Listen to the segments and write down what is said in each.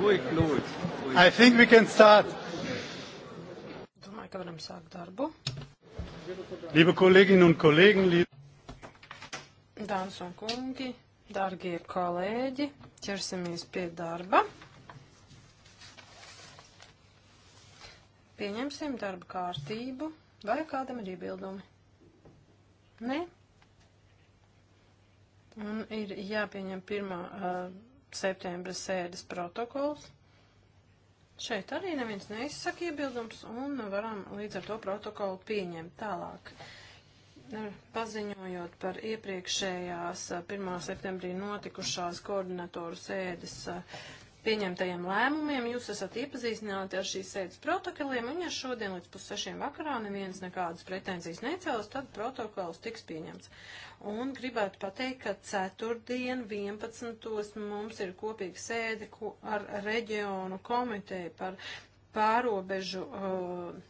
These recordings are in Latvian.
Ruhig lūdzu. I think we can start. Domāju, ka varam sākt darbu. Liebe Kolleginnen un Kollegen, liebe Dāmas un kungi, dārgie kolēģi, ķersimies pie darba. Pieņemsim darba kārtību. Vai kādam ir iebildumi? Nē? Un ir jāpieņem pirmā uh, septembra sēdes protokols. Šeit arī neviens neizsaka iebildums un varam līdz ar to protokolu pieņemt tālāk. Paziņojot par iepriekšējās 1. septembrī notikušās koordinatoru sēdes pieņemtajiem lēmumiem. Jūs esat iepazīstināti ar šīs sēdes protokoliem, un ja šodien līdz pussešiem vakarā neviens nekādas pretenzijas necels, tad protokols tiks pieņemts. Un gribētu pateikt, ka ceturtdien 11. mums ir kopīga sēde ar reģionu komiteju par pārobežu. Uh,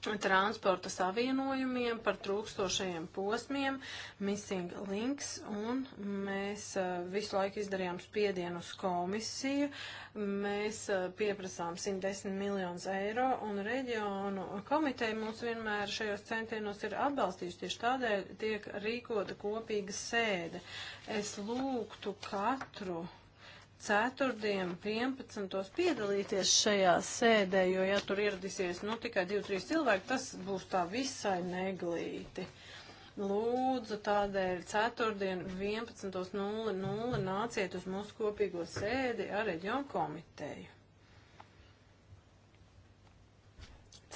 transporta savienojumiem, par trūkstošajiem posmiem, missing links, un mēs eh, visu laiku izdarījām spiedienu uz komisiju. Mēs eh, pieprasām 110 miljonus eiro, un reģionu komiteja mums vienmēr šajos centienos ir atbalstījusi. Tieši tādēļ tiek rīkota kopīga sēde. Es lūgtu katru ceturtdien 11. piedalīties šajā sēdē, jo ja tur ieradīsies nu, tikai 2-3 cilvēki, tas būs tā visai neglīti. Lūdzu, tādēļ ceturtdien 11.00 nāciet uz mūsu kopīgo sēdi ar reģionu komiteju.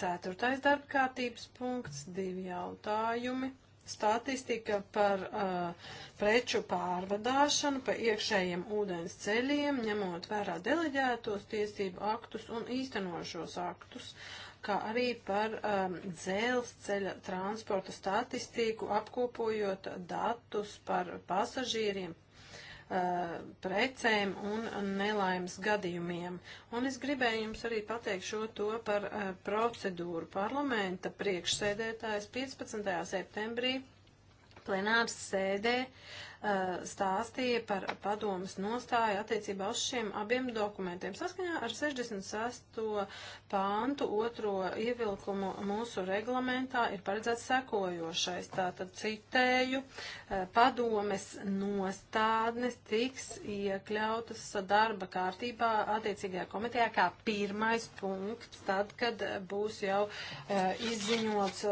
Ceturtais darbkārtības punkts, divi jautājumi statistika par uh, preču pārvadāšanu pa iekšējiem ūdens ceļiem, ņemot vērā deleģētos tiesību aktus un īstenošos aktus, kā arī par um, dzelzceļa transporta statistiku, apkopojot datus par pasažīriem, Eh, precēm un nelaimes gadījumiem. Un es gribēju jums arī pateikt šo to par eh, procedūru. Parlamenta priekšsēdētājs 15. septembrī plenārs sēdē uh, Eh, stāstīja par padomas nostāju attiecībā uz šiem abiem dokumentiem. Saskaņā ar 66. pāntu otro ievilkumu mūsu reglamentā ir paredzēts sekojošais. Tātad citēju, eh, padomes nostādnes tiks iekļautas darba kārtībā attiecīgajā komitejā kā pirmais punkts, tad, kad būs jau eh, izziņots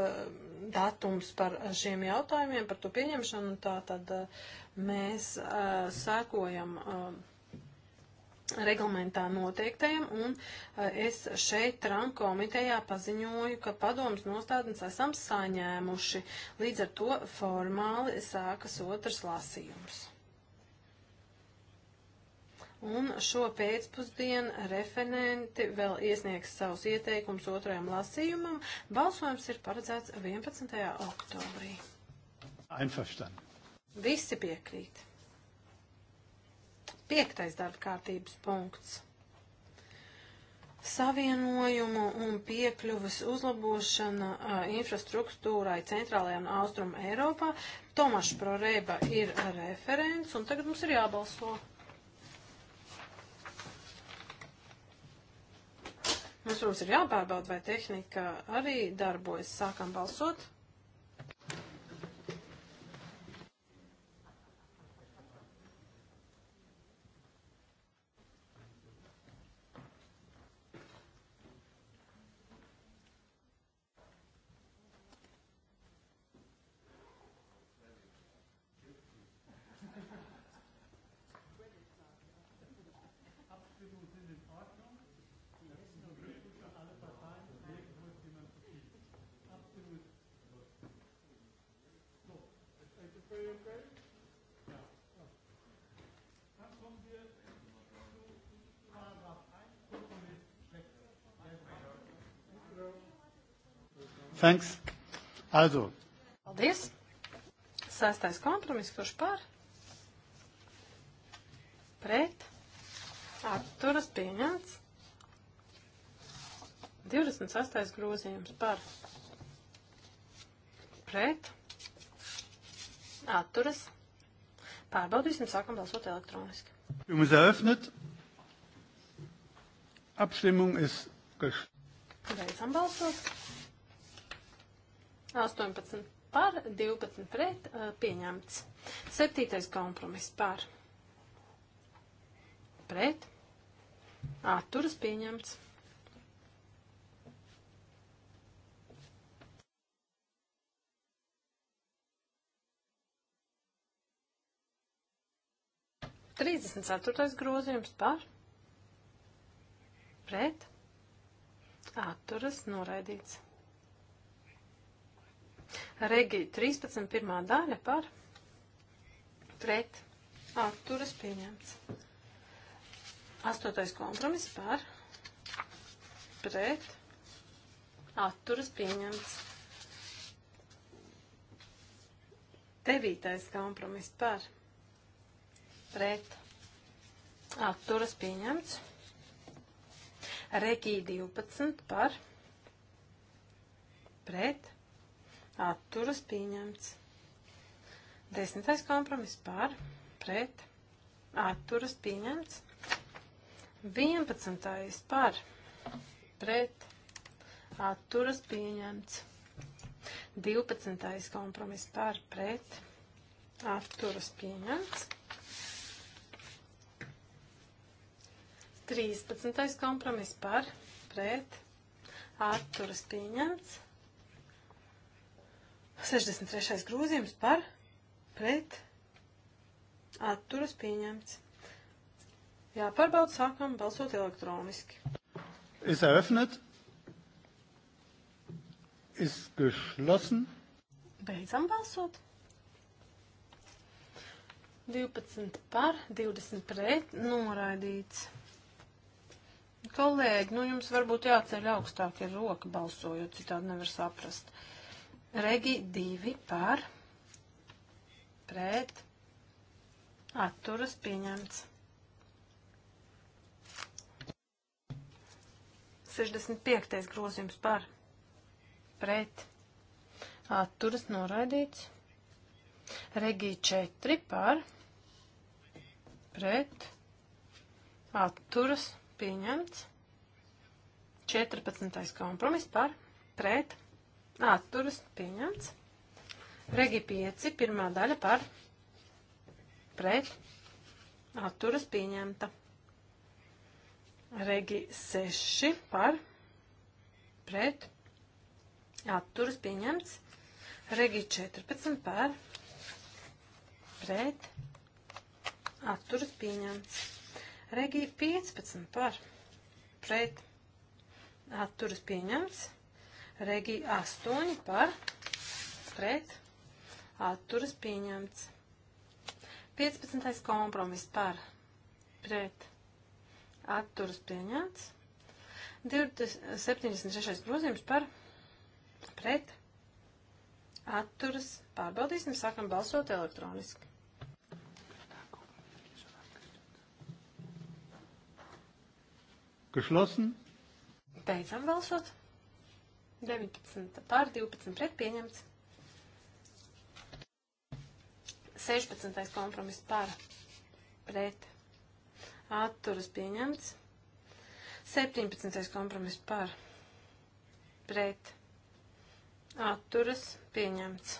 datums par šiem jautājumiem, par to pieņemšanu, tā tad uh, Mēs uh, eh, sekojam. Uh, eh, reglamentā noteiktajam, un eh, es šeit Trump komitejā paziņoju, ka padomas nostādnes esam saņēmuši. Līdz ar to formāli sākas otrs lasījums. Un šo pēcpusdienu referenti vēl iesniegs savus ieteikumus otrajam lasījumam. Balsojums ir paredzēts 11. oktobrī. Einverstanden. Visi piekrīt. Piektais darba kārtības punkts. Savienojumu un piekļuvas uzlabošana uh, infrastruktūrai centrālajā un austrum Eiropā. Tomašs Prorēba ir referents, un tagad mums ir jābalso. Mums, protams, ir jāpārbauda, vai tehnika arī darbojas. Sākam balsot. Thanks. Also. Paldies. Sestais kompromiss, kurš par? Pret. Atturas pieņemts. 26. grozījums par pret, atturas, pārbaudīsim, sākam balsot elektroniski. Jums eröffnet, apstimmung ist gest... Beidzam balsot. 18 par, 12 pret, pieņemts. Septītais kompromiss par, pret, atturas pieņemts. Trīsdesmit ceturtais grozījums par, pret, atturas noraidīts. Regi 13. pirmā daļa par pret atturas pieņemts. Astotais kompromiss par pret atturas pieņemts. Devītais kompromiss par pret atturas pieņemts. Regi 12 par pret atturas pieņemts. Desmitais kompromiss par, pret, atturas pieņemts. Vienpadsmitais par, pret, atturas pieņemts. Divpadsmitais kompromiss par, pret, atturas pieņemts. 13. kompromiss par, pret, atturas pieņemts. 63. grūzījums par pret atturas pieņemts. Jāpārbauda, sākam balsot elektroniski. Ist eröffnet. Ist geschlossen. Beidzam balsot. 12 par, 20 pret, noraidīts. Kolēģi, nu jums varbūt jāceļ augstāk ir roka balsojot, citādi nevar saprast. Uh, Regi 2 par pret atturas pieņemts. 65. grozījums par pret atturas noraidīts. Regī 4 par pret atturas pieņemts. 14. kompromiss par pret atturas pieņemts. Regi 5, pirmā daļa par pret atturas pieņemta. Regi 6 par pret atturas pieņemts. Regi 14 par pret atturas pieņemts. Regi 15 par pret atturas pieņemts. Regi 8 par pret atturas pieņemts. 15. kompromiss par pret atturas pieņemts. 20, 76. grozījums par pret atturas pārbaudīsim, sākam balsot elektroniski. Geschlossen. Beidzam balsot. 19 pār 12 pret pieņemts. 16. kompromiss par pret atturas pieņemts. 17. kompromiss par pret atturas pieņemts.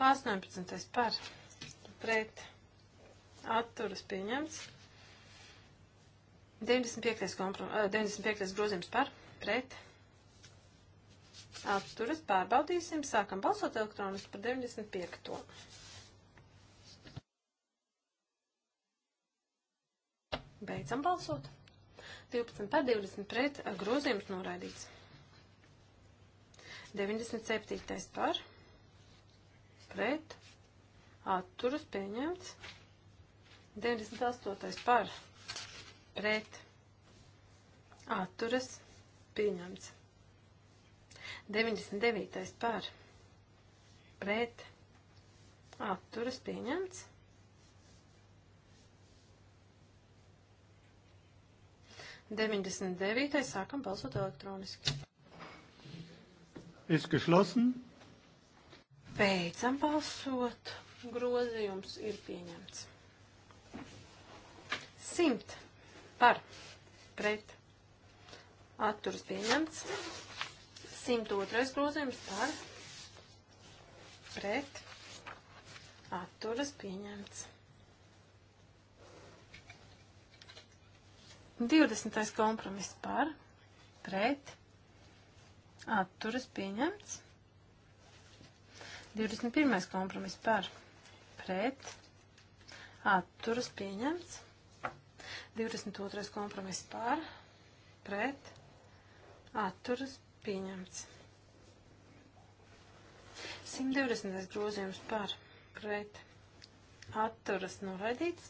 18. par pret atturas pieņemts. 95. Komprom, 95. grozījums par pret pret atturas pārbaudīsim. Sākam balsot elektroniski par 95. To. Beidzam balsot. 12 par 20 pret grozījums noraidīts. 97. par pret atturas pieņemts. 98. par pret atturas pieņemts pieņemts. 99. par pret atturas pieņemts. Deviņdesmit devītais sākam balsot elektroniski. Ist geschlossen. Beidzam balsot. Grozījums ir pieņemts. Simt par pret atturas pieņemts. 102. grozījums par pret atturas pieņemts. 20. kompromiss par pret atturas pieņemts. 21. kompromiss par pret atturas pieņemts. 22. kompromiss par pret atturas pieņemts atturas pieņemts. 120. grozījums par pret atturas noraidīts.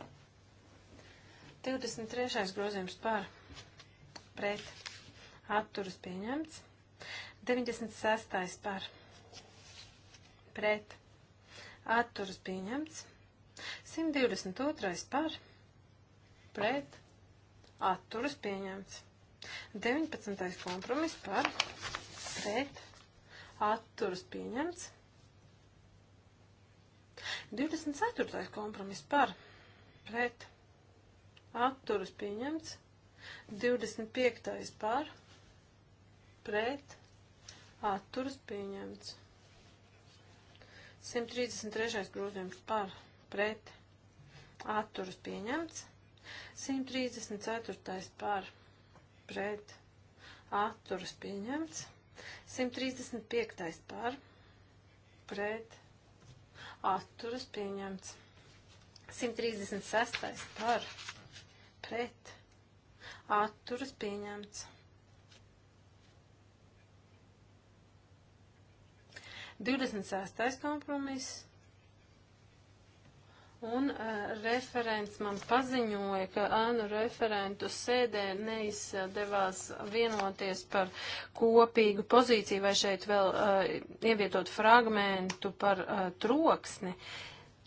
23. grozījums par pret atturas pieņemts. 96. par pret atturas pieņemts. 122. par pret atturas pieņemts. 19. kompromiss par pret atturas pieņemts. 24. kompromiss par pret atturas pieņemts. 25. par pret atturas pieņemts. 133. grozījums par pret atturas pieņemts. 134. par pret pret atturas pieņemts. 135. par pret atturas pieņemts. 136. par pret atturas pieņemts. 26. kompromiss Un uh, referents man paziņoja, ka ānu referentu sēdē neizdevās vienoties par kopīgu pozīciju vai šeit vēl uh, ievietot fragmentu par uh, troksni.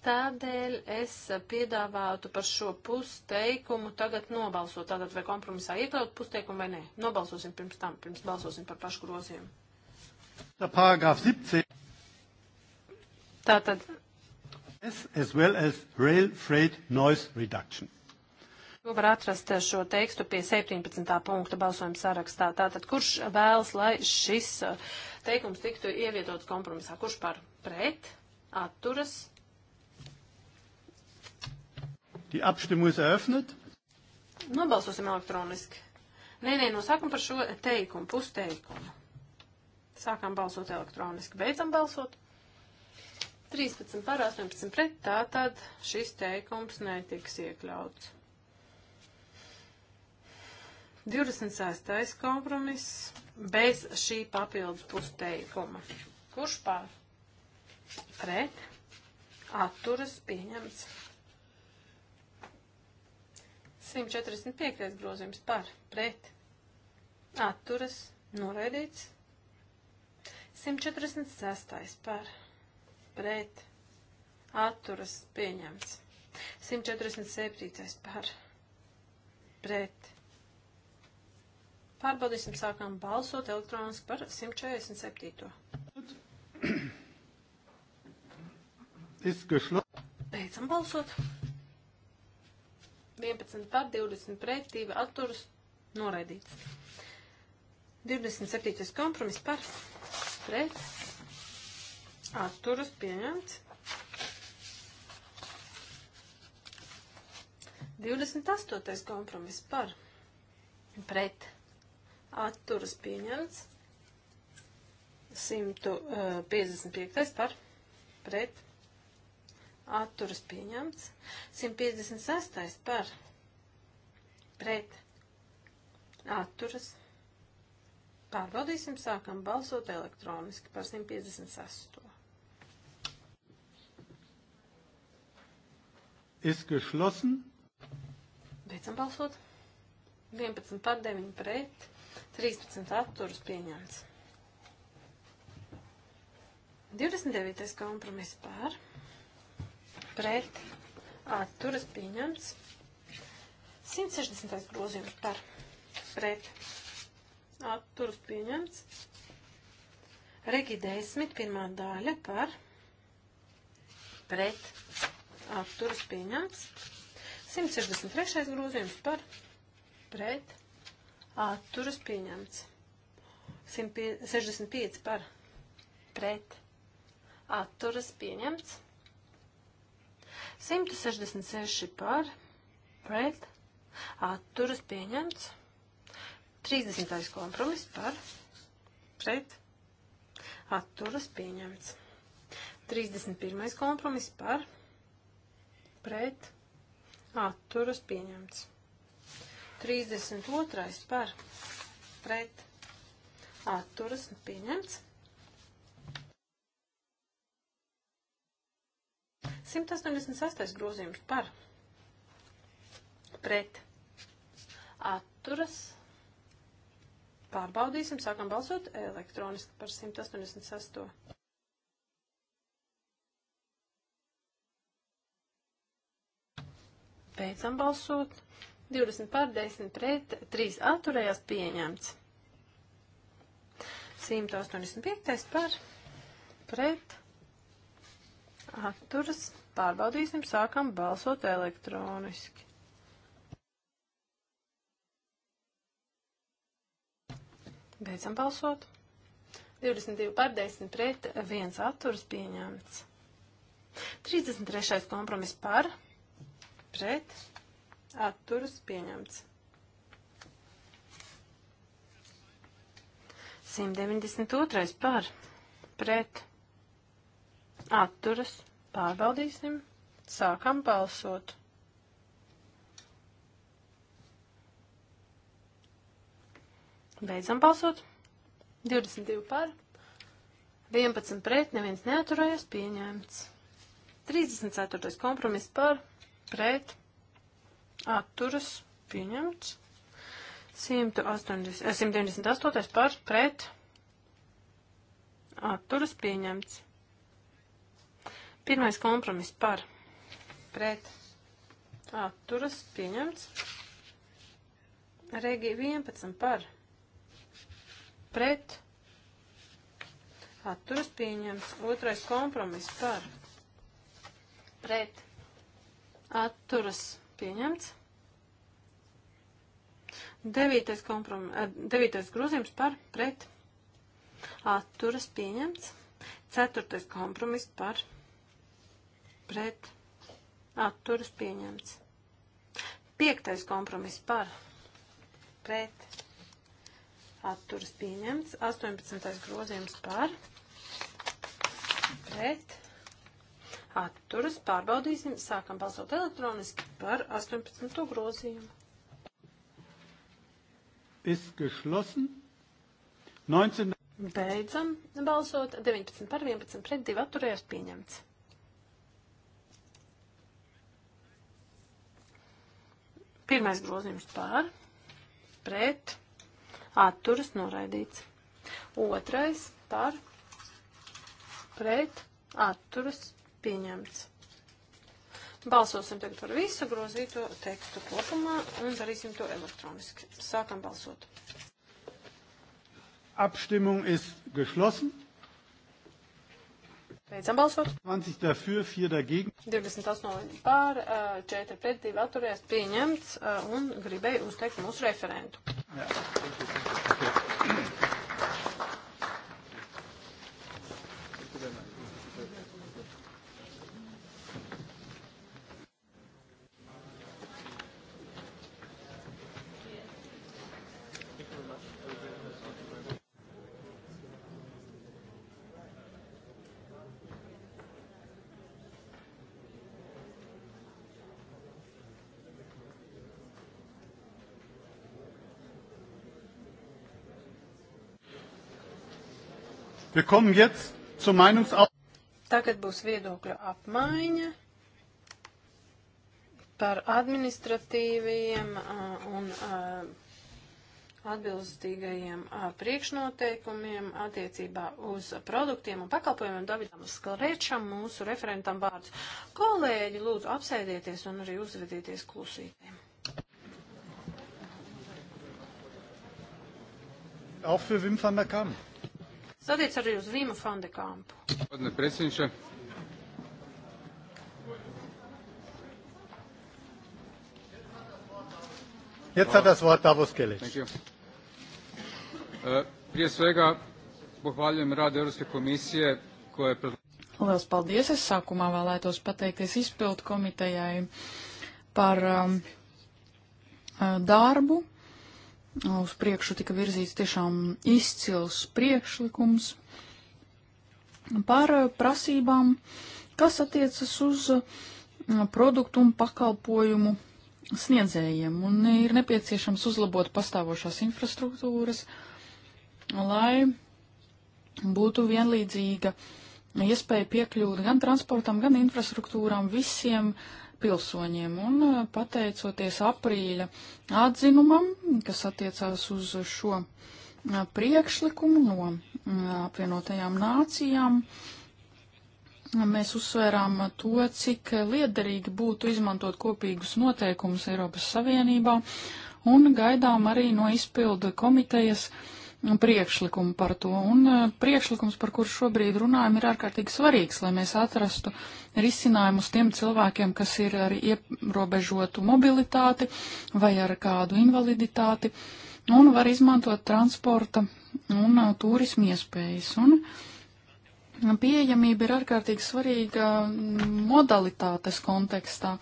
Tādēļ es piedāvātu par šo pusteikumu tagad nobalsot. Tātad vai kompromisā iekļaut pusteikumu vai nē. Nobalsosim pirms tam, pirms balsosim par pašu grozījumu. Tātad as well as rail freight noise reduction. To var atrast šo tekstu pie 17. punkta balsojuma sarakstā. Tātad, kurš vēlas, lai šis uh, teikums tiktu ievietots kompromisā? Kurš par pret? Atturas? Die Abstimmung ist eröffnet. Nobalsosim elektroniski. Nē, nē, no sākuma par šo teikumu, pusteikumu. Sākam balsot elektroniski, beidzam balsot. 13 par 18 pret, tā tad šis teikums netiks iekļauts. 26. kompromiss bez šī papildus pusteikuma. Kurš pār? Pret. Atturas pieņemts. 145. grozījums par. Pret. Atturas noraidīts. 146. par pret atturas pieņemts. 147. par pret. Pārbaudīsim, sākām balsot elektroniski par 147. Beidzam balsot. 11 par 20 pret 2 atturas noraidīts. 27. kompromiss par pret atturas pieņemts. 28. kompromiss par pret atturas pieņemts. 155. par pret atturas pieņemts. 156. par pret atturas. Pārbaudīsim, sākam balsot elektroniski par 156. ist geschlossen. Beidzam balsot. 11 par 9 pret, 13 atturas pieņemts. 29. kompromiss pār, pret, atturas pieņemts. 160. grozījums par, pret, atturas pieņemts. Regi 10, pirmā daļa par, pret, apturas pieņemts. 163. grozījums par pret atturas pieņemts. 165 par pret atturas pieņemts. 166 par pret atturas pieņemts. 30. kompromiss par pret atturas pieņemts. 31. kompromiss par pret pret atturas pieņemts. 32. par pret atturas pieņemts. 186. grozījums par pret atturas pārbaudīsim, sākam balsot elektroniski par 186. Beidzam balsot. 20 pār 10 pret 3 atturējās pieņemts. 185 par pret atturas. Pārbaudīsim, sākam balsot elektroniski. Beidzam balsot. 22 par 10 pret 1 atturas pieņemts. 33. kompromiss par pret, atturas pieņemts. 192. par, pret, atturas, pārbaudīsim, sākam balsot. Beidzam balsot. 22 par, 11 pret, neviens neaturējās, pieņēmts. 34. kompromiss par, pret pret atturas pieņemts. 180, 198 eh, par pret atturas pieņemts. Pirmais kompromiss par pret atturas pieņemts. Regi 11 par pret atturas pieņemts. Otrais kompromiss par pret atturas pieņemts. Devītais, komprom... Eh, devītais grozījums par pret atturas pieņemts. Ceturtais kompromiss par pret atturas pieņemts. Piektais kompromiss par pret atturas pieņemts. 18. grozījums par pret atturas pārbaudīsim, sākam balsot elektroniski par 18. grozījumu. Ist geschlossen. 19. Beidzam balsot 19 par 11 pret 2 atturējās pieņemts. Pirmais grozījums pār, pret, atturas noraidīts. Otrais par, pret, atturas pieņemts. Balsosim tagad par visu grozīto tekstu kopumā un darīsim to elektroniski. Sākam balsot. Abstimmung ist geschlossen. Beidzam balsot. 20 dafür, 4 dagegen. 28 pār, 4 pret, 2 atturējās pieņemts un gribēju uzteikt mūsu referentu. Jā, thank you, thank you. Tagad būs viedokļa apmaiņa par administratīviem uh, un uh, atbilstīgajiem uh, priekšnoteikumiem attiecībā uz produktiem un pakalpojumiem. Davidam Skalrēčam, mūsu referentam vārds. Kolēģi, lūdzu, apsēdieties un arī uzvedieties klusītēm. Auch für Wim van der Kamp. Tas attiec arī uz Vīma Fandekampu. Jetzt hat das Wort Davos Kelic. Thank you. Uh, prije svega, pohvaljujem rad Europske komisije koja je... Liels paldies! Es sākumā vēlētos pateikties izpildu komitejai par um, e, darbu, uz priekšu tika virzīts tiešām izcils priekšlikums par eh, prasībām, kas attiecas uz eh, produktu un pakalpojumu sniedzējiem, un ir nepieciešams uzlabot pastāvošās infrastruktūras, lai būtu vienlīdzīga iespēja piekļūt gan transportam, gan infrastruktūram visiem uh, pilsoņiem. Un uh, pateicoties aprīļa atzinumam, kas attiecās uz šo uh, priekšlikumu no uh, apvienotajām nācijām, mēs uzsvērām to, cik liederīgi būtu izmantot kopīgus noteikumus Eiropas Savienībā un gaidām arī no izpildu komitejas uh, priekšlikumu par to. Un eh, priekšlikums, par kur šobrīd runājam, ir ārkārtīgi svarīgs, lai mēs atrastu risinājumus tiem cilvēkiem, kas ir ar ierobežotu mobilitāti vai ar kādu invaliditāti un var izmantot transporta un eh, turismu iespējas. Un mm, pieejamība ir ārkārtīgi svarīga mm, modalitātes kontekstā,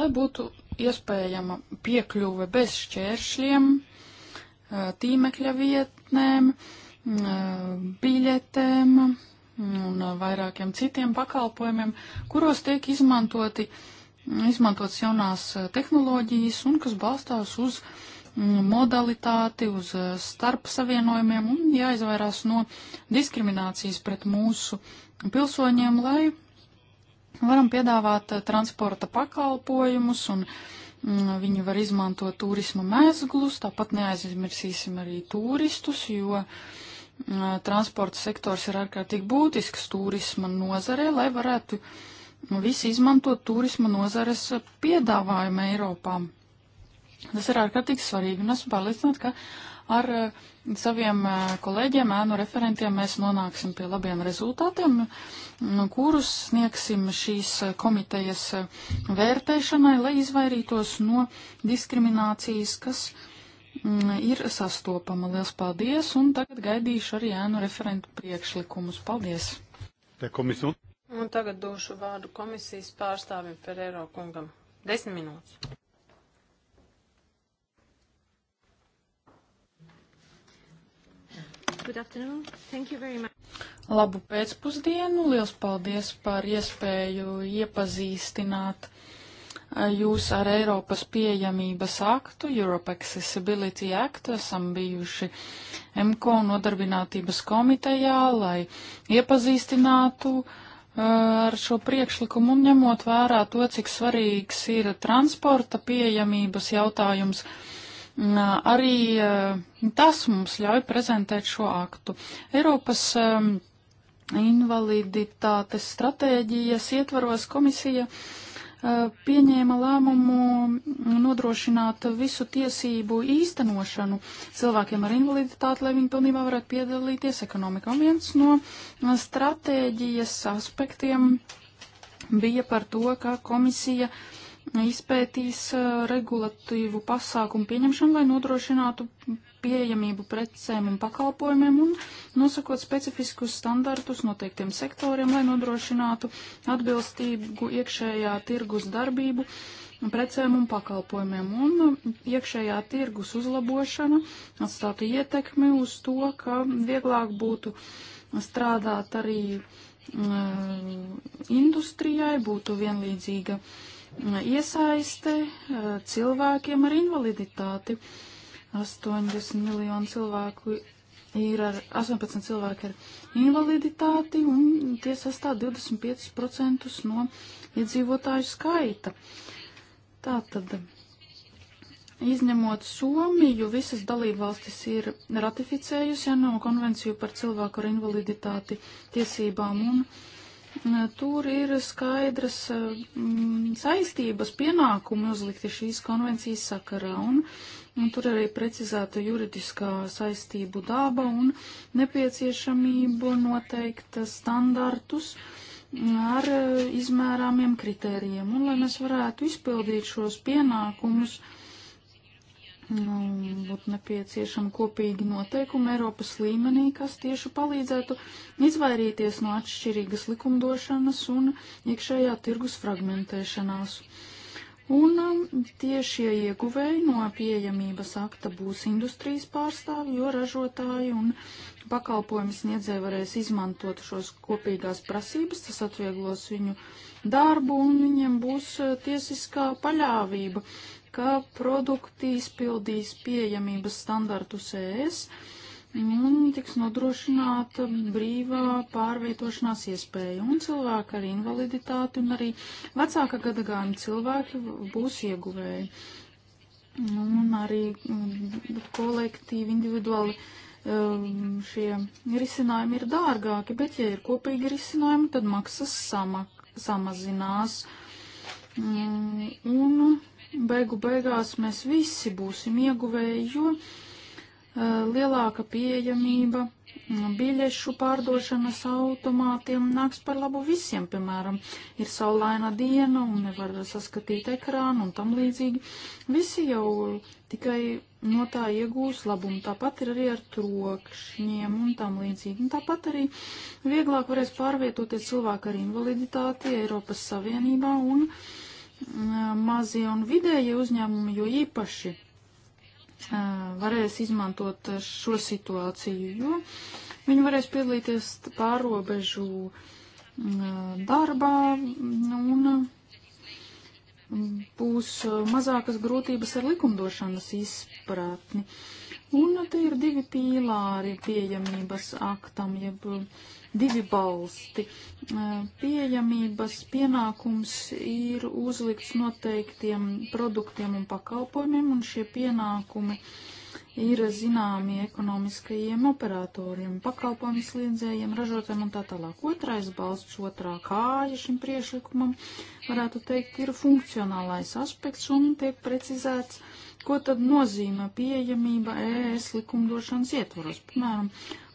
lai būtu iespējama piekļuve bez šķēršļiem tīmekļa vietnēm, biļetēm un vairākiem citiem pakalpojumiem, kuros tiek izmantoti, izmantotas jaunās tehnoloģijas un kas balstās uz mm, modalitāti, uz starp savienojumiem un jāizvairās no diskriminācijas pret mūsu pilsoņiem, lai varam piedāvāt transporta pakalpojumus un uh, Mm, viņi var izmantot turisma mēzglus, tāpat neaizmirsīsim arī turistus, jo mm, transporta sektors ir ārkārtīgi būtisks turisma nozarē, lai varētu visi izmantot turisma nozares piedāvājumu Eiropā. Tas ir ārkārtīgi svarīgi, un esmu pārliecināta, ka ar eh, saviem eh, kolēģiem, ēnu referentiem mēs nonāksim pie labiem rezultātiem, nu, kurus sniegsim šīs eh, komitejas vērtēšanai, lai izvairītos no diskriminācijas, kas mm, ir sastopama. Liels paldies, un tagad gaidīšu arī ēnu referentu priekšlikumus. Paldies! Un tagad došu vārdu komisijas pārstāvim Ferēro kungam. Desmit minūtes. Good afternoon. Thank you very much. Labu pēcpusdienu. Liels paldies par iespēju iepazīstināt eh, jūs ar Eiropas pieejamības aktu, Europe Accessibility Act. Esam bijuši MKO nodarbinātības komitejā, lai iepazīstinātu eh, ar šo priekšlikumu un ņemot vērā to, cik svarīgs ir transporta pieejamības jautājums arī tas mums ļauj prezentēt šo aktu. Eiropas invaliditātes stratēģijas ietvaros komisija pieņēma lēmumu nodrošināt visu tiesību īstenošanu cilvēkiem ar invaliditāti, lai viņi pilnībā varētu piedalīties ekonomikā. Viens no stratēģijas aspektiem bija par to, ka komisija uh, izpētīs uh, regulatīvu pasākumu pieņemšanu, lai nodrošinātu pieejamību precēm un pakalpojumiem un nosakot specifiskus standartus noteiktiem sektoriem, lai nodrošinātu atbilstību iekšējā tirgus darbību precēm un pakalpojumiem. Un uh, iekšējā tirgus uzlabošana atstātu ietekmi uz to, ka vieglāk būtu strādāt arī uh, industrijai, būtu vienlīdzīga uh, iesaiste eh, cilvēkiem ar invaliditāti. 80 miljonu cilvēku ir ar 18 cilvēku ar invaliditāti un tie sastāv 25% no iedzīvotāju skaita. Tātad, izņemot Somiju, visas dalībvalstis ir ratificējusi ANO ja konvenciju par cilvēku ar invaliditāti tiesībām un tur ir skaidras e, saistības, pienākumi uzlikti šīs konvencijas sakarā, un, un tur arī precizēta juridiskā saistību daba un nepieciešamību noteikt standartus ar e, izmērāmiem kritērijiem, un lai mēs varētu izpildīt šos pienākumus, uh, Nu, būtu nepieciešama kopīga noteikuma Eiropas līmenī, kas tieši palīdzētu izvairīties no atšķirīgas likumdošanas un iekšējā tirgus fragmentēšanās. Un um, tiešie ieguvēji no pieejamības akta būs industrijas pārstāvi, jo ražotāji un pakalpojumi sniedzēji varēs izmantot šos kopīgās prasības, tas atvieglos viņu darbu un viņiem būs uh, tiesiskā paļāvība ka produkti izpildīs pieejamības standartus ES un tiks nodrošināta brīvā pārvietošanās iespēja. Un cilvēki ar invaliditāti un arī vecāka gadagājuma cilvēki būs ieguvēji. Un arī mm, kolektīvi, individuāli um, šie risinājumi ir dārgāki, bet ja ir kopīgi risinājumi, tad maksas sama, samazinās. Mm, un beigu beigās mēs visi būsim ieguvēji, jo uh, lielāka pieejamība mm, biļešu pārdošanas automātiem nāks par labu visiem, piemēram, ir saulaina diena un nevar saskatīt ekrānu un tam līdzīgi. Visi jau tikai no tā iegūs labumu, tāpat ir arī ar trokšņiem un tam līdzīgi. Un tāpat arī vieglāk varēs pārvietoties cilvēki ar invaliditāti Eiropas Savienībā un uh, mazie un vidēji uzņēmumi, jo īpaši varēs izmantot šo situāciju, jo viņi varēs piedalīties pārobežu darbā un būs mazākas grūtības ar likumdošanas izpratni. Un te ir divi pīlāri pieejamības aktam, jeb divi balsti. Pieejamības pienākums ir uzlikts noteiktiem produktiem un pakalpojumiem, un šie pienākumi ir zināmi ekonomiskajiem operatoriem, pakalpojumu sliedzējiem, ražotājiem un tā tālāk. Otrais balsts, otrā kāja šim priešlikumam, varētu teikt, ir funkcionālais aspekts un tiek precizēts, ko tad nozīmē pieejamība ES likumdošanas ietvaros. Piemēram,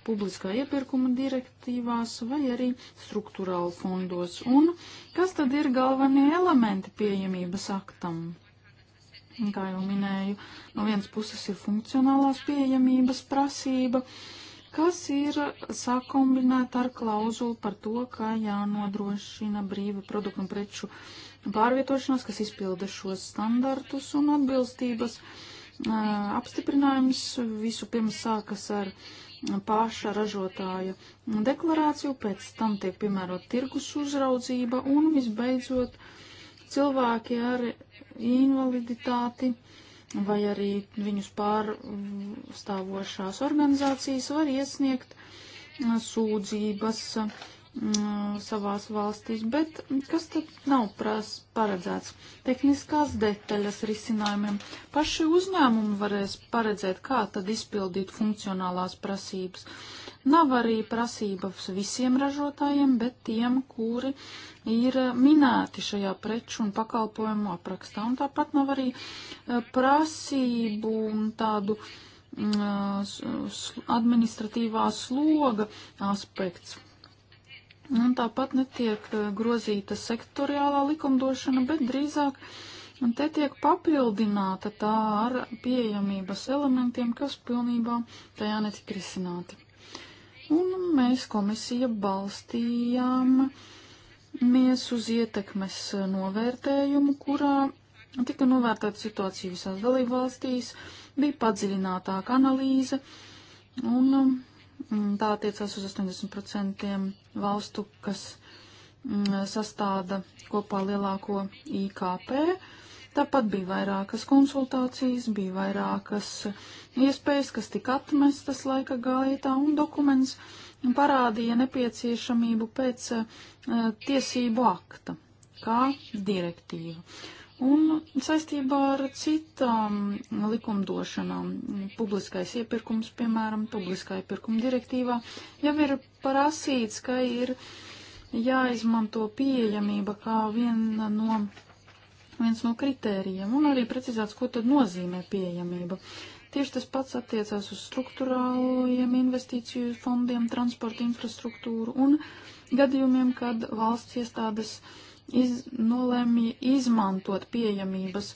publiskā iepirkuma direktīvās vai arī struktūrāla fondos. Un kas tad ir galvenie elementi pieejamības aktam? Kā jau minēju, no vienas puses ir funkcionālās pieejamības prasība, kas ir sakombinēta ar klauzulu par to, ka jānodrošina brīva produktu un preču pārvietošanās, kas izpilda šos standartus un atbilstības apstiprinājums visu pirms sākas ar paša ražotāja deklarāciju, pēc tam tiek piemērot tirgus uzraudzība un visbeidzot cilvēki ar invaliditāti vai arī viņus pārstāvošās organizācijas var iesniegt sūdzības Mm, savās valstīs, bet kas tad nav prās paredzēts? Tehniskās detaļas risinājumiem. Paši uzņēmumi varēs paredzēt, kā tad izpildīt funkcionālās prasības. Nav arī prasības visiem ražotājiem, bet tiem, kuri ir minēti šajā preču un pakalpojumu aprakstā. Un tāpat nav arī e, prasību un tādu mm, administratīvā sloga aspekts Un tāpat netiek eh, grozīta sektoriālā likumdošana, bet drīzāk te tiek papildināta tā ar pieejamības elementiem, kas pilnībā tajā netika risināti. Un mēs komisija balstījāmies uz ietekmes novērtējumu, kurā tika novērtēta situācija visās dalībvalstīs, bija padziļinātāka analīze un um, Mm, tā attiecās uz 80% valstu, kas mm, sastāda kopā lielāko IKP. Tāpat bija vairākas konsultācijas, bija vairākas iespējas, kas tika atmestas laika gaitā, un dokuments parādīja nepieciešamību pēc uh, tiesību akta, kā direktīva. Un saistībā ar citām likumdošanām, publiskais iepirkums, piemēram, publiskā iepirkuma direktīvā, jau ir prasīts, ka ir jāizmanto pieejamība kā viena no, viens no kritērijiem, un arī precizēts, ko tad nozīmē pieejamība. Tieši tas pats attiecās uz struktūrālajiem investīciju fondiem, transporta infrastruktūru un gadījumiem, kad valsts iestādes uh, iz, nolēmja nu, izmantot pieejamības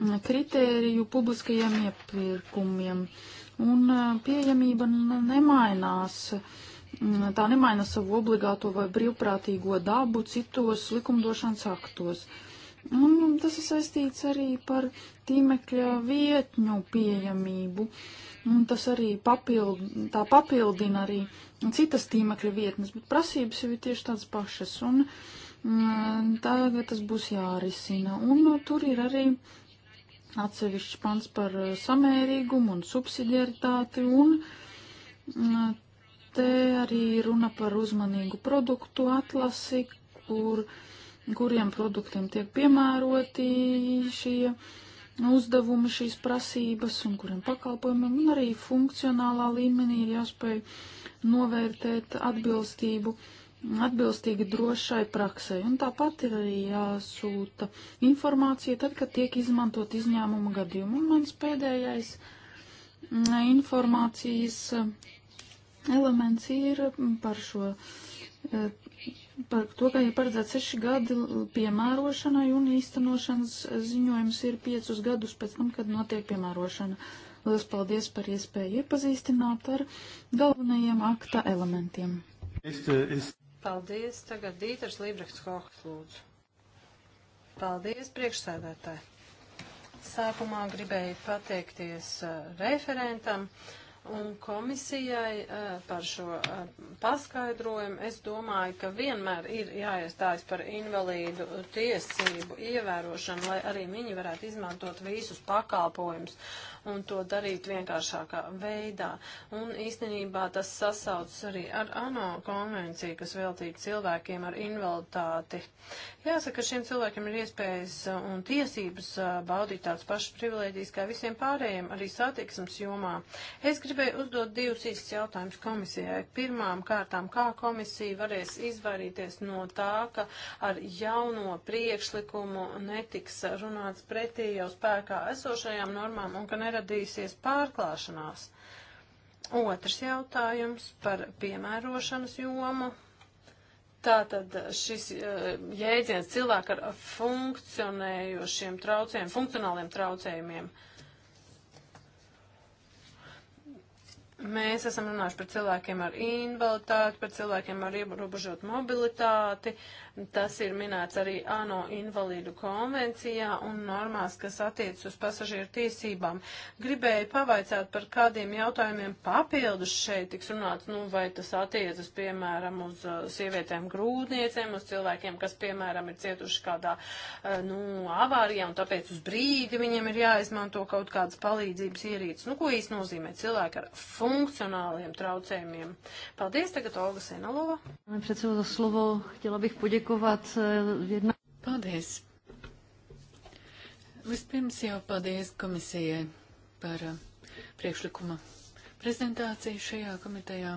mm, kritēriju publiskajiem iepirkumiem. Un e, pieejamība nemainās. Mm, tā nemaina savu obligāto vai brīvprātīgo dabu citos likumdošanas aktos. Un tas ir saistīts arī par tīmekļa vietņu pieejamību. Un tas arī papild, tā papildina arī citas tīmekļa vietnes, bet prasības jau ir tieši tādas pašas. Un, uh, Mm, tagad tas būs jārisina. Un no, nu, tur ir arī atsevišķs pants par eh, samērīgumu un subsidiaritāti, un mm, te arī runa par uzmanīgu produktu atlasi, kur, kuriem produktiem tiek piemēroti šie uzdevumi, šīs prasības, un kuriem pakalpojumiem, un arī funkcionālā līmenī ir jāspēj novērtēt atbilstību. Uh, atbilstīgi drošai praksē. Un tāpat ir arī jāsūta informācija tad, kad tiek izmantot izņēmuma gadījumu. Un mans pēdējais mm, informācijas eh, elements ir par šo, eh, par to, ka ir paredzēts seši gadi piemērošanai un īstenošanas ziņojums ir piecus gadus pēc tam, kad notiek piemērošana. Lielas paldies par iespēju iepazīstināt ar galvenajiem akta elementiem. Es, es... Paldies. Tagad Dīters Lībrechts Hohs lūdzu. Paldies, priekšsēdētāji. Sākumā gribēju pateikties uh, referentam. Uh, un komisijai eh, par šo eh, paskaidrojumu. Es domāju, ka vienmēr ir jāiestājas par invalīdu tiesību ievērošanu, lai arī viņi varētu izmantot visus pakalpojumus un to darīt vienkāršākā veidā. Un īstenībā tas sasaucas arī ar ANO konvenciju, kas veltīta cilvēkiem ar invaliditāti. Jāsaka, šiem cilvēkiem ir iespējas uh, un tiesības uh, baudīt tādas pašas privilēģijas kā visiem pārējiem, arī satiksmes jomā. Es gribēju uzdot divus īsts jautājumus komisijai. Pirmām kārtām, kā komisija varēs izvairīties no tā, ka ar jauno priekšlikumu netiks runāts pretī jau spēkā esošajām normām un ka neradīsies pārklāšanās. Otrs jautājums par piemērošanas jomu. Tātad šis eh, jēdziens cilvēku ar funkcionējošiem traucējumiem, funkcionāliem traucējumiem. Uh, Mēs esam runājuši par cilvēkiem ar invaliditāti, par cilvēkiem ar ierobežotu mobilitāti. Tas ir minēts arī ANO invalīdu konvencijā un normās, kas attiecas uz pasažieru tiesībām. Gribēju pavaicāt par kādiem jautājumiem papildus šeit tiks runāts, nu, vai tas attiecas, piemēram, uz uh, sievietēm grūtniecēm, uz cilvēkiem, kas, piemēram, ir cietuši kādā, uh, nu, avārijā un tāpēc uz brīdi viņiem ir jāizmanto kaut kādas palīdzības ierīces. Nu, ko īsti nozīmē cilvēki ar funkciju? funkcionāliem traucējumiem. Paldies tagad Olga Senalova. Predsedu za slovo. Htjela bih poděkovat eh, jedna. Paldies. Vispirms jau paldies komisijai par priekšlikuma prezentāciju šajā komitejā.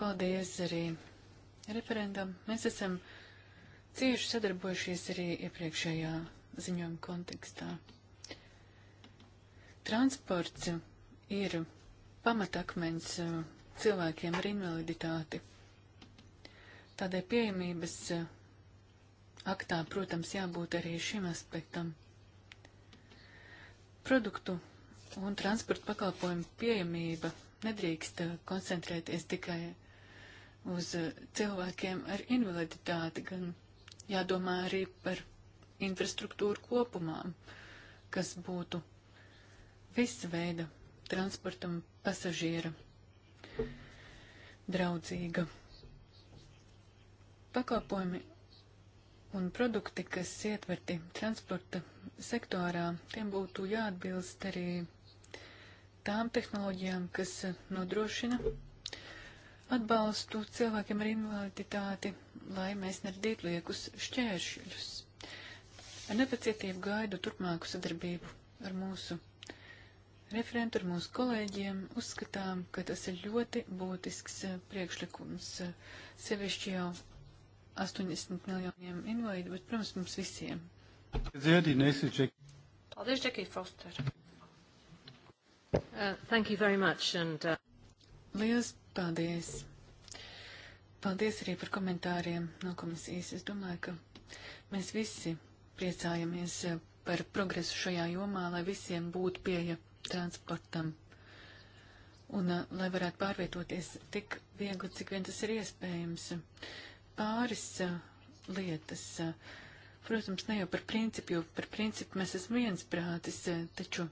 Paldies arī referendam. Mēs esam cieši sadarbojušies arī iepriekšējā ziņojuma kontekstā. Transports ir pamatakmens cilvēkiem ar invaliditāti. Tādai pieejamības aktā, protams, jābūt arī šim aspektam. Produktu un transporta pakalpojumu pieejamība nedrīkst koncentrēties tikai uz cilvēkiem ar invaliditāti, gan jādomā arī par infrastruktūru kopumā, kas būtu visa veida transportam pasažiera draudzīga. Pakalpojumi un produkti, kas ietverti transporta sektorā, tiem būtu jāatbilst arī tām tehnoloģijām, kas nodrošina atbalstu cilvēkiem ar invaliditāti, lai mēs neradītu liekus šķēršļus. Ar nepacietību gaidu turpmāku sadarbību ar mūsu referentu ar mūsu kolēģiem, uzskatām, ka tas ir ļoti būtisks eh, priekšlikums eh, sevišķi jau 80 miljoniem invalīdu, bet, protams, mums visiem. Paldies, Džekija Foster. Uh, thank you very much. And, uh... Lielas paldies. Paldies arī par komentāriem no komisijas. Es domāju, ka mēs visi priecājamies eh, par progresu šajā jomā, lai visiem būtu pieeja transportam. Un a, uh, lai varētu pārvietoties tik viegli, cik vien tas ir iespējams. Pāris a, uh, lietas. A, uh, protams, ne jau par principu, jo par principu mēs esam viensprātis, taču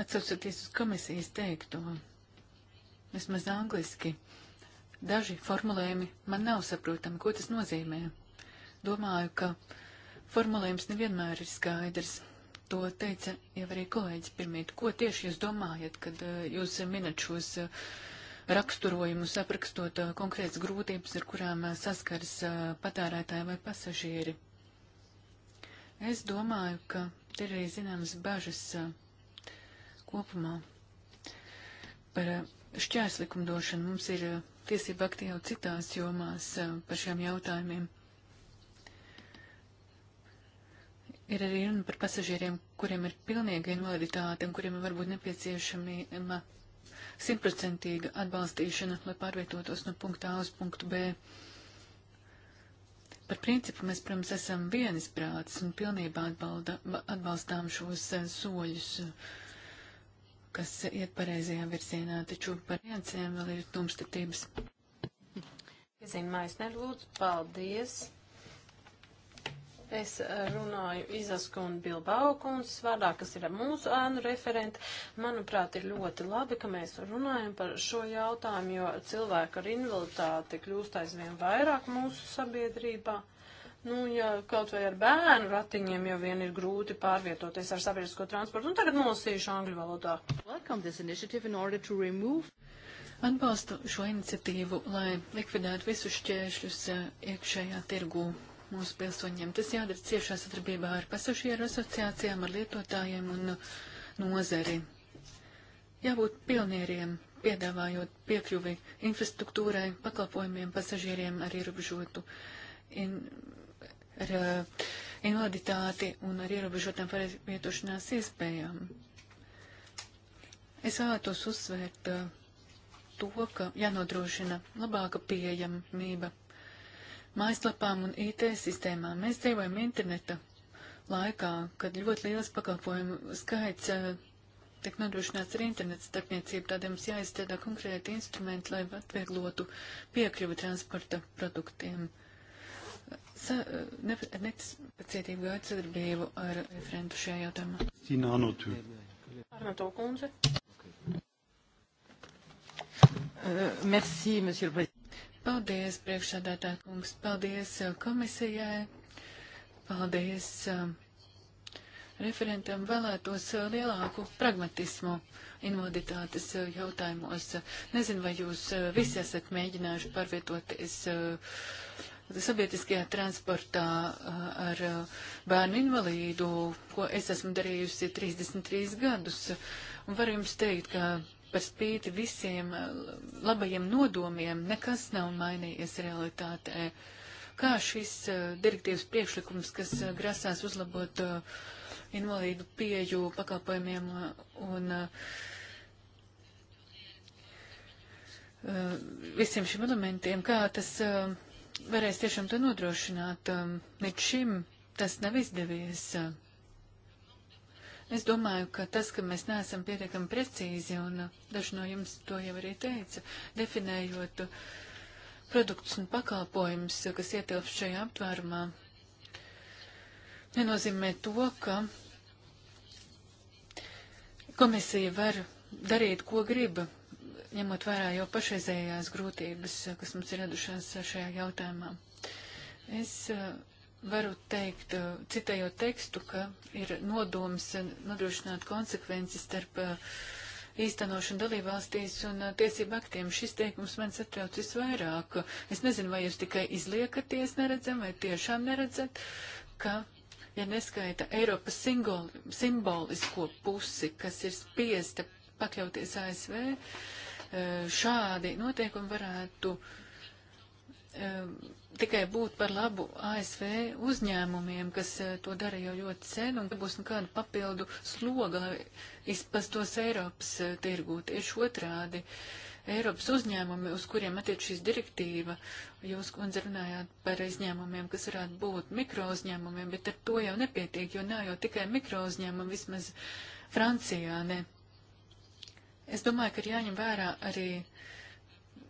atsaucoties uz komisijas teikto, vismaz angliski, daži formulējumi man nav saprotami, ko tas nozīmē. Domāju, ka formulējums nevienmēr ir skaidrs to teica jau arī kolēģis pirmīt. Ko tieši jūs domājat, kad eh, jūs minat šos eh, raksturojumus, aprakstot eh, konkrētas grūtības, ar kurām saskars patērētāji vai pasažieri? Es domāju, ka ir arī zināmas bažas kopumā par šķērslikumdošanu. Mums ir tiesība aktīvi citās jomās par šiem jautājumiem. Ir arī runa par pasažieriem, kuriem ir pilnīga invaliditāte un kuriem varbūt nepieciešama simtprocentīga atbalstīšana, lai pārvietotos no punkta A uz punktu B. Par principu mēs, protams, esam vienisprāts un pilnībā atbalda, atbalstām šos eh, soļus, kas iet pareizajā virzienā, taču par viensiem vēl ir tumstatības. Zinu, Maisner, lūdzu, paldies! Es eh, runāju Izaskundu Bilbao kundzes vārdā, kas ir mūsu ēnu referente. Manuprāt, ir ļoti labi, ka mēs runājam par šo jautājumu, jo cilvēku ar invaliditāti kļūst aizvien vairāk mūsu sabiedrībā. Nu, ja kaut vai ar bērnu ratiņiem jau vien ir grūti pārvietoties ar sabiedrisko transportu, un tagad nolasīšu angļu valodā. Welcome this initiative in order to remove Atbalstu šo iniciatīvu, lai likvidētu visus šķēršļus eh, iekšējā tirgū mūsu pilsoņiem. Tas jādara ciešā sadarbībā ar pasažieru asociācijām, ar lietotājiem un nu, nozari. Jābūt pionieriem, piedāvājot piekļuvi infrastruktūrai, pakalpojumiem pasažieriem ar ierobežotu in, ar, uh, invaliditāti un ar ierobežotām pārvietošanās iespējām. Es vēlētos uzsvērt uh, to, ka jānodrošina labāka pieejamība mājaslapām un IT sistēmām. Mēs dzīvojam interneta laikā, kad ļoti liels pakalpojumu skaits uh, tiek nodrošināts ar internetu starpniecību, tādēļ mums jāizstrādā konkrēti instrumenti, lai atvieglotu piekļuvi transporta produktiem. Sa, ne, eh, nepacietību gaidu sadarbību ar referentu šajā jautājumā. Stīnānotu. Arnoto kundze. Eh, merci, monsieur le président. Paldies, priekšsādātā kungs. Paldies uh, komisijai. Paldies um, referentam. Vēlētos uh, lielāku pragmatismu invaliditātes uh, jautājumos. Nezinu, vai jūs visi esat mēģinājuši pārvietoties sabiedriskajā transportā ar bērnu invalīdu, ko es esmu darījusi 33 gadus. Un varu jums teikt, ka par spīti visiem eh, labajiem nodomiem, nekas nav mainījies realitātē. Kā šis eh, direktīvas priekšlikums, kas eh, grasās uzlabot invalīdu pieju pakalpojumiem un visiem šiem elementiem, kā tas varēs tiešām to nodrošināt, līdz šim tas nav izdevies. Es domāju, ka tas, ka mēs neesam pietiekami precīzi, un uh, daži no jums to jau arī teica, definējot uh, produktus un pakalpojumus, uh, kas ietilpst šajā aptvērumā, nenozīmē to, ka komisija var darīt, ko grib, ņemot vērā jau pašreizējās grūtības, kas mums ir radušās šajā jautājumā. Es uh, varu teikt, eh, citējot tekstu, ka ir nodoms eh, nodrošināt konsekvences starp eh, īstenošanu dalībvalstīs un tiesību aktiem. Šis teikums man satrauc visvairāk. Es nezinu, vai jūs tikai izliekaties neredzam, vai tiešām neredzat, ka, ja neskaita Eiropas singoli, simbolisko pusi, kas ir spiesta pakļauties ASV, šādi noteikumi varētu um, tikai būt par labu ASV uzņēmumiem, kas eh, to dara jau ļoti sen, un būs nekāda papildu sloga, lai izpastos Eiropas eh, tirgū. Tieši otrādi, Eiropas uzņēmumi, uz kuriem attiec šīs direktīva, jūs, kundze, runājāt par izņēmumiem, kas varētu būt mikrouzņēmumiem, bet ar to jau nepietiek, jo nav jau tikai mikrouzņēmumi, vismaz Francijā ne. Es domāju, ka ir jāņem vērā arī uh,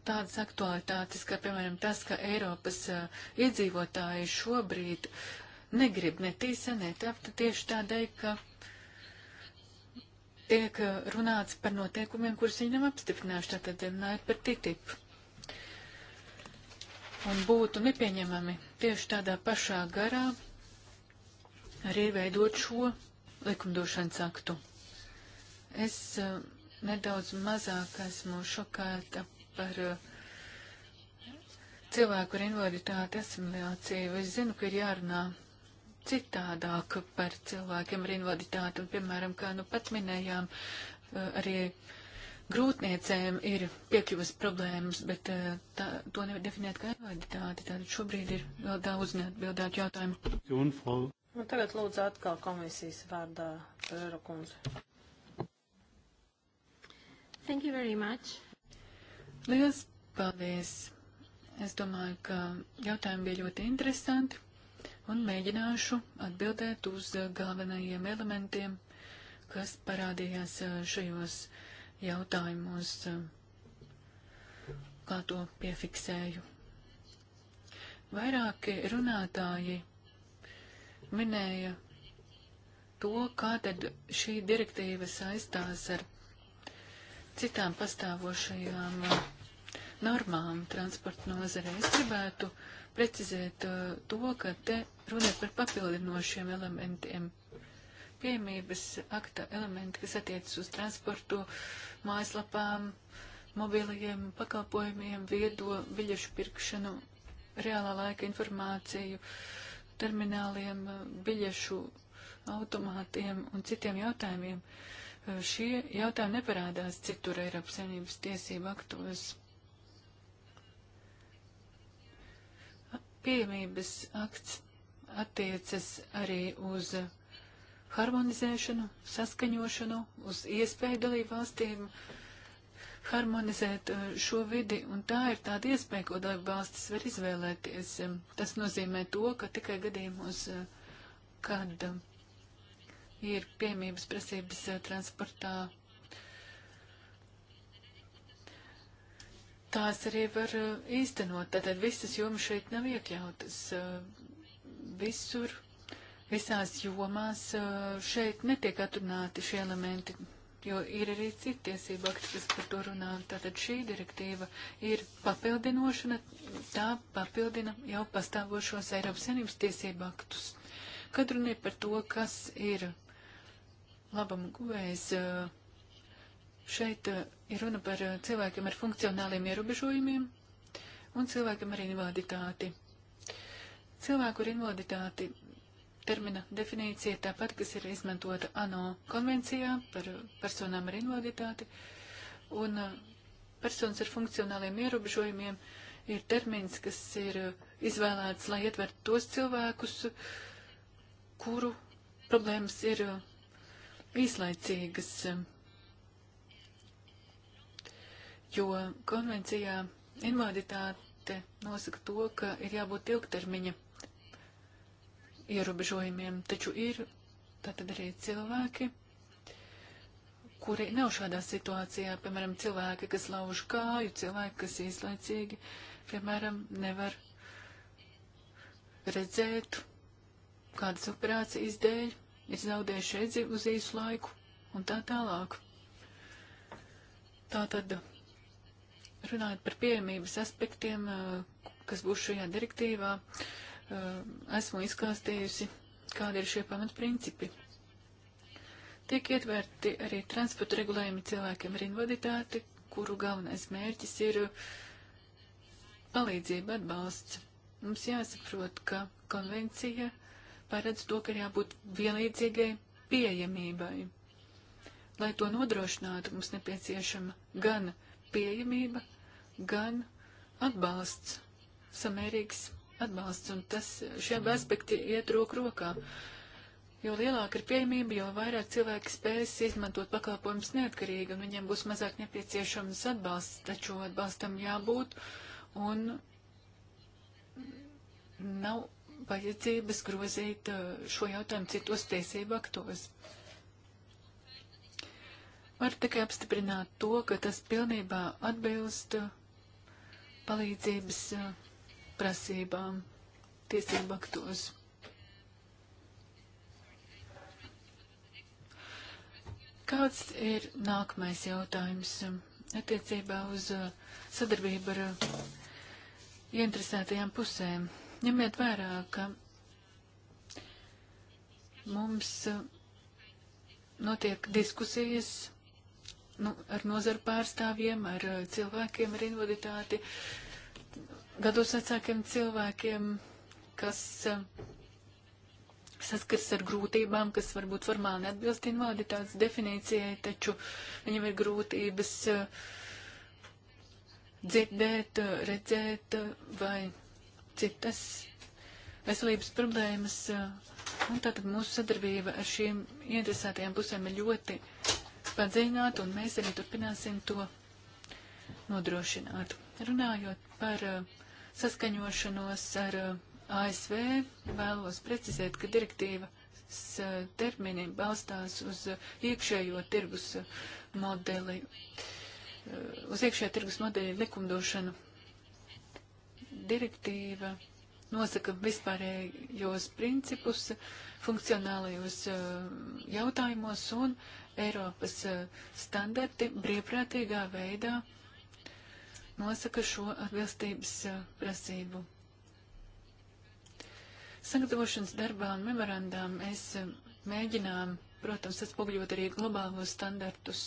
tādas aktualitātes, kā piemēram tas, ka Eiropas uh, iedzīvotāji šobrīd negrib ne tīsa, ne tapta tieši tādēļ, ka tiek runāts par noteikumiem, kurus viņi nav apstiprinājuši, tātad runājot par TTIP. Un būtu nepieņemami tieši tādā pašā garā arī veidot šo likumdošanas aktu. Es uh, nedaudz mazāk esmu šokēta par uh, cilvēku ar invaliditāti asimilāciju. Es zinu, ka ir jārunā citādāk par cilvēkiem ar invaliditāti, un, piemēram, kā nu pat minējām, uh, arī grūtniecēm ir piekļuvas problēmas, bet uh, tā, to nevar definēt kā invaliditāti. Tātad šobrīd ir vēl daudz neatbildētu jautājumu. Nu, tagad lūdzu atkal komisijas vārdā Pērra kundze. Thank you very much. Lielas paldies! Es domāju, ka jautājumi bija ļoti interesanti un mēģināšu atbildēt uz galvenajiem elementiem, kas parādījās eh, šajos jautājumos, eh, kā to piefiksēju. Vairāki runātāji minēja to, kā tad šī direktīva saistās ar citām pastāvošajām uh, normām transporta nozarē. Es gribētu precizēt uh, to, ka te runa ir par papildinošiem elementiem. Piemības akta elementi, kas attiecas uz transportu, mājaslapām, mobilajiem pakalpojumiem, viedo biļešu pirkšanu, reālā laika informāciju, termināliem, uh, biļešu automātiem un citiem jautājumiem. Uh, šie jautājumi neparādās citur Eiropas Savienības tiesību aktos. Pieejamības akts attiecas arī uz harmonizēšanu, saskaņošanu, uz iespēju dalību valstīm harmonizēt uh, šo vidi, un tā ir tāda iespēja, ko dalību valstis var izvēlēties. Um, tas nozīmē to, ka tikai gadījumos, uh, kad um, ir piemības prasības eh, transportā. Tās arī var eh, īstenot, tātad visas jomas šeit nav iekļautas. Eh, visur, visās jomās šeit netiek atrunāti šie elementi, jo ir arī citi tiesība akti, kas par to runā. Tātad šī direktīva ir papildinošana, tā papildina jau pastāvošos Eiropas Savienības tiesību aktus. Kad runīja par to, kas ir labam guvējs. Eh, šeit eh, ir runa par eh, cilvēkiem ar funkcionāliem ierobežojumiem un cilvēkiem ar invaliditāti. Cilvēku ar invaliditāti termina definīcija tāpat, kas ir izmantota ANO konvencijā par personām ar invaliditāti, un personas ar funkcionāliem ierobežojumiem ir termins, kas ir izvēlēts, lai ietvertu tos cilvēkus, kuru problēmas ir īslaicīgas, um, jo konvencijā invaliditāte nosaka to, ka ir jābūt ilgtermiņa ierobežojumiem, taču ir tātad arī cilvēki, kuri nav šādā situācijā, piemēram, cilvēki, kas lauž kāju, cilvēki, kas īslaicīgi, piemēram, nevar redzēt kādas operācijas dēļ, ir zaudējuši redzi uz īsu laiku un tā tālāk. Tātad, runājot par pieejamības aspektiem, eh, kas būs šajā direktīvā, eh, esmu izklāstījusi, kādi ir šie pamatprincipi. Tiek ietverti arī transporta regulējumi cilvēkiem ar invaliditāti, kuru galvenais mērķis ir eh, palīdzība atbalsts. Mums jāsaprot, ka konvencija uh, paredz to, ka ir jābūt vienlīdzīgai pieejamībai. Lai to nodrošinātu, mums nepieciešama gan pieejamība, gan atbalsts, samērīgs atbalsts, un tas šie abi aspekti iet roku rokā. Jo lielāka ir pieejamība, jo vairāk cilvēki spēs izmantot pakalpojumus neatkarīgi, un viņiem būs mazāk nepieciešams atbalsts, taču atbalstam jābūt, un nav vajadzības grozīt uh, šo jautājumu citos tiesību aktos. Var tikai apstiprināt to, ka tas pilnībā atbilst uh, palīdzības uh, prasībām tiesību aktos. Kāds ir nākamais jautājums um, attiecībā uz sadarbību ar ieinteresētajām pusēm? Ņemiet vērā, ka mums uh, notiek diskusijas nu, ar nozaru pārstāvjiem, ar uh, cilvēkiem ar invaliditāti, gados vecākiem cilvēkiem, kas uh, saskars ar grūtībām, kas varbūt formāli neatbilst invaliditātes definīcijai, taču viņam ir grūtības dzirdēt, redzēt vai citas veselības problēmas. Un tātad mūsu sadarbība ar šīm interesētajām pusēm ir ļoti padziļināta, un mēs arī turpināsim to nodrošināt. Runājot par uh, saskaņošanos ar uh, ASV, vēlos precizēt, ka direktīva uh, termini balstās uz iekšējo tirgus modeli, uz iekšējā tirgus modeļa likumdošanu direktīva nosaka vispārējos principus funkcionālajos eh, jautājumos un Eiropas eh, standarti brīvprātīgā veidā nosaka šo atbilstības eh, prasību. Sagatavošanas darbā un memorandām mēs mēģinām, protams, atspoguļot arī globālos standartus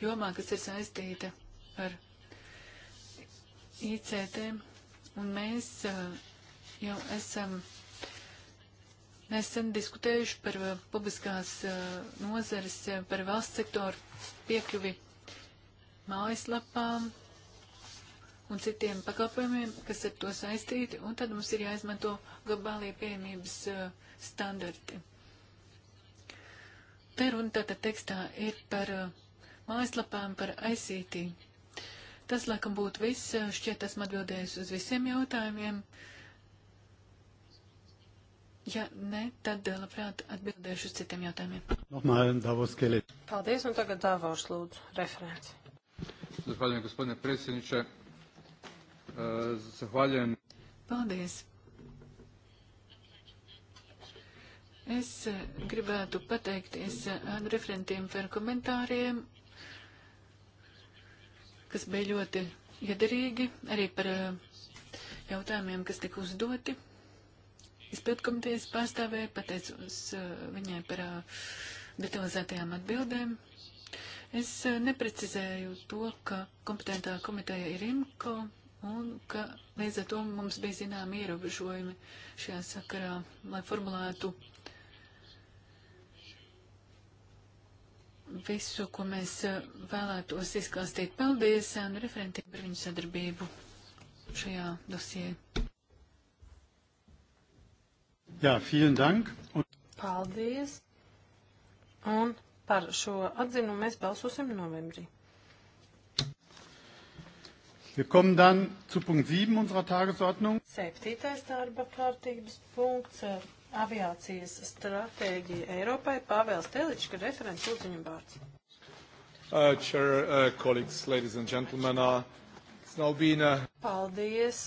jomā, kas ir saistīta ar ICT Un mēs uh, jau esam nesen diskutējuši par uh, publiskās uh, nozares, par valsts sektoru piekļuvi mājaslapām un citiem pakalpojumiem, kas ar to saistīti, un tad mums ir jāizmanto globālie pieejamības uh, standarti. Te runa tātad tekstā ir par uh, mājaslapām, par ICT. Tas, laikam, būtu viss. Šķiet, esmu atbildējis uz visiem jautājumiem. Ja nē, tad eh, labprāt atbildēšu uz citiem jautājumiem. Paldies, un tagad Dāvors lūdzu referents. Zahvaljujem, gospodine predsjedniče. Eh, zahvaljujem. Paldies. Es eh, gribētu pateikties referentiem par komentāriem kas bija ļoti iedarīgi arī par eh, jautājumiem, kas tika uzdoti. Izpildkomitejas pārstāvēja pateicos eh, viņai par eh, detalizētajām atbildēm. Es neprecizēju to, ka kompetentā komiteja ir IMCO un ka līdz ar to mums bija zinām ierobežojumi šajā sakarā, lai formulētu uh, visu, ko mēs e, vēlētos izklāstīt. Paldies e, un referentiem par viņu sadarbību šajā dosijā. Jā, vielen dank. Un... Paldies. Un par šo atzinu mēs balsosim novembrī. Wir kommen dann zu Punkt 7 unserer Tagesordnung. Septītais darba kārtības punkts e, aviācijas stratēģija Eiropai. Pāvēls Teličs, ka referents lūdzu viņam vārds. Uh, chair, uh, colleagues, ladies and gentlemen, uh, it's now been a... Uh, Paldies,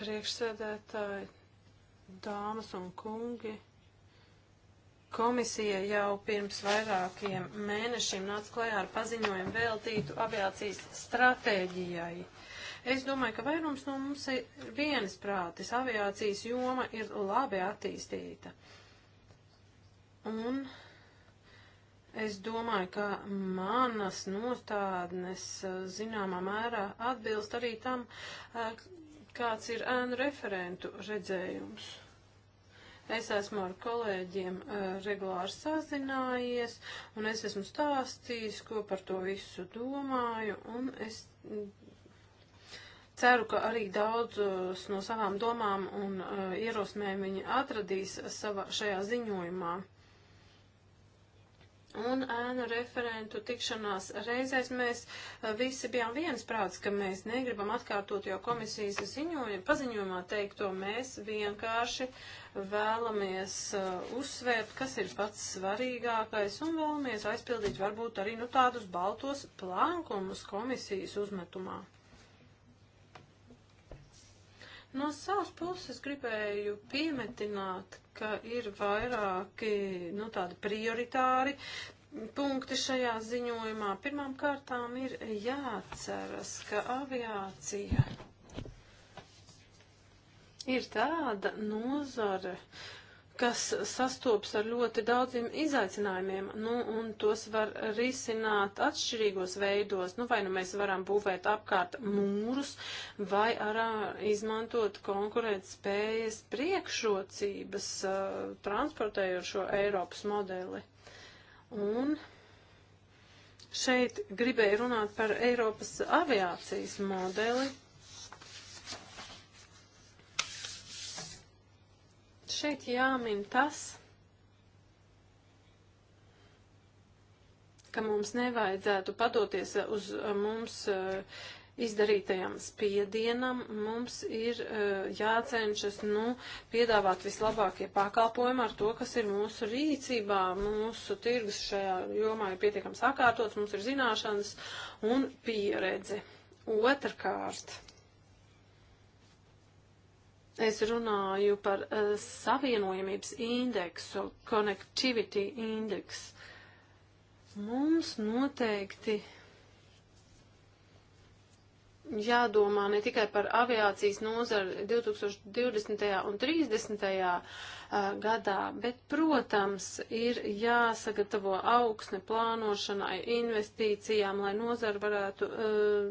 priekšsēdētāji, dāmas un kungi. Komisija jau pirms vairākiem mēnešiem nāca klajā ar paziņojumu veltītu aviācijas stratēģijai. Uh, Es domāju, ka vairums no mums ir vienas prātis. Aviācijas joma ir labi attīstīta. Un es domāju, ka manas nostādnes eh, zināmā mērā atbilst arī tam, eh, kāds ir ēnu referentu redzējums. Es esmu ar kolēģiem eh, regulāri sazinājies, un es esmu stāstījis, ko par to visu domāju, un es Ceru, ka arī daudzus eh, no savām domām un uh, ierosmēm viņi atradīs sava, šajā ziņojumā. Un ēnu referentu tikšanās reizēs mēs eh, visi bijām viensprāts, ka mēs negribam atkārtot jau komisijas ziņoja, paziņojumā teikto, mēs vienkārši vēlamies uh, uzsvērt, kas ir pats svarīgākais un vēlamies aizpildīt varbūt arī nu tādus baltos plankumus komisijas uzmetumā. No savas puses gribēju piemetināt, ka ir vairāki nu, tādi prioritāri punkti šajā ziņojumā. Pirmām kārtām ir jāatceras, ka aviācija ir tāda nozare, uh, kas sastopas ar ļoti daudziem izaicinājumiem, nu, un tos var risināt atšķirīgos veidos. Nu, vai nu mēs varam būvēt apkārt mūrus, vai arā izmantot konkurēt spējas priekšrocības uh, transportējošo Eiropas modeli. Un šeit gribēju runāt par Eiropas aviācijas modeli šeit jāmin tas, ka mums nevajadzētu padoties uz mums eh, izdarītajam spiedienam, mums ir eh, jācenšas, nu, piedāvāt vislabākie pakalpojumi ar to, kas ir mūsu rīcībā, mūsu tirgus šajā jomā ir pietiekams sakārtots, mums ir zināšanas un pieredze. Otrkārt. Es runāju par uh, savienojamības indeksu, connectivity indeks. Mums noteikti jādomā ne tikai par aviācijas nozari 2020. un 30. Eh, gadā, bet, protams, ir jāsagatavo augsne plānošanai, investīcijām, lai nozara varētu uh,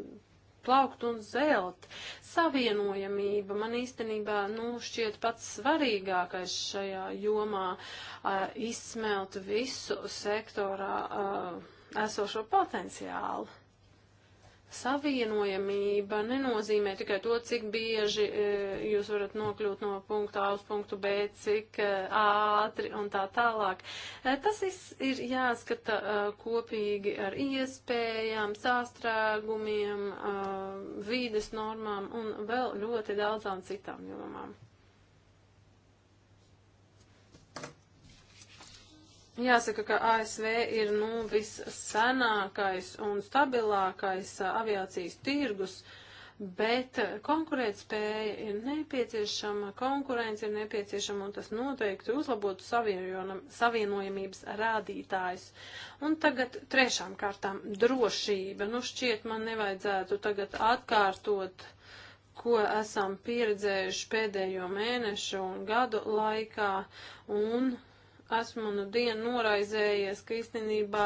plaukt un zelt. Savienojamība man īstenībā, nu, šķiet pats svarīgākais šajā jomā uh, izsmelt visu sektorā uh, esošo potenciālu. Savienojamība nenozīmē tikai to, cik bieži e, jūs varat nokļūt no punkta A uz punktu B, cik e, ātri un tā tālāk. E, tas ir jāskata e, kopīgi ar iespējām, sāstrēgumiem, e, vīdes normām un vēl ļoti daudzām citām jomām. Jāsaka, ka ASV ir nu, vissenākais un stabilākais aviācijas tirgus, bet konkurētspēja ir nepieciešama, konkurence ir nepieciešama un tas noteikti uzlabotu savienojamības rādītājs. Un tagad trešām kārtām drošība. Nu šķiet, man nevajadzētu tagad atkārtot, ko esam pieredzējuši pēdējo mēnešu un gadu laikā un esmu nu dienu noraizējies, ka īstenībā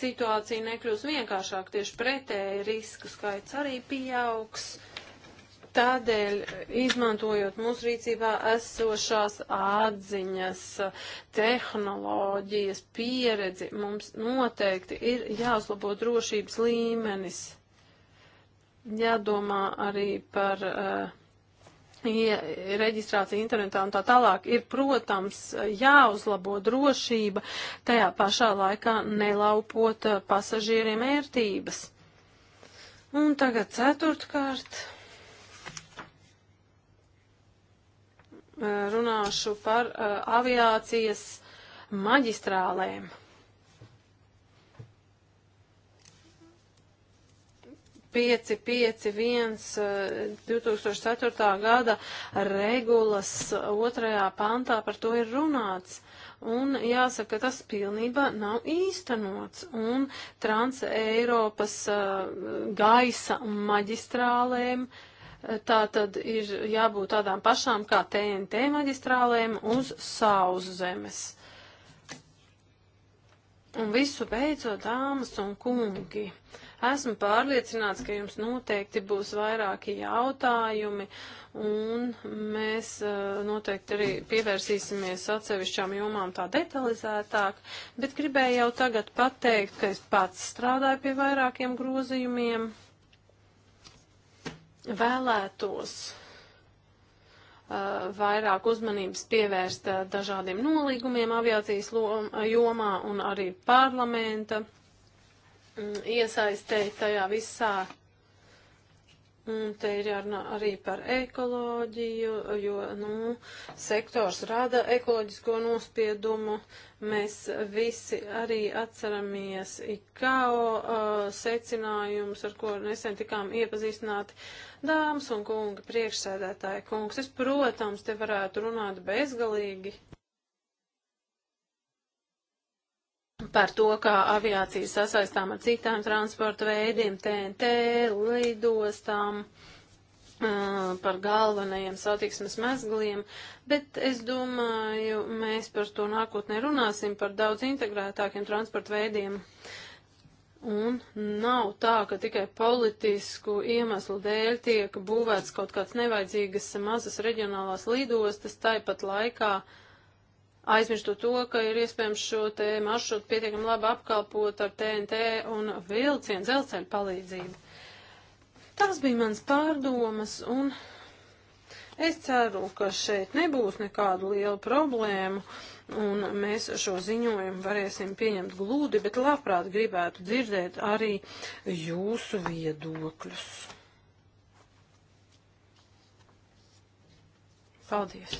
situācija nekļūs vienkāršāk, tieši pretēji riska skaits arī pieaugs. Tādēļ, izmantojot mūsu rīcībā esošās atziņas, tehnoloģijas, pieredzi, mums noteikti ir jāuzlabo drošības līmenis. Jādomā arī par uh, reģistrācija internetā un tā tālāk ir, protams, jāuzlabo drošība, tajā pašā laikā nelaupot eh, pasažieriem ērtības. Un tagad ceturtkārt. Eh, runāšu par eh, aviācijas maģistrālēm. 551 2004. Eh, gada regulas otrajā pantā par to ir runāts. Un jāsaka, ka tas pilnībā nav īstenots. Un Trans-Eiropas uh, gaisa maģistrālēm uh, tā tad ir jābūt tādām pašām kā TNT maģistrālēm uz sauszemes. Un visu beidzot, dāmas un kungi, uh, Esmu pārliecināts, ka jums noteikti būs vairāki jautājumi, un mēs eh, noteikti arī pievērsīsimies atsevišķām jomām tā detalizētāk, bet gribēju jau tagad pateikt, ka es pats strādāju pie vairākiem grozījumiem. Vēlētos eh, vairāk uzmanības pievērst eh, dažādiem nolīgumiem aviācijas loma, jomā un arī parlamenta Mm, iesaistēji tajā visā. Un mm, te ir jārunā arī par ekoloģiju, jo, nu, sektors rada ekoloģisko nospiedumu. Mēs visi arī atceramies IKO uh, secinājumus, ar ko nesen tikām iepazīstināti dāmas un kunga priekšsēdētāja kungs. Es, protams, te varētu runāt bezgalīgi. par to, kā aviācija sasaistām ar citām transporta veidiem, TNT, lidostām, par galvenajiem satiksmes mezgliem, bet es domāju, mēs par to nākotnē runāsim, par daudz integrētākiem transporta veidiem. Un nav tā, ka tikai politisku iemeslu dēļ tiek būvēts kaut kāds nevajadzīgas mazas reģionālās lidostas, tāpat laikā uh, aizmirstot to, ka ir iespējams šo te maršrutu pietiekami labi apkalpot ar TNT un vilcienu dzelzceļu palīdzību. Tas bija mans pārdomas, un es ceru, ka šeit nebūs nekādu lielu problēmu, un mēs šo ziņojumu varēsim pieņemt glūdi, bet labprāt gribētu dzirdēt arī jūsu viedokļus. Paldies!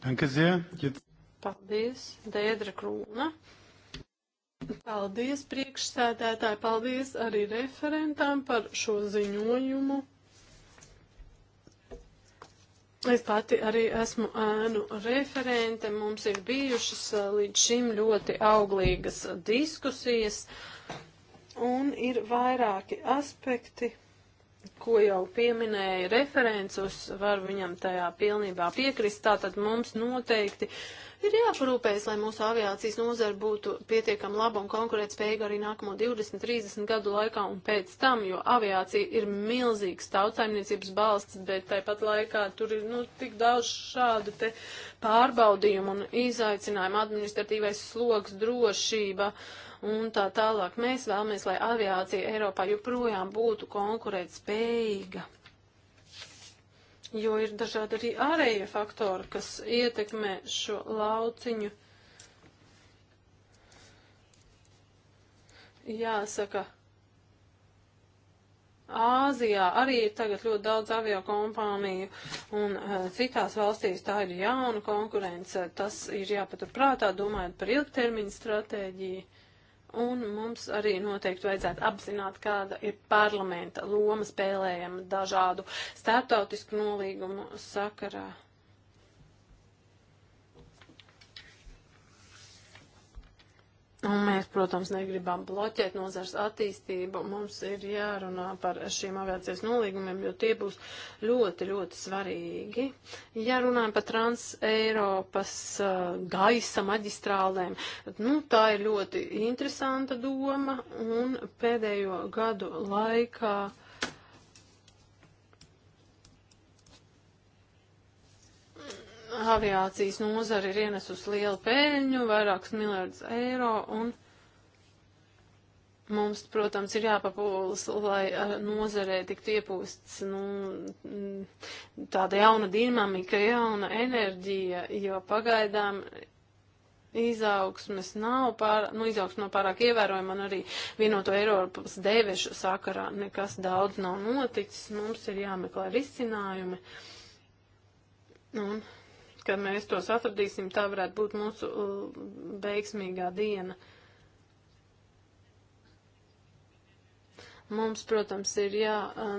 Danke sehr. Jetzt Paldies, Dēdra Krūna. Paldies, priekšsēdētāji, paldies arī referentām par šo ziņojumu. Es pati arī esmu ēnu referente. Mums ir bijušas līdz šim ļoti auglīgas diskusijas, un ir vairāki aspekti, ko jau pieminēja referents, uz varu viņam tajā pilnībā piekrist. Tātad mums noteikti uh, Ir jāparūpējas, lai mūsu aviācijas nozara būtu pietiekami laba un konkurētspējīga arī nākamo 20, 30 gadu laikā un pēc tam, jo aviācija ir milzīgs tautsaimniecības balsts, bet tāpat laikā tur ir nu, tik daudz šādu te pārbaudījumu un izaicinājumu administratīvais sloks, drošība. Uh, un tā tālāk. Mēs vēlamies, lai aviācija Eiropā joprojām būtu konkurētspējīga jo ir dažādi arī ārējie faktori, kas ietekmē šo lauciņu. Jāsaka, Āzijā arī ir tagad ļoti daudz avio kompāniju, un uh, citās valstīs tā ir jauna konkurence. Tas ir jāpaturprātā, domājot par ilgtermiņu stratēģiju. Un mums arī noteikti vajadzētu apzināt, kāda ir parlamenta loma spēlējama dažādu starptautisku nolīgumu sakarā. Un mēs, protams, negribam bloķēt nozars attīstību. Mums ir jārunā par šiem aviācijas nolīgumiem, jo tie būs ļoti, ļoti svarīgi. Ja runājam par trans-Eiropas uh, gaisa maģistrālēm, nu, tā ir ļoti interesanta doma. Un pēdējo gadu laikā aviācijas nozara ir ienesusi lielu pēļņu, vairākus miljardus eiro, un mums, protams, ir jāpapūlas, lai eh, nozarē tiktu iepūsts nu, tāda jauna dinamika, jauna enerģija, jo pagaidām izaugsmes nav pārāk, nu, izaugsme nav pārāk ievērojama, un arī vienoto Eiropas devešu sakarā nekas daudz nav noticis, mums ir jāmeklē risinājumi. Un, kad mēs tos atradīsim, tā varētu būt mūsu uh, veiksmīgā diena. Mums, protams, ir jā,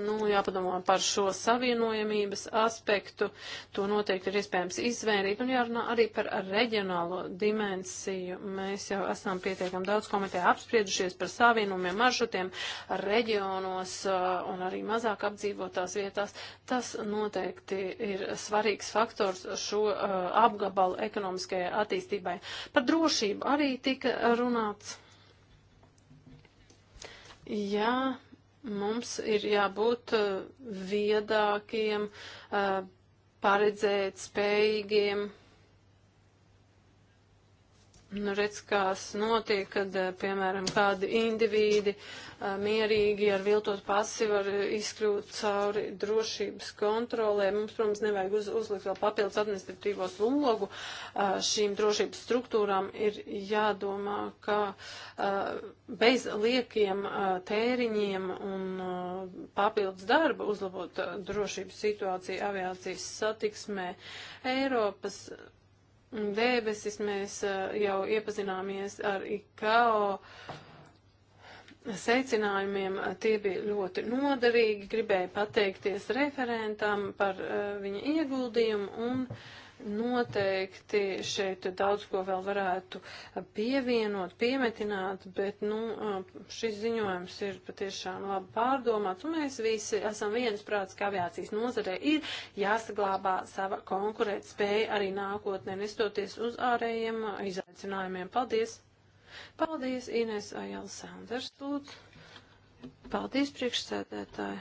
nu, jāpadomā par šo savienojamības aspektu, to noteikti ir iespējams izvērīt, un jārunā arī par reģionālo dimensiju. Mēs jau esam pietiekam daudz komitē apspriedušies par savienojumiem maršrutiem reģionos un arī mazāk apdzīvotās vietās. Tas noteikti ir svarīgs faktors šo apgabalu ekonomiskajai attīstībai. Par drošību arī tika runāts. Jā, mums ir jābūt uh, viedākiem, uh, paredzēt spējīgiem Nu, redz, kas notiek, kad, eh, piemēram, kādi indivīdi eh, mierīgi ar viltot pasi var izkļūt cauri drošības kontrolē. Mums, protams, nevajag uz, uzlikt vēl papildus administratīvo slūgu. Eh, šīm drošības struktūrām ir jādomā, kā bez liekiem tēriņiem un papildus darba uzlabot drošības situāciju aviācijas satiksmē Eiropas Dēbesis mēs uh, jau iepazināmies ar IKO secinājumiem. Tie bija ļoti noderīgi. Gribēju pateikties referentam par uh, viņa ieguldījumu un uh, Noteikti šeit daudz ko vēl varētu pievienot, piemetināt, bet nu, šis ziņojums ir patiešām labi pārdomāts, un mēs visi esam viensprāts, ka aviācijas nozarei ir jāsaglabā sava konkurētspēja arī nākotnē, nestoties uz ārējiem izaicinājumiem. Paldies! Paldies, Ines Ajala Sanders, lūdzu. Paldies, priekšsēdētāji.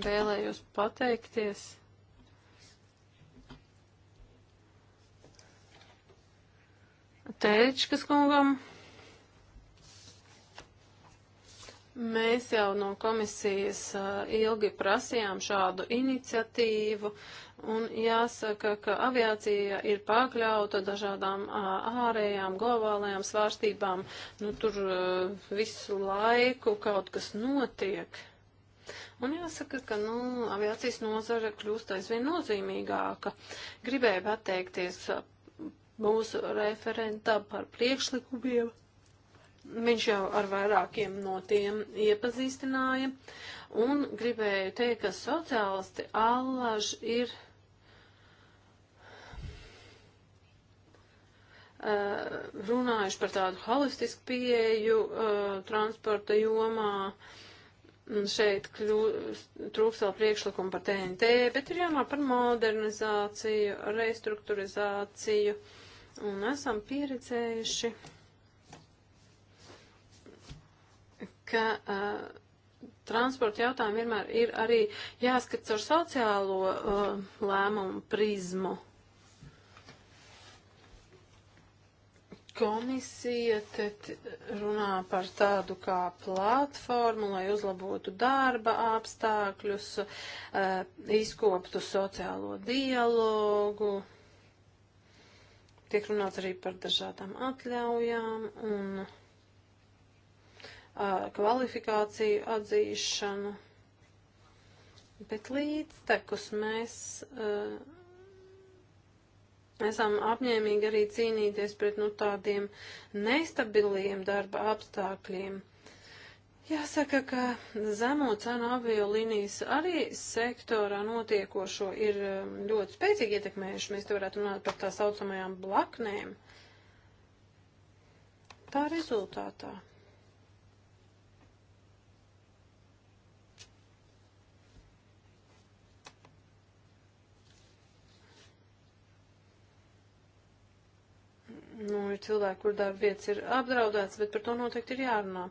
Vēlējos pateikties Tēčkas kungam. Mēs jau no komisijas ilgi prasījām šādu iniciatīvu, un jāsaka, ka aviācija ir pakļauta dažādām ārējām globālajām svārstībām. Nu, tur visu laiku kaut kas notiek. Un jāsaka, ka nu, aviācijas nozara kļūst aizvien nozīmīgāka. Gribēju pateikties mūsu referentam par priekšlikumiem. Viņš jau ar vairākiem no tiem iepazīstināja un gribēju teikt, ka sociālisti allaž ir uh, runājuši par tādu holistisku pieeju uh, transporta jomā. Un šeit trūks vēl priekšlikumu par TNT, bet ir jāmā par modernizāciju, restruktūrizāciju. Uh, un esam pieredzējuši, ka uh, transporta jautājumi vienmēr ir arī jāskat caur sociālo uh, lēmumu prizmu. Komisija te runā par tādu kā platformu, lai uzlabotu darba apstākļus, uh, izkoptu sociālo dialogu. Tiek runāts arī par dažādām atļaujām un uh, kvalifikāciju atzīšanu. Bet līdztekus mēs uh, esam apņēmīgi arī cīnīties pret nu, tādiem nestabiliem darba apstākļiem. Jāsaka, ka zemo cenu aviolīnijas arī sektorā notiekošo ir um, ļoti spēcīgi ietekmējuši. Mēs te varētu runāt par tā saucamajām blaknēm. Tā rezultātā nu, ir cilvēki, kur darba vietas ir apdraudētas, bet par to noteikti ir jārunā.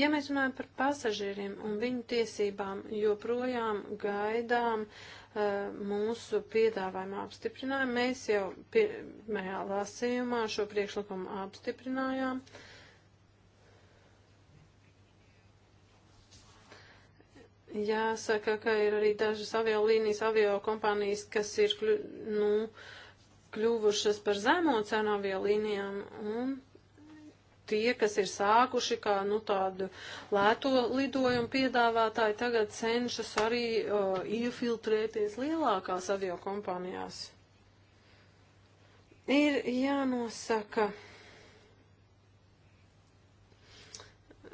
Ja mēs runājam par pasažieriem un viņu tiesībām, joprojām gaidām uh, mūsu piedāvājumu apstiprinājumu, mēs jau pirmajā lasījumā šo priekšlikumu apstiprinājām. Jāsaka, ka ir arī dažas aviolīnijas, avio kompānijas, kas ir, nu, uh, kļuvušas par zemo cenu aviolīnijām un tie, kas ir sākuši kā nu, tādu lēto lidojumu piedāvātāji, tagad cenšas arī uh, iefiltrēties lielākās aviokompānijās. Ir jānosaka. Ja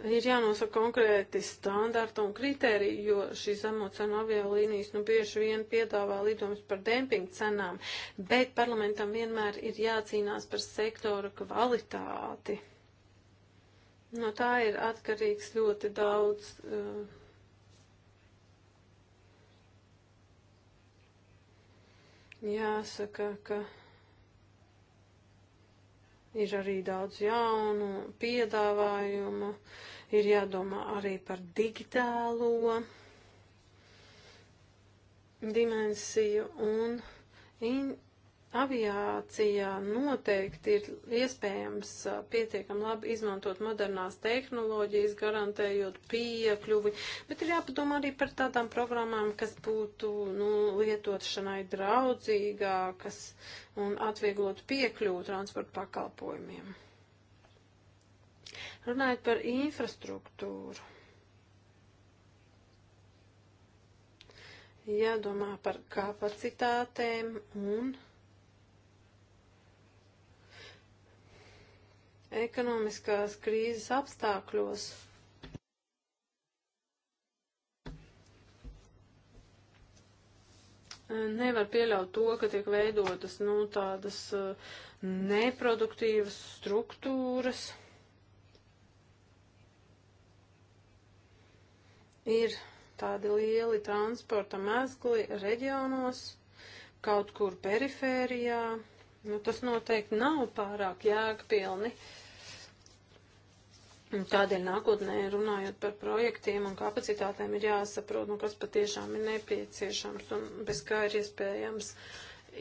ir jānosaka konkrēti standarti un kritēriji, jo šī zemo cenu aviolīnijas nu bieži vien piedāvā lidojumus par dempingu cenām, bet parlamentam vienmēr ir jācīnās par sektora kvalitāti. No nu, tā ir atkarīgs ļoti daudz. Uh, jāsaka, ka. Ir arī daudz jaunu piedāvājumu, ir jādomā arī par digitālo dimensiju un in, aviācijā noteikti ir iespējams pietiekam labi izmantot modernās tehnoloģijas, garantējot piekļuvi, bet ir jāpadomā arī par tādām programmām, kas būtu nu, lietošanai draudzīgākas un atvieglot piekļuvu transporta pakalpojumiem. Runājot par infrastruktūru. Jādomā par kapacitātēm un ekonomiskās krīzes apstākļos. Nevar pieļaut to, ka tiek veidotas nu, tādas uh, neproduktīvas struktūras. Ir tādi lieli transporta mezgli reģionos, kaut kur perifērijā. Nu, tas noteikti nav pārāk jēgpilni. Un tādēļ nākotnē, runājot par projektiem un kapacitātēm, ir jāsaprot, nu, kas patiešām ir nepieciešams un bez kā ir iespējams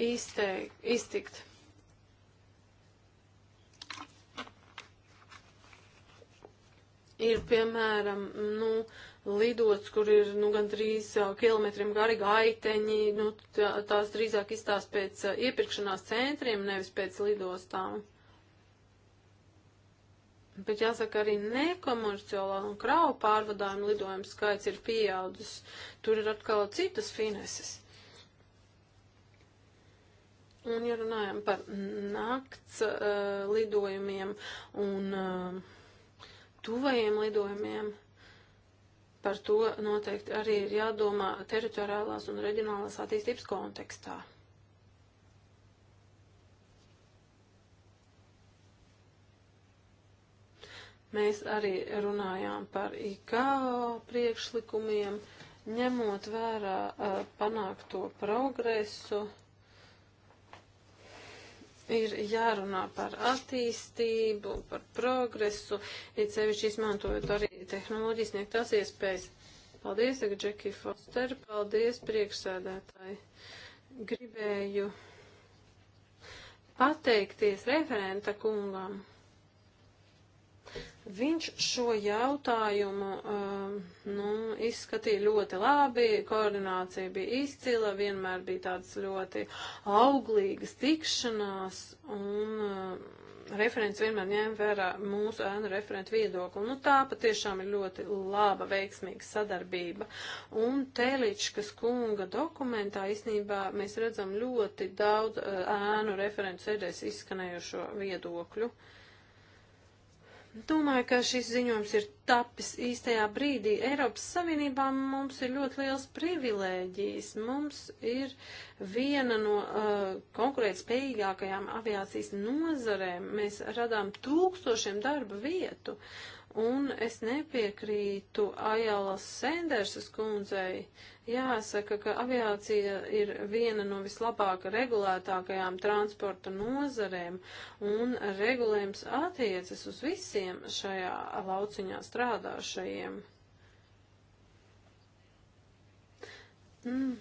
izteik, iztikt. Ir, piemēram, nu, uh, lidots, kur ir nu, gandrīz kilometriem gari gaiteņi, nu, tā, tās drīzāk izstāsta pēc iepirkšanās centriem, nevis pēc lidostām. Bet jāsaka, arī nekomerciālā un kravu pārvadājuma lidojuma skaits ir pieaudzis. Tur ir atkal citas finanses. Un, ja runājam par nakts uh, lidojumiem un uh, tuvajiem lidojumiem, uh, par to noteikti arī ir jādomā teritoriālās un reģionālās attīstības kontekstā. Mēs arī runājām par IKO priekšlikumiem, ņemot vērā panākto progresu ir jārunā par attīstību, par progresu, it sevišķi izmantojot arī tehnoloģijas sniegtās iespējas. Paldies, tagad Džeki Foster, paldies priekšsēdētāji. Gribēju pateikties referenta kungam Viņš šo jautājumu um, nu, izskatīja ļoti labi, koordinācija bija izcila, vienmēr bija tādas ļoti auglīgas tikšanās, un um, referents vienmēr ņēma vērā mūsu ēnu referentu viedokli. Nu, tā patiešām ir ļoti laba, veiksmīga sadarbība. Un Teličkas kunga dokumentā īstenībā mēs redzam ļoti daudz uh, ēnu referentu sēdēs izskanējušo viedokļu. Uh, Domāju, ka šis ziņojums ir tapis īstajā brīdī. Eiropas Savienībā mums ir ļoti liels privilēģijas. Mums ir viena no uh, konkurētspējīgākajām aviācijas nozarēm. Mēs radām tūkstošiem darba vietu. Un es nepiekrītu Ajala Sendersas kundzei. Uh, Jāsaka, ka aviācija ir viena no vislabāk regulētākajām transporta nozarēm, un regulējums attiecas uz visiem šajā lauciņā strādāšajiem. Mm.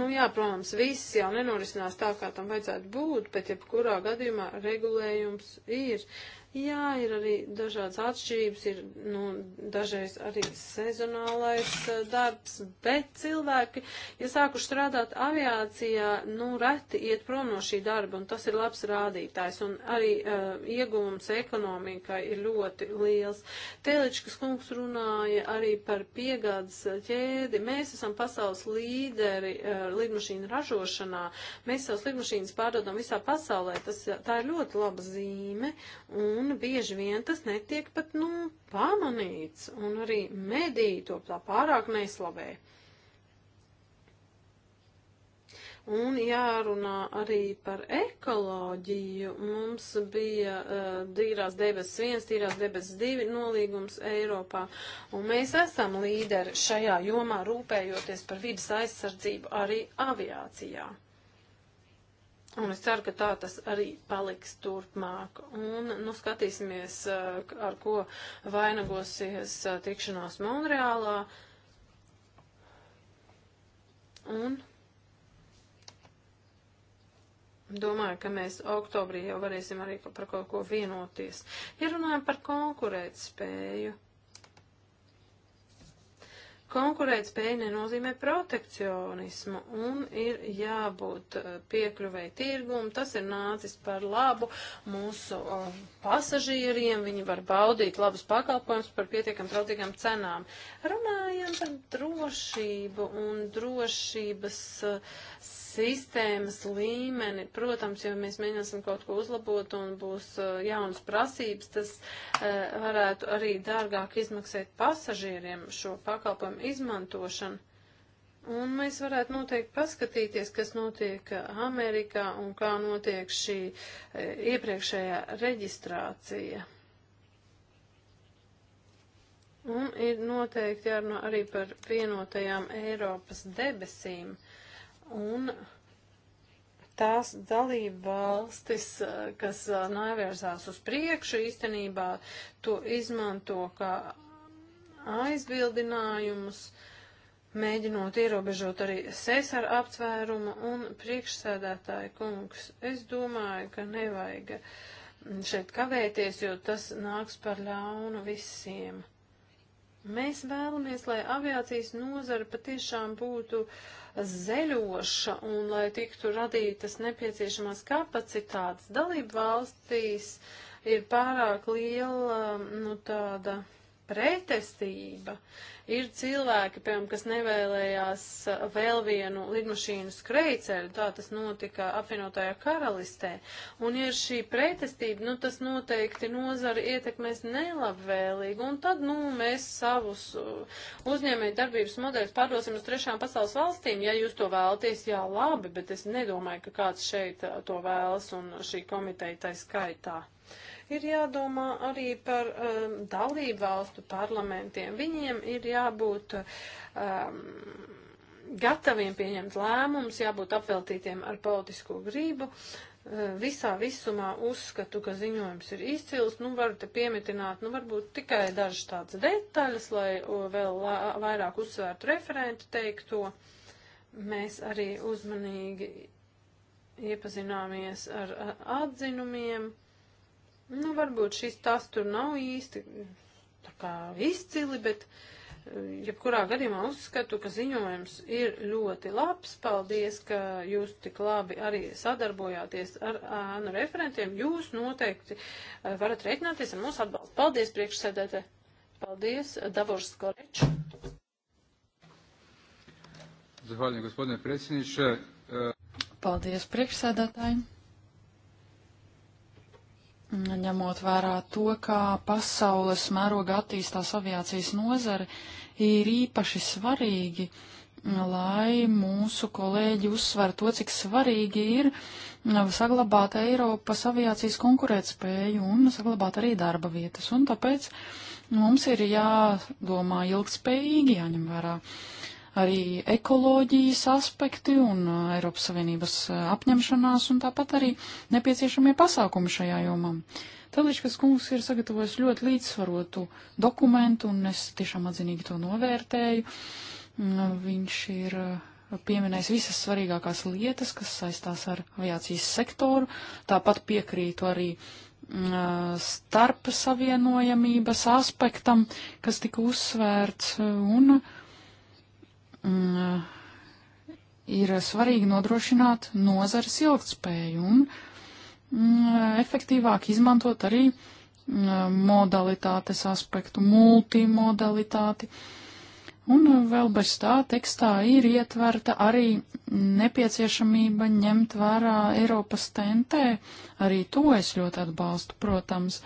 Nu, jā, protams, viss jau nenorisinās tā, kā tam vajadzētu būt, bet jebkurā gadījumā regulējums ir. Uh, Jā, ir arī dažādas atšķirības, ir nu, dažreiz arī sezonālais eh, darbs, bet cilvēki, ja sākuši strādāt aviācijā, nu, reti iet prom no šī darba, un tas ir labs rādītājs, un arī uh, ieguvums ekonomikai ir ļoti liels. Teličkas kungs runāja arī par piegādes ķēdi. Mēs esam pasaules līderi uh, lidmašīnu ražošanā. Mēs savus lidmašīnas pārdodam visā pasaulē. Tas, tā ir ļoti laba zīme. Un un bieži vien tas netiek pat, nu, pamanīts, un arī mediji to tā pārāk neslavē. Un jārunā arī par ekoloģiju. Mums bija uh, eh, tīrās debesis viens, tīrās debesis divi nolīgums Eiropā. Un mēs esam līderi šajā jomā rūpējoties par vidas aizsardzību arī aviācijā un es ceru, ka tā tas arī paliks turpmāk. Un, nu, skatīsimies, eh, ar ko vainagosies eh, tikšanās Monreālā. Un Domāju, ka mēs oktobrī jau varēsim arī par kaut ko vienoties. Ja runājam par konkurētspēju. spēju Konkurētspēja nenozīmē protekcionismu un ir jābūt eh, piekļuvēji tirgumu. Tas ir nācis par labu mūsu eh, pasažieriem. Viņi var baudīt labus pakalpojumus par pietiekam draudzīgām cenām. Runājam par drošību un drošības eh, sistēmas līmeni. Protams, ja mēs mēģināsim kaut ko uzlabot un būs jaunas prasības, tas varētu arī dārgāk izmaksāt pasažieriem šo pakalpojumu resursu izmantošanu. Un mēs varētu noteikti paskatīties, kas notiek Amerikā un kā notiek šī e, iepriekšējā reģistrācija. Un ir noteikti jārunā arī par vienotajām Eiropas debesīm. Un tās dalība valstis, e, kas e, nevirzās uz priekšu, īstenībā to izmanto kā aizbildinājumus, mēģinot ierobežot arī sēsara aptvērumu un priekšsēdētāju kungs. Es domāju, ka nevajag šeit kavēties, jo tas nāks par ļaunu visiem. Mēs vēlamies, lai aviācijas nozara patiešām būtu zeļoša un lai tiktu radītas nepieciešamās kapacitātes. Dalību valstīs ir pārāk liela, nu tāda pretestība. Ir cilvēki, piemēram, kas nevēlējās uh, vēl vienu lidmašīnu skrejceļu, tā tas notika apvienotajā karalistē. Un ja ir šī pretestība, nu tas noteikti nozari ietekmēs nelabvēlīgi, un tad, nu, mēs savus uh, uzņēmēju darbības modeļus pārdosim uz trešām pasaules valstīm, ja jūs to vēlaties, jā, labi, bet es nedomāju, ka kāds šeit uh, to vēlas un šī komiteja tai skaitā. Ir jādomā arī par um, dalību valstu parlamentiem. Viņiem ir jābūt um, gataviem pieņemt lēmumus, jābūt apveltītiem ar politisko gribu. Uh, visā visumā uzskatu, ka ziņojums ir izcils, nu varu te piemitināt, nu varbūt tikai dažas tādas detaļas, lai uh, vēl lā, vairāk uzsvērtu referentu teikto. Mēs arī uzmanīgi iepazināmies ar, ar atzinumiem. Nu, varbūt šis tas tur nav īsti tā kā izcili, bet eh, jebkurā gadījumā uzskatu, ka ziņojums ir ļoti labs. Paldies, ka jūs tik labi arī sadarbojāties ar ēnu referentiem. Jūs noteikti eh, varat reiķināties ar mūsu atbalstu. Paldies, priekšsēdētē. Paldies, Davors Koreč. Zahvaljujem, gospodine predsjedniče. Paldies, priekšsēdētājiem ņemot vērā to, kā pasaules mēroga attīstās aviācijas nozare, ir īpaši svarīgi, lai mūsu kolēģi uzsver to, cik svarīgi ir saglabāt Eiropas aviācijas konkurētspēju un saglabāt arī darba vietas. Un tāpēc mums ir jādomā ilgspējīgi, jāņem vērā arī ekoloģijas aspekti un uh, Eiropas Savienības uh, apņemšanās un tāpat arī nepieciešamie pasākumi šajā jomā. Teliškas kungs ir sagatavojis ļoti līdzsvarotu dokumentu un es tiešām atzinīgi to novērtēju. Mm, viņš ir uh, pieminējis visas svarīgākās lietas, kas saistās ar aviācijas sektoru. Tāpat piekrītu arī mm, starp savienojamības aspektam, kas tika uzsvērts, un mm, ir svarīgi nodrošināt nozares ilgtspēju un mm, efektīvāk izmantot arī mm, modalitātes aspektu, multimodalitāti. Un vēl bez tā tekstā ir ietverta arī nepieciešamība ņemt vērā Eiropas TNT. Arī to es ļoti atbalstu, protams.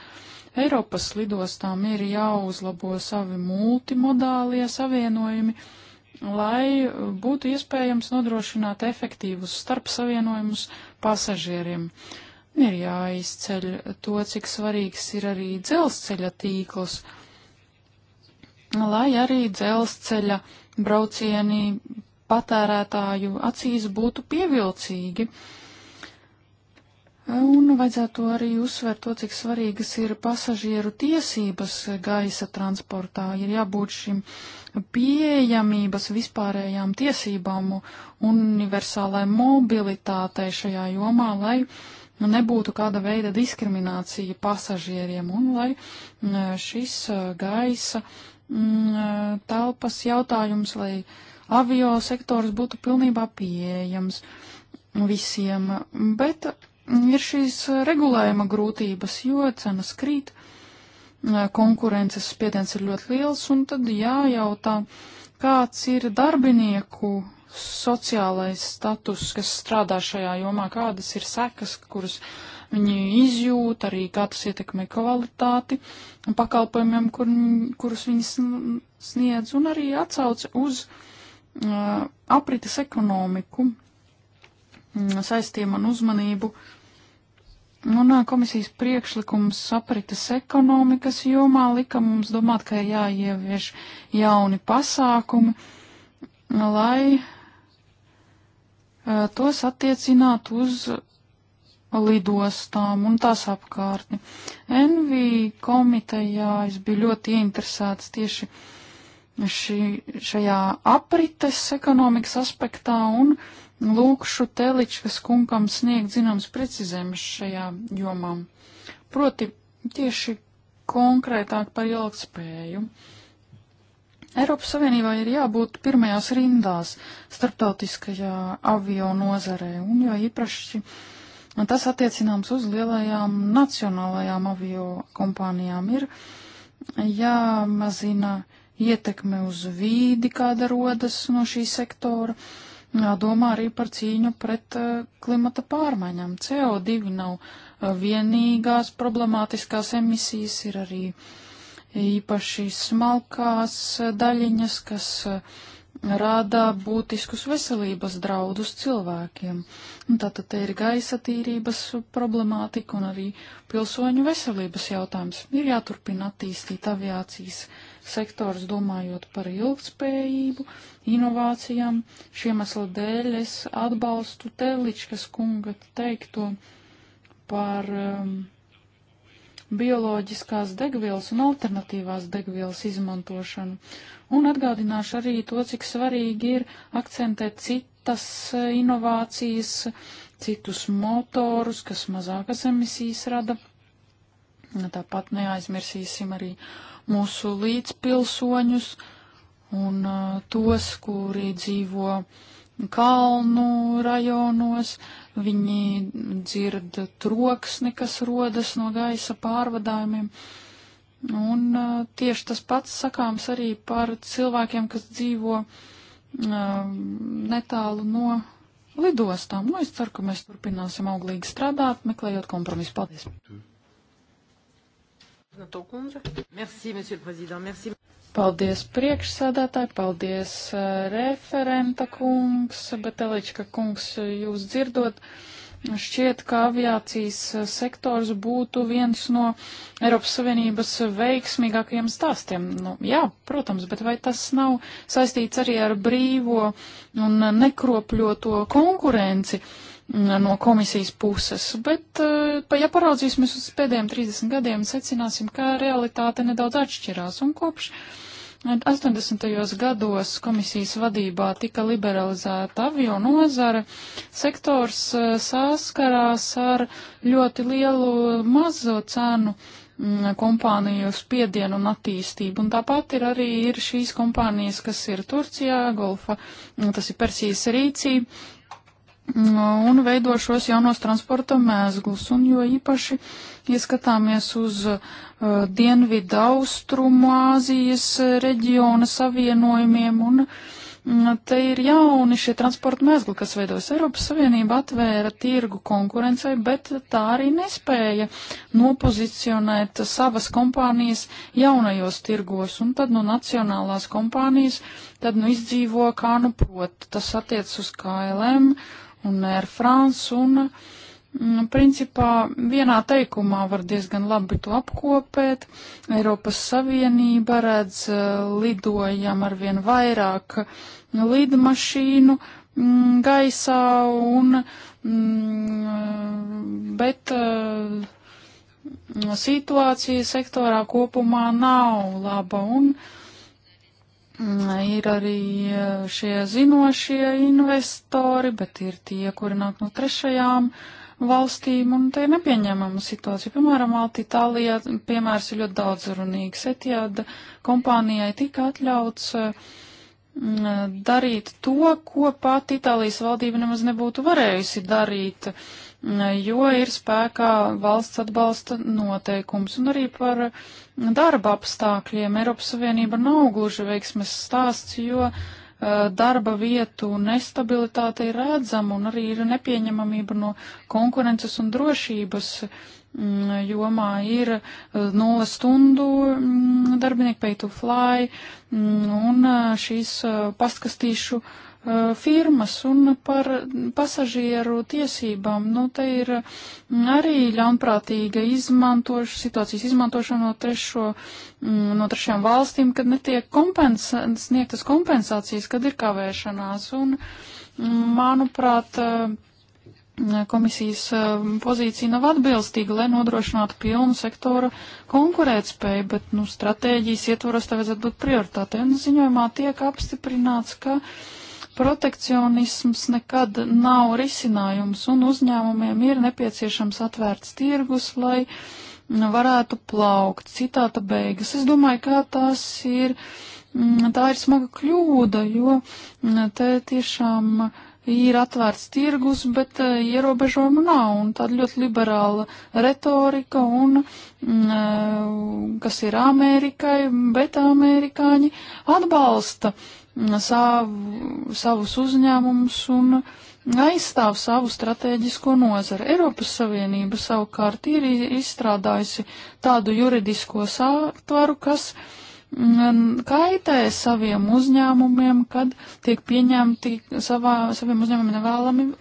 Eiropas lidostām ir jāuzlabo savi multimodālie savienojumi. Uh, lai būtu iespējams nodrošināt efektīvus starpsavienojumus pasažieriem. Ir jāizceļ to, cik svarīgs ir arī dzelzceļa tīkls, lai arī dzelzceļa braucieni patērētāju acīs būtu pievilcīgi. Uh, Un vajadzētu arī uzsvērt to, cik svarīgas ir pasažieru tiesības gaisa transportā. Ir jābūt šim pieejamības vispārējām tiesībām un universālai mobilitātei šajā jomā, lai nebūtu kāda veida diskriminācija pasažieriem un lai mm, šis uh, gaisa mm, uh, telpas jautājums, lai avio sektors būtu pilnībā pieejams visiem. Bet ir šīs regulējuma grūtības, jo cenas krīt, e, konkurences spiediens ir ļoti liels, un tad jājautā, kāds ir darbinieku sociālais status, kas strādā šajā jomā, kādas ir sekas, kuras viņi izjūt, arī kā tas ietekmē kvalitāti pakalpojumiem, kur, kurus viņi sniedz, un arī atsauce uz uh, aprites ekonomiku, saistīja man uzmanību uh, Un nu, komisijas priekšlikums sapritas ekonomikas jomā lika mums domāt, ka jāievieš jauni pasākumi, lai tos attiecinātu uz lidostām un tās apkārtni. NV komitejā es biju ļoti ieinteresēts tieši šī, šajā aprites ekonomikas aspektā un uh, lūkšu Teličkas kungam sniegt zināms precizējums šajā jomā. Proti tieši konkrētāk par ilgspēju. Eiropas Savienībā ir jābūt pirmajās rindās starptautiskajā avio nozarē, un jo īpaši tas attiecināms uz lielajām nacionālajām avio kompānijām ir jāmazina ietekme uz vīdi, kāda rodas no šī sektora, uh, jādomā arī par cīņu pret eh, klimata pārmaiņām. CO2 nav eh, vienīgās problemātiskās emisijas, ir arī īpaši smalkās daļiņas, kas eh, rādā būtiskus veselības draudus cilvēkiem. Tātad te ir gaisa tīrības problemātika un arī pilsoņu veselības jautājums. Ir jāturpina attīstīt aviācijas sektors, domājot par ilgspējību, inovācijām. Šiem asla dēļ es atbalstu Teličkas kunga teikto par um, bioloģiskās degvielas un alternatīvās degvielas izmantošanu. Un atgādināšu arī to, cik svarīgi ir akcentēt citas uh, inovācijas, citus motorus, kas mazākas emisijas rada. Tāpat neaizmirsīsim arī uh, mūsu līdzpilsoņus un tos, kuri dzīvo kalnu rajonos, viņi dzird troksni, kas rodas no gaisa pārvadājumiem. Un tieši tas pats sakāms arī par cilvēkiem, kas dzīvo netālu no lidostām. Nu, es ceru, ka mēs turpināsim auglīgi strādāt, meklējot kompromisu. Paldies! Merci, monsieur prezident. Merci. Paldies priekšsādātāji, paldies uh, referenta kungs, bet Elička kungs, eh, jūs dzirdot, šķiet, ka aviācijas eh, sektors būtu viens no Eiropas Savienības veiksmīgākajiem stāstiem. Nu, jā, protams, bet vai tas nav saistīts arī ar brīvo un nekropļoto konkurenci? Uh, Mm, no komisijas puses, bet, eh, ja paraudzīsimies uz pēdējiem 30 gadiem, secināsim, ka realitāte nedaudz atšķirās un kopš 80. Eh, gados komisijas vadībā tika liberalizēta avio nozare, sektors eh, saskarās ar ļoti lielu mazo cenu mm, kompāniju spiedienu un attīstību. Un tāpat ir arī ir šīs kompānijas, kas ir Turcijā, Golfa, mm, tas ir Persijas rīcība, un veido šos jaunos transporta mēzglus. Un jo īpaši ieskatāmies uz uh, dienvidu austrumu Āzijas reģiona savienojumiem, un uh, te ir jauni šie transporta mēzgli, kas veidojas. Eiropas Savienība atvēra tirgu konkurencei, bet tā arī nespēja nopozicionēt savas kompānijas jaunajos tirgos, un tad nu nacionālās kompānijas tad nu izdzīvo kā nu prot. Tas attiec uz KLM. Uh, un Air France, un mm, principā vienā teikumā var diezgan labi to apkopēt. Eiropas Savienība redz eh, lidojam arvien vairāk lidmašīnu mm, gaisā, un, mm, bet eh, situācija sektorā kopumā nav laba. Un, Ir arī eh, šie zinošie investori, bet ir tie, kuri nāk no trešajām valstīm, un te ir nepieņemama situācija. Piemēram, Alta Itālijā piemērs ir ļoti daudzrunīgs. Etiāda kompānijai tika atļauts eh, darīt to, ko pati Itālijas valdība nemaz nebūtu varējusi darīt, eh, jo ir spēkā valsts atbalsta noteikums un arī par uh, darba apstākļiem. Eiropas Savienība nav gluži veiksmes stāsts, jo darba vietu nestabilitāte ir redzama un arī ir nepieņemamība no konkurences un drošības mm, jomā ir nulles stundu mm, darbinieku pay to fly mm, un šīs pastkastīšu uh, Uh, firmas un par pasažieru tiesībām. Nu, te ir mm, arī ļaunprātīga izmantoš, situācijas izmantošana no, trešo, mm, no trešajām valstīm, kad netiek kompensa, sniegtas kompensācijas, kad ir kavēšanās. Un, mm, manuprāt, uh, komisijas uh, pozīcija nav atbilstīga, lai nodrošinātu pilnu sektoru konkurētspēju, bet nu, stratēģijas ietvaros tā vajadzētu būt prioritāte. Un ziņojumā tiek apstiprināts, ka uh, Protekcionisms nekad nav risinājums, un uzņēmumiem ir nepieciešams atvērts tirgus, lai varētu plaukt. Citāta beigas. Es domāju, ka tas ir, mm, tā ir smaga kļūda, jo mm, te tiešām ir atvērts tirgus, bet eh, ierobežojumu nav, un tāda ļoti liberāla retorika, un mm, eh, kas ir Amerikai, bet amerikāņi atbalsta savu, savus uzņēmumus un aizstāv savu strateģisko nozaru. Eiropas Savienība savukārt ir izstrādājusi tādu juridisko sāktvaru, kas mm, kaitē saviem uzņēmumiem, kad tiek pieņemti savā, saviem uzņēmumiem nevēlami mm,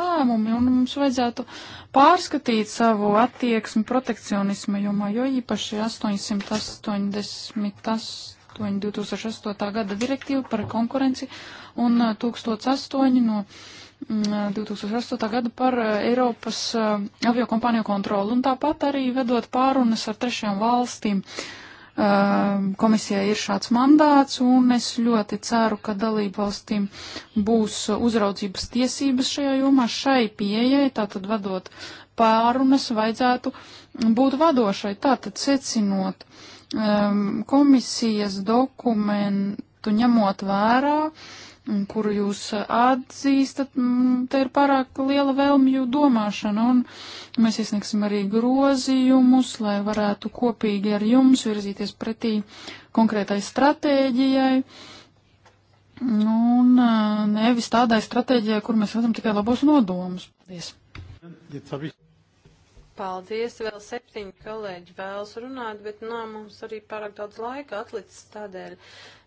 lēmumi, un mums vajadzētu pārskatīt savu attieksmi protekcionisma jomā, jo īpaši 888. 108 2008. gada direktīva par konkurenci un 1008 no 2008. gada par Eiropas aviokompāniju kontroli. Un tāpat arī vedot pārunas ar trešajām valstīm. Komisijai ir šāds mandāts, un es ļoti ceru, ka dalībvalstīm būs uzraudzības tiesības šajā jomā šai pieejai, tātad vadot pārunas vajadzētu būt vadošai, tātad secinot uh, um, komisijas dokumentu ņemot vērā, kuru jūs atzīstat, te ir pārāk liela vēlmju domāšana, un mēs iesniegsim arī grozījumus, lai varētu kopīgi ar jums virzīties pretī konkrētai stratēģijai. Un e, nevis tādai stratēģijai, kur mēs redzam tikai labos nodomus. Paldies! Paldies, vēl septiņi kolēģi vēlas runāt, bet nā, mums arī pārāk daudz laika atlicis tādēļ.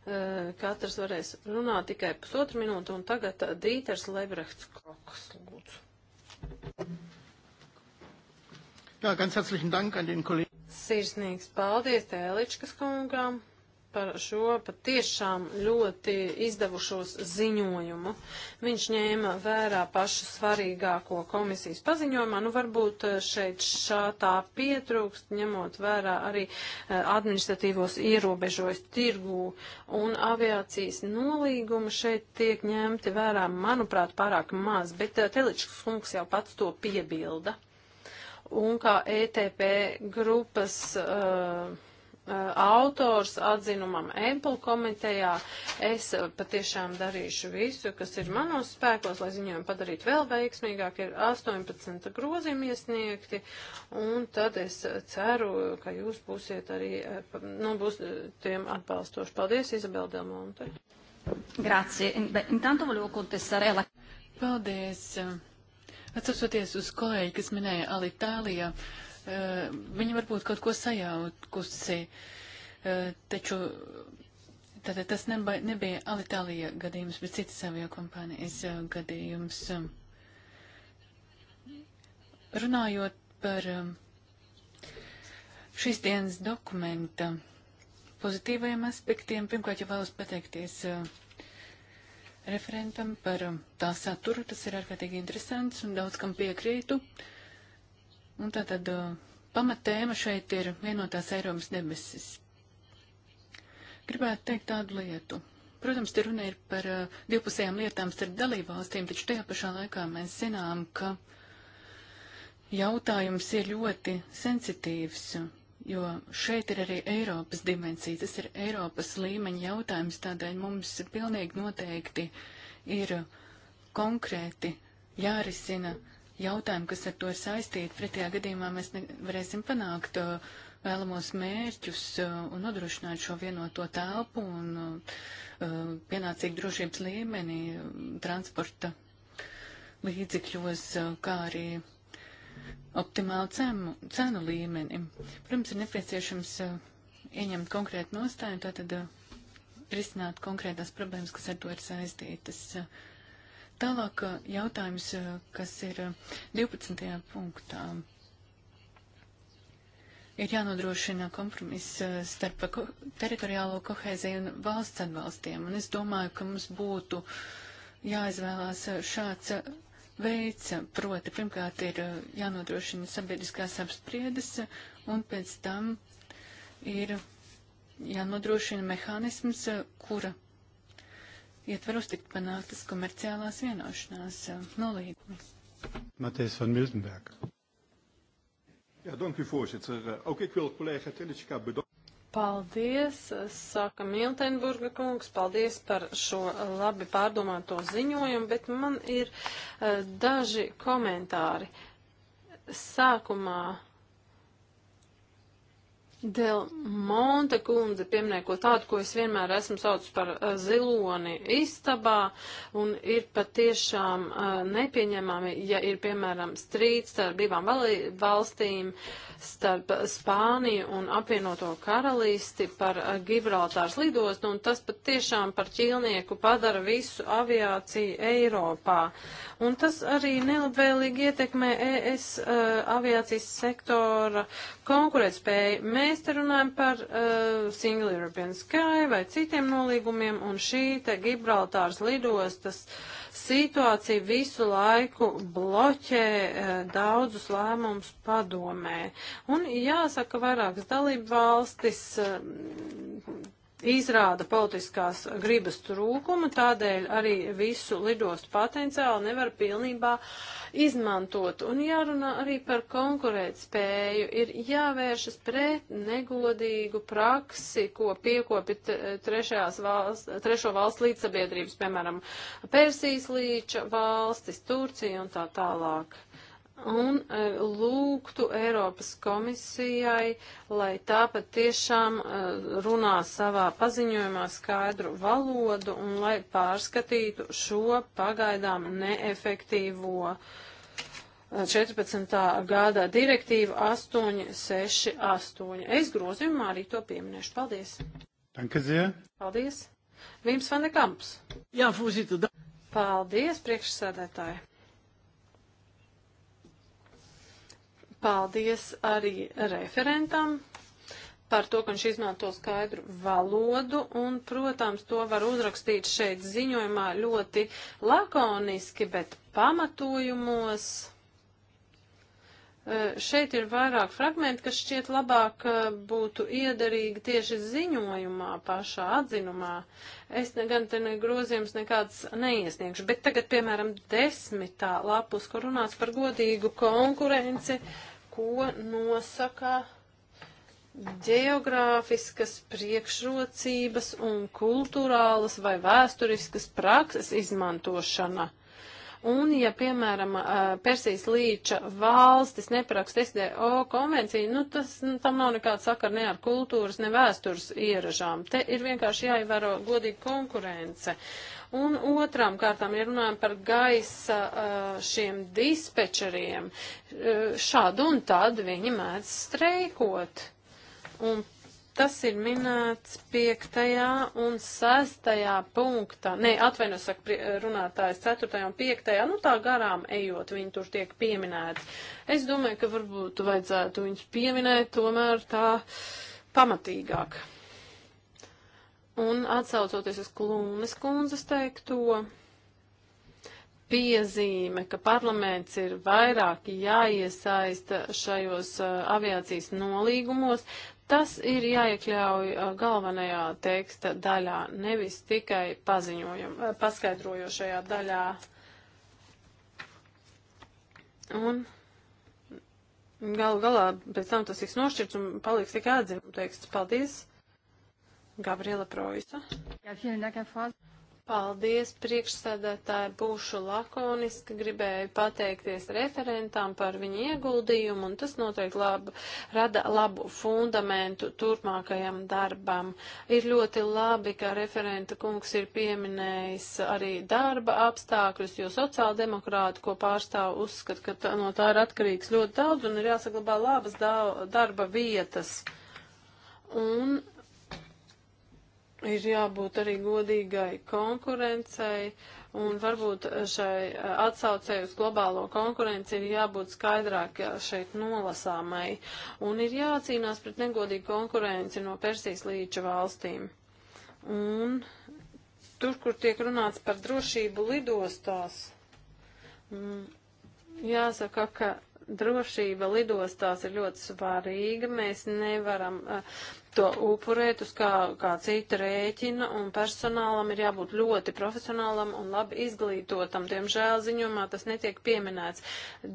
Uh, katrs varēs runāt tikai pusotru minūtu, un tagad eh, Dīters Lebrechts Kroks lūdzu. Jā, ganz herzlichen Dank an den kolēģi. Sirsnīgs paldies Tēličkas kungām par šo patiešām ļoti izdevušos ziņojumu. Viņš ņēma vērā pašu svarīgāko komisijas paziņojumā. Nu, varbūt eh, šeit šā tā pietrūkst, ņemot vērā arī eh, administratīvos ierobežojas tirgū un aviācijas nolīguma šeit tiek ņemti vērā, manuprāt, pārāk maz, bet eh, Teličs kungs jau pats to piebilda. Un kā ETP grupas uh, Uh, autors atzinumam Apple komitejā. Es uh, patiešām darīšu visu, kas ir manos spēkos, lai ziņojumu padarītu vēl veiksmīgāk. Ir 18 grozījumi iesniegti, un tad es uh, ceru, ka jūs būsiet arī, nu, būs tiem atbalstoši. Paldies, Izabela Delmonte. Grazie. Intanto volevo contestare la... Paldies. Atsaucoties uz kolēģi, kas minēja Alitālijā. Uh, Eh, Viņa varbūt kaut ko sajaukusi, eh, taču tātad tas neba, nebija Alitalija gadījums, bet citas avio kompānijas eh, gadījums. Runājot par šīs dienas dokumenta pozitīvajiem aspektiem, pirmkārt jau vēlos pateikties referentam par tā saturu. Tas ir ārkārtīgi interesants un daudz kam piekrītu. Uh, Un nu, tātad uh, pamatēma šeit ir vienotās Eiropas debesis. Gribētu teikt tādu lietu. Protams, te runa ir par uh, divpusējām lietām starp dalībvalstīm, taču tajā pašā laikā mēs zinām, ka jautājums ir ļoti sensitīvs, jo šeit ir arī Eiropas dimensija, tas ir Eiropas līmeņa jautājums, tādēļ mums pilnīgi noteikti ir konkrēti jārisina jautājumi, kas ar to ir saistīti. Pretējā gadījumā mēs nevarēsim panākt uh, vēlamos mērķus uh, un nodrošināt šo vienoto telpu un uh, pienācīgu drošības līmeni um, transporta līdzekļos, uh, kā arī optimālu cenu, cenu līmeni. Protams, ir nepieciešams uh, ieņemt konkrētu nostāju, tātad uh, risināt konkrētās problēmas, kas ar to ir saistītas. Uh, Tālāk uh, jautājums, uh, kas ir 12. Uh, punktā. Ir jānodrošina kompromiss starp ko teritoriālo kohēziju un valsts atbalstiem, un es domāju, ka mums būtu jāizvēlās šāds veids, proti pirmkārt ir jānodrošina sabiedriskās apspriedes, un pēc tam ir jānodrošina mehānisms, kura ietvaros tikt panāktas komerciālās vienošanās eh, nolīgumi. Matthijs van Miltenberg. Ja, dank u voorzitter. Eh, ook ik wil collega Telitschka bedanken. Paldies, eh, saka Miltenburga kungs, paldies par šo labi pārdomāto ziņojumu, bet man ir uh, daži komentāri. Sākumā Del Monte kundze pieminēja ko tādu, ko es vienmēr esmu saucis par eh, ziloni istabā, un ir patiešām eh, nepieņemami, ja ir, piemēram, strīds starp divām valstīm, starp Spāniju un apvienoto karalisti par eh, Gibraltārs lidostu, un tas patiešām par ķīlnieku padara visu aviāciju Eiropā. Un tas arī nelabvēlīgi ietekmē ES aviācijas sektora konkurētspēju. Mēs te runājam par uh, Single European Sky vai citiem nolīgumiem, un šī te Gibraltārs lidostas situācija visu laiku bloķē uh, daudzus lēmumus padomē. Un jāsaka, vairākas dalību valstis. Uh, izrāda politiskās gribas trūkumu, tādēļ arī visu lidostu potenciālu nevar pilnībā izmantot. Un jārunā arī par konkurētspēju, ir jāvēršas pret negodīgu praksi, ko piekopi valsts, trešo valstu līdzsabiedrības, piemēram, Persijas līča valstis, Turcija un tā tālāk un e, lūgtu Eiropas komisijai, lai tā pat tiešām e, runā savā paziņojumā skaidru valodu un lai pārskatītu šo pagaidām neefektīvo 14. E, gada direktīvu 868. Es grozījumā arī to pieminēšu. Paldies! Danke sehr! Paldies! Vīms Vandekamps! Jā, Fūzita! Paldies, priekšsēdētāji! Paldies arī referentam par to, ka viņš izmanto skaidru valodu, un, protams, to var uzrakstīt šeit ziņojumā ļoti lakoniski, bet pamatojumos Eh, šeit ir vairāk fragmenti, kas šķiet labāk eh, būtu iederīgi tieši ziņojumā, pašā atzinumā. Es gan te ne grozījums nekāds neiesniegšu, bet tagad, piemēram, desmitā lapus, kur runāts par godīgu konkurenci, ko nosaka geogrāfiskas priekšrocības un kultūrālas vai vēsturiskas prakses izmantošana Un, ja, piemēram, Persijas līča valstis neparakst SDO konvenciju, nu, tas nu, tam nav nekāda sakara ne ar kultūras, ne vēstures ieražām. Te ir vienkārši jāievēro godīga konkurence. Un otrām kārtām, ja runājam par gaisa šiem dispečeriem, šādu un tad viņi mēdz streikot. Un Tas ir minēts piektajā un sestajā punktā. Nē, atvaino, saka runātājs, ceturtajā un piektajā, nu tā garām ejot, viņi tur tiek pieminēti. Es domāju, ka varbūt vajadzētu viņus pieminēt tomēr tā pamatīgāk. Un atsaucoties uz Klūnes kundzes teikto, piezīme, ka parlaments ir vairāk jāiesaista šajos uh, aviācijas nolīgumos, Tas ir jāiekļauj galvenajā teksta daļā, nevis tikai paziņojuma, paskaidrojošajā daļā. Un galu galā pēc tam tas tiks nošķirts un paliks tikai atzīmuma teksts. Paldies! Gabriela Proisa. Jā, vielen Dank, Herr Fāzi. Paldies, priekšsēdētāji, būšu lakoniski, gribēju pateikties referentām par viņu ieguldījumu, un tas noteikti labu, rada labu fundamentu turpmākajam darbam. Ir ļoti labi, ka referenta kungs ir pieminējis arī darba apstākļus, jo sociāldemokrāti, ko pārstāv, uzskat, ka no tā ir atkarīgs ļoti daudz, un ir jāsaglabā labas darba vietas. Un ir jābūt arī godīgai konkurencei, un varbūt šai eh, atsaucēji uz globālo konkurenci ir jābūt skaidrāk eh, šeit nolasāmai, un ir jācīnās pret negodīgu konkurenci no Persijas līča valstīm. Un tur, kur tiek runāts par drošību lidostās, mm, jāsaka, ka drošība lidostās ir ļoti svarīga. Mēs nevaram uh, to upurēt uz kā, kā cita rēķina, un personālam ir jābūt ļoti profesionālam un labi izglītotam. Diemžēl ziņumā tas netiek pieminēts.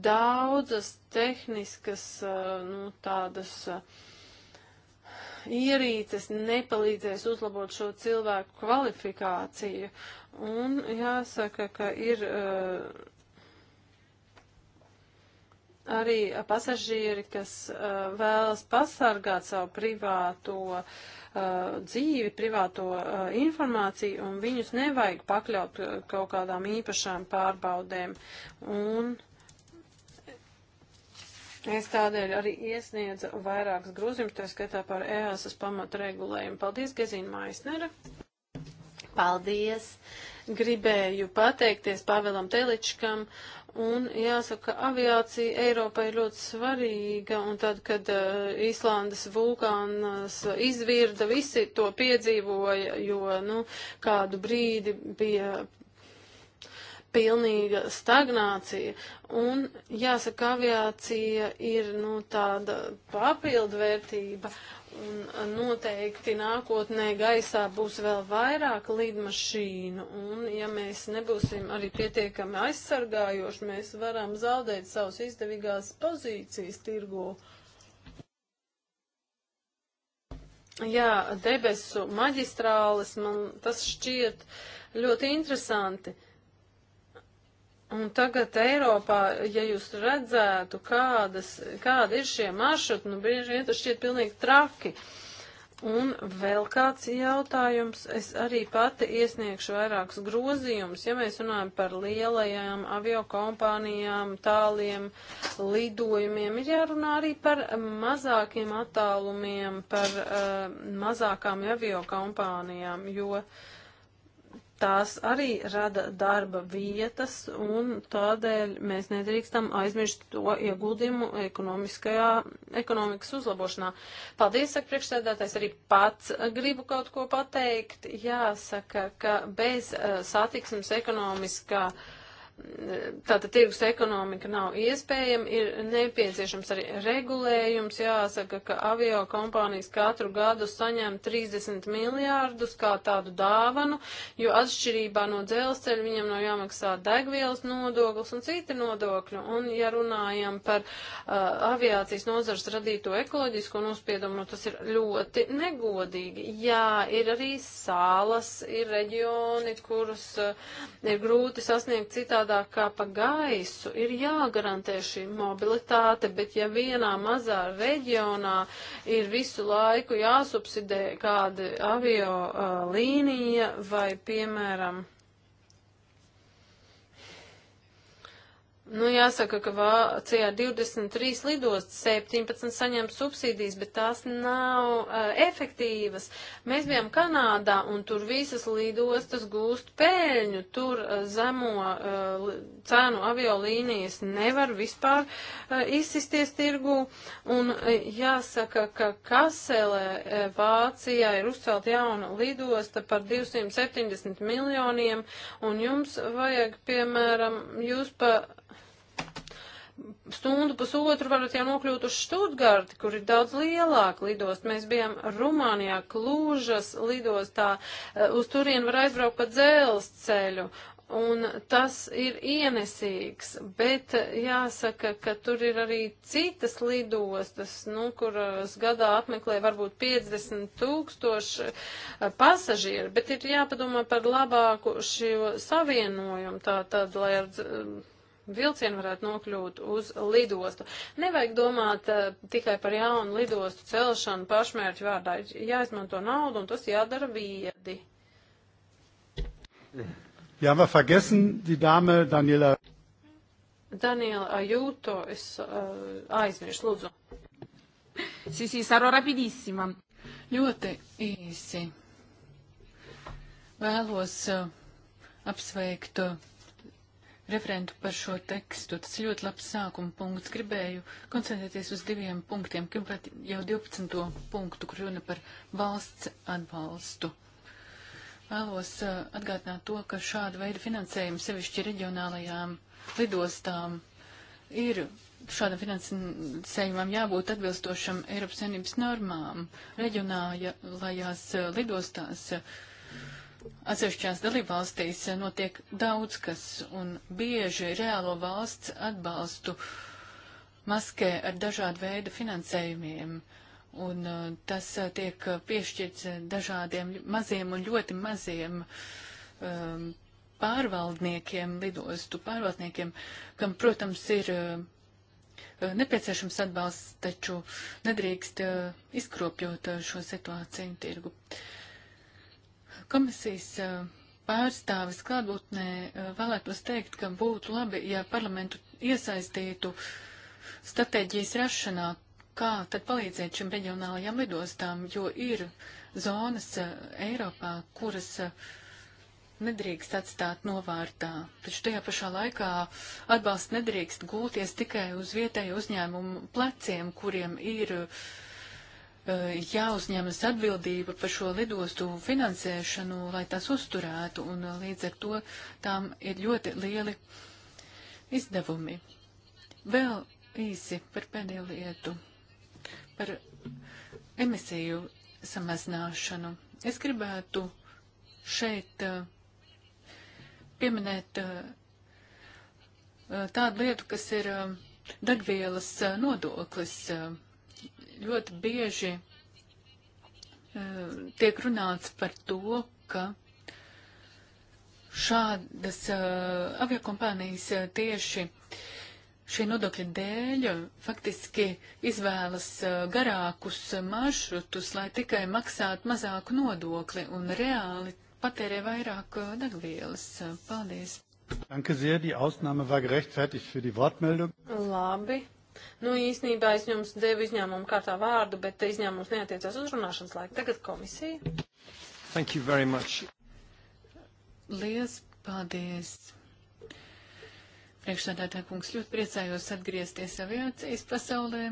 Daudzas tehniskas, uh, nu, tādas. Uh, ierīces nepalīdzēs uzlabot šo cilvēku kvalifikāciju. Un jāsaka, ka ir uh, arī pasažieri, kas uh, vēlas pasargāt savu privāto uh, dzīvi, privāto uh, informāciju, un viņus nevajag pakļaut kaut kādām īpašām pārbaudēm. Un es tādēļ arī iesniedzu vairākas grozījumus, tā skatā par EASas pamatregulējumu. Paldies, Gezīna Maisnera! Paldies! Gribēju pateikties Pavelam Teličkam Un jāsaka, aviācija Eiropā ir ļoti svarīga, un tad, kad uh, Īslandes vulkāns izvirda, visi to piedzīvoja, jo, nu, kādu brīdi bija pilnīga stagnācija. Un, jāsaka, aviācija ir, nu, tāda papildvērtība, Un uh, noteikti nākotnē gaisā būs vēl vairāk lidmašīnu, un ja mēs nebūsim arī pietiekami aizsargājoši, mēs varam zaudēt savus izdevīgās pozīcijas tirgu. Jā, debesu maģistrāles, man tas šķiet ļoti interesanti. Uh, Un tagad Eiropā, ja jūs redzētu, kādas, kāda ir šie maršruti, nu bieži vien tas šķiet pilnīgi traki. Un vēl kāds jautājums, es arī pati iesniegšu vairākus grozījumus, ja mēs runājam par lielajām aviokompānijām, tāliem lidojumiem, ir jārunā arī par mazākiem attālumiem, par uh, mazākām aviokompānijām, jo uh, tās arī rada darba vietas, un tādēļ mēs nedrīkstam aizmirst to ieguldījumu ekonomiskajā, ekonomikas uzlabošanā. Paldies, saka priekšsēdētājs, arī pats gribu kaut ko pateikt. Jāsaka, ka bez uh, satiksmes ekonomiskā. Uh, Tātad tirgus ekonomika nav iespējama, ir nepieciešams arī regulējums. Jāsaka, ka avio kompānijas katru gadu saņem 30 miljārdus kā tādu dāvanu, jo atšķirībā no dzelzceļa viņam nav jāmaksā degvielas nodoklis un citi nodokļi. Un ja runājam par uh, aviācijas nozars radīto ekoloģisko nospiedumu, nu, tas ir ļoti negodīgi. Jā, ir arī salas, ir reģioni, kurus uh, ir grūti sasniegt citādi tādā kā pa gaisu. Ir jāgarantē šī mobilitāte, bet ja vienā mazā reģionā ir visu laiku jāsubsidē kāda avio uh, līnija vai, piemēram, Nu, jāsaka, ka Vācijā 23 lidostas 17 saņem subsīdijas, bet tās nav uh, efektīvas. Mēs bijām Kanādā, un tur visas lidostas gūst pēļņu. Tur uh, zemo uh, cēnu aviolīnijas nevar vispār uh, izsisties tirgū. Un uh, jāsaka, ka Kaselē uh, Vācijā ir uzcelt jauna lidosta par 270 miljoniem, un jums vajag, piemēram, jūs pa stundu pusotru varat jau nokļūt uz Štutgarti, kur ir daudz lielāka lidosta. Mēs bijām Rumānijā, Klūžas lidostā, eh, uz turien var aizbraukt pa dzelzceļu. Un tas ir ienesīgs, bet eh, jāsaka, ka tur ir arī citas lidostas, nu, kuras gadā apmeklē varbūt 50 tūkstoši eh, pasažieru, bet ir jāpadomā par labāku šo savienojumu, tā tad, lai ar vilcieni varētu nokļūt uz lidostu. Nevajag domāt uh, tikai par jaunu lidostu celšanu pašmērķu vārdā. Jāizmanto naudu un tas jādara viedi. Jā, ja, va vergesen, die dāme Daniela. Daniela Ajuto, es uh, eh, aizmirstu, lūdzu. Sì, sì, sarò rapidissima. Ļoti īsi. Vēlos uh, apsveikt uh, referentu par šo tekstu. Tas ir ļoti labs sākuma punkts. Gribēju koncentrēties uz diviem punktiem. Pirmkārt, jau 12. punktu, kur runa par valsts atbalstu. Vēlos uh, atgādināt to, ka šāda veida finansējumi sevišķi reģionālajām lidostām ir šādam finansējumam jābūt atbilstošam Eiropas Savienības normām reģionālajās uh, lidostās. Uh, Atsevišķās dalībvalstīs notiek daudz kas, un bieži reālo valsts atbalstu maskē ar dažādu veidu finansējumiem, un uh, tas uh, tiek uh, piešķirts dažādiem maziem un ļoti maziem um, pārvaldniekiem, lidostu pārvaldniekiem, kam, protams, ir uh, nepieciešams atbalsts, taču nedrīkst uh, izkropļot uh, šo situāciju tirgu. Uh, Komisijas pārstāvis klātbūtnē vēlētos teikt, ka būtu labi, ja parlamentu iesaistītu stratēģijas rašanā, kā tad palīdzēt šim reģionālajām lidostām, jo ir zonas Eiropā, kuras nedrīkst atstāt novārtā. Taču tajā pašā laikā atbalsts nedrīkst gūties tikai uz vietēju uzņēmumu pleciem, kuriem ir uh, Eh, jāuzņemas atbildība par šo lidostu finansēšanu, lai tās uzturētu, un eh, līdz ar to tām ir ļoti lieli izdevumi. Vēl īsi par pēdējo lietu, par emisiju samazināšanu. Es gribētu šeit eh, pieminēt tādu lietu, kas ir degvielas nodoklis ļoti bieži uh, tiek runāts par to, ka šādas uh, aviokompānijas uh, tieši šī nodokļa dēļ faktiski izvēlas uh, garākus maršrutus, lai tikai maksātu mazāku nodokli un reāli patērē vairāk uh, degvielas. Paldies! Danke sehr, die Ausnahme war gerechtfertigt für die Wortmeldung. Labi, Nu, īsnībā es jums devu izņēmumu kārtā vārdu, bet te izņēmums neatiecās uz runāšanas laiku. Tagad komisija. Thank you very much. Liels paldies. Priekšsādātā kungs ļoti priecājos atgriezties aviācijas pasaulē.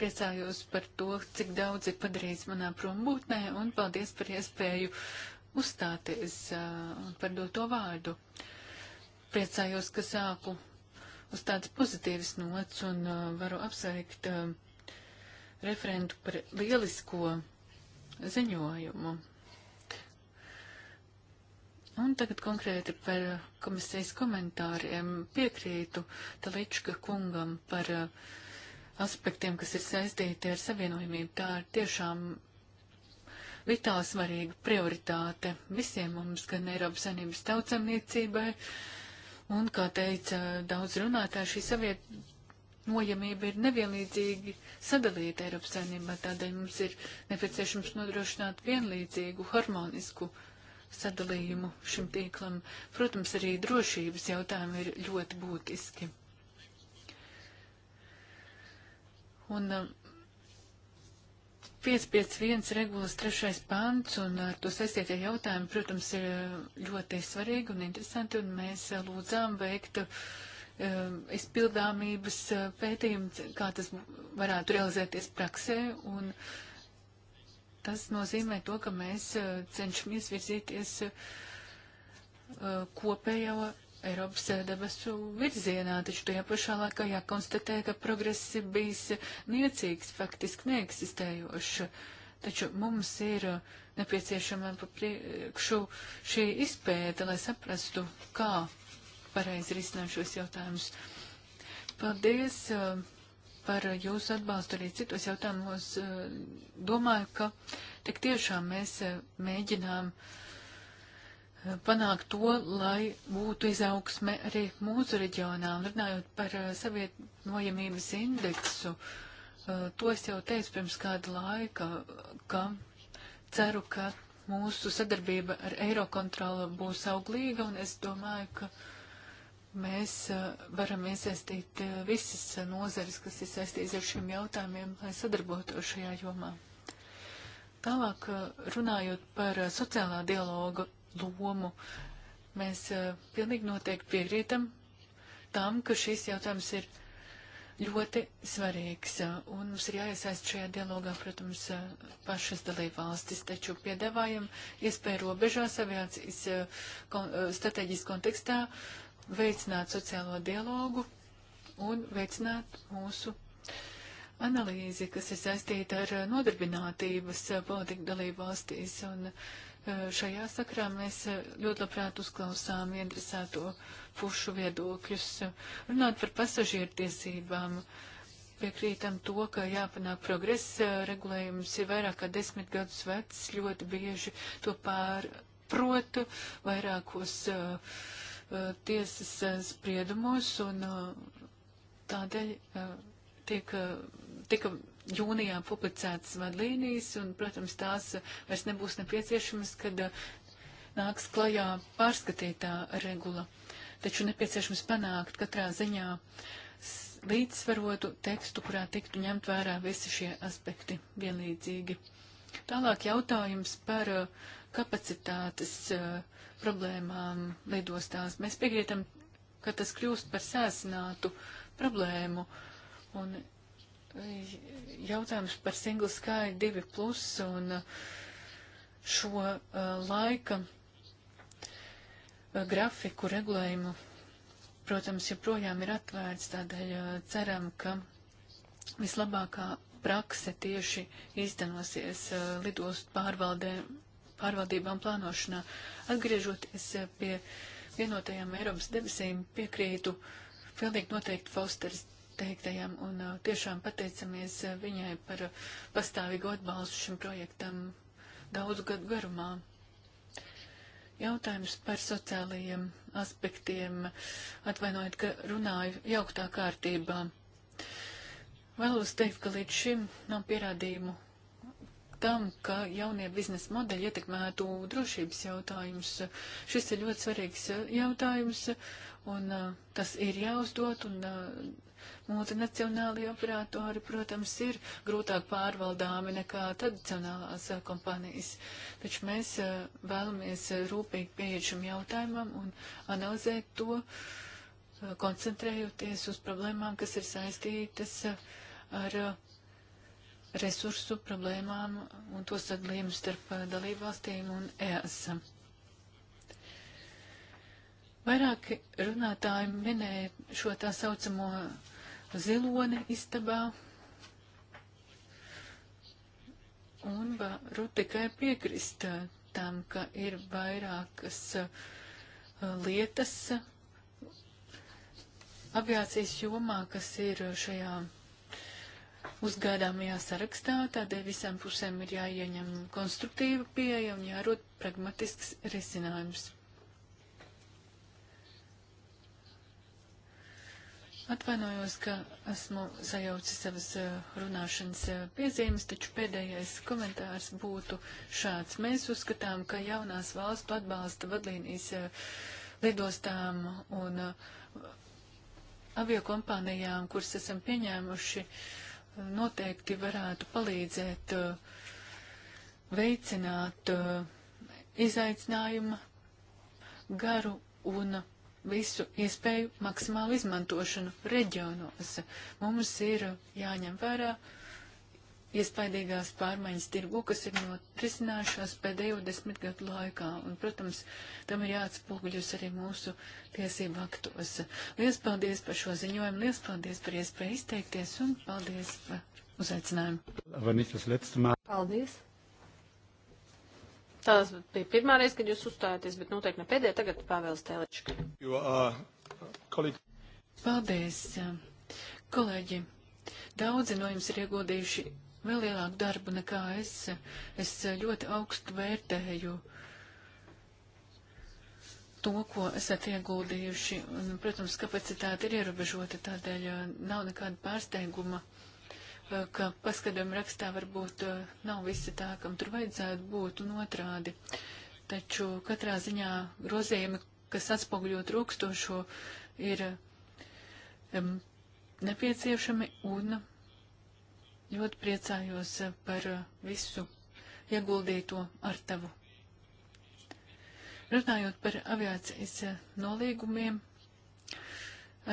Priecājos par to, cik daudz ir padarījis manā prombūtnē un paldies par iespēju uzstāties uh, par doto vārdu. Priecājos, ka sāku uz tādas pozitīvas nots un uh, varu apsveikt uh, referentu par lielisko ziņojumu. Un tagad konkrēti par uh, komisijas komentāriem piekrītu Talička kungam par uh, aspektiem, kas ir saistīti ar savienojumību. Tā ir tiešām vitāli svarīga prioritāte visiem mums, gan Eiropas Savienības tautsamniecībai, uh, Un, kā teica daudz runātāji, šī savietojamība ir nevienlīdzīgi sadalīta Eiropas saimnībā, tādēļ mums ir nepieciešams nodrošināt vienlīdzīgu, harmonisku sadalījumu šim tīklam. Protams, arī drošības jautājumi ir ļoti būtiski. Un um, 551 regulas trešais pants un ar to saistītie jautājumi, protams, ir eh, ļoti svarīgi un interesanti, un mēs eh, lūdzām veikt eh, izpildāmības pētījumu, kā tas varētu realizēties praksē, un tas nozīmē to, ka mēs cenšamies virzīties kopējo Eiropas eh, debesu virzienā, taču tajā pašā laikā jākonstatē, ka progress ir bijis niecīgs, faktiski neeksistējošs. Taču mums ir eh, nepieciešama pa priekšu šī izpēta, lai saprastu, kā pareizi risināt šos jautājumus. Paldies eh, par jūsu atbalstu arī citos jautājumos. Domāju, ka tik tiešām mēs mēģinām uh, panākt to, lai būtu izaugsme arī mūsu reģionā. Un runājot par eh, savietojamības indeksu, eh, to es jau teicu pirms kāda laika, ka ceru, ka mūsu sadarbība ar Eirokontrolu būs auglīga, un es domāju, ka mēs eh, varam iesaistīt visas nozares, kas ir saistīts ar šiem jautājumiem, lai sadarbotos šajā jomā. Tālāk runājot par sociālā dialoga lomu. Mēs eh, pilnīgi noteikti piekrītam tam, ka šis jautājums ir ļoti svarīgs, eh, un mums ir jāiesaist šajā dialogā, protams, eh, pašas dalībvalstis, taču piedāvājam iespēju robežās aviācijas kon strateģijas kontekstā veicināt sociālo dialogu un veicināt mūsu analīzi, kas ir saistīta ar nodarbinātības politiku dalībvalstīs, un Eh, šajā sakrā mēs eh, ļoti labprāt uzklausām interesēto pušu viedokļus. Runāt par pasažieru tiesībām, piekrītam to, ka jāpanāk progress. Eh, regulējums ir vairāk kā desmit gadus vecs, ļoti bieži to pārprotu vairākos uh, tiesas spriedumos, un uh, tādēļ uh, tiek, tika jūnijā publicētas vadlīnijas, un, protams, tās vairs nebūs nepieciešamas, kad uh, nāks klajā pārskatītā regula. Taču nepieciešams panākt katrā ziņā līdzsvarotu tekstu, kurā tiktu ņemt vērā visi šie aspekti vienlīdzīgi. Tālāk jautājums par uh, kapacitātes uh, problēmām lidostās. Mēs piekrītam, ka tas kļūst par sēsinātu problēmu. Un jautājums par Single Sky 2 plus un uh, šo uh, laika uh, grafiku regulējumu, protams, joprojām ir atvērts, tādēļ uh, ceram, ka vislabākā prakse tieši izdenosies uh, lidostu pārvaldē, pārvaldībām plānošanā. Atgriežoties uh, pie vienotajām Eiropas debesīm, piekrītu pilnīgi noteikti Fausters teiktajam un uh, tiešām pateicamies uh, viņai par uh, pastāvīgu atbalstu šim projektam daudzu gadu garumā. Jautājums par sociālajiem aspektiem, atvainojiet, ka runāju jauktā kārtībā. Vēlos teikt, ka līdz šim nav pierādījumu tam, ka jaunie biznesa modeļi ietekmētu drošības jautājumus. Šis ir ļoti svarīgs jautājums, un tas ir jāuzdot, un Multinacionālie operatori, protams, ir grūtāk pārvaldāmi nekā tradicionālās eh, kompānijas, taču mēs eh, vēlamies eh, rūpīgi pieiet šim jautājumam un analizēt to, koncentrējoties uz problēmām, kas ir saistītas ar resursu problēmām un to sadalījumu starp dalībvalstīm un EASA. Vairāki runātāji minēja šo tā saucamo uh, zilone istabā. Un varu tikai piekrist eh, tam, ka ir vairākas eh, lietas eh, aviācijas jomā, kas ir šajā uzgādāmajā sarakstā, tādēļ visām pusēm ir jāieņem konstruktīva pieeja un jārod pragmatisks risinājums. Atvainojos, ka esmu sajaucis savas eh, runāšanas eh, piezīmes, taču pēdējais komentārs būtu šāds. Mēs uzskatām, ka jaunās valstu atbalsta vadlīnijas eh, lidostām un aviokompānijām, kuras esam pieņēmuši, noteikti varētu palīdzēt veicināt izaicinājuma garu un visu iespēju maksimālu izmantošanu reģionos. Mums ir jāņem vērā iespaidīgās pārmaiņas tirgu, kas ir notrisinājušās pēdējo desmit gadu laikā. Un, protams, tam ir jāatspoguļus arī mūsu tiesību aktos. Lielas paldies par šo ziņojumu, lielas paldies par iespēju izteikties un paldies par uzaicinājumu. Paldies! Tās bija pirmā reize, kad jūs uzstājāties, bet noteikti ne pēdējā. Tagad Pāvēls Telečka. Jo, uh, kolēģi. Paldies, um, kolēģi. Daudzi no jums ir ieguldījuši vēl lielāku darbu nekā es. Es uh, ļoti augstu vērtēju to, ko esat ieguldījuši. Un, protams, kapacitāte ir ierobežota, tādēļ uh, nav nekāda pārsteiguma, ka paskatījuma rakstā varbūt eh, nav visi tā, kam tur vajadzētu būt un otrādi. Taču katrā ziņā grozījumi, kas atspoguļo trūkstošo, ir um, nepieciešami un ļoti priecājos par visu ieguldīto ar tavu. Runājot par aviācijas nolīgumiem,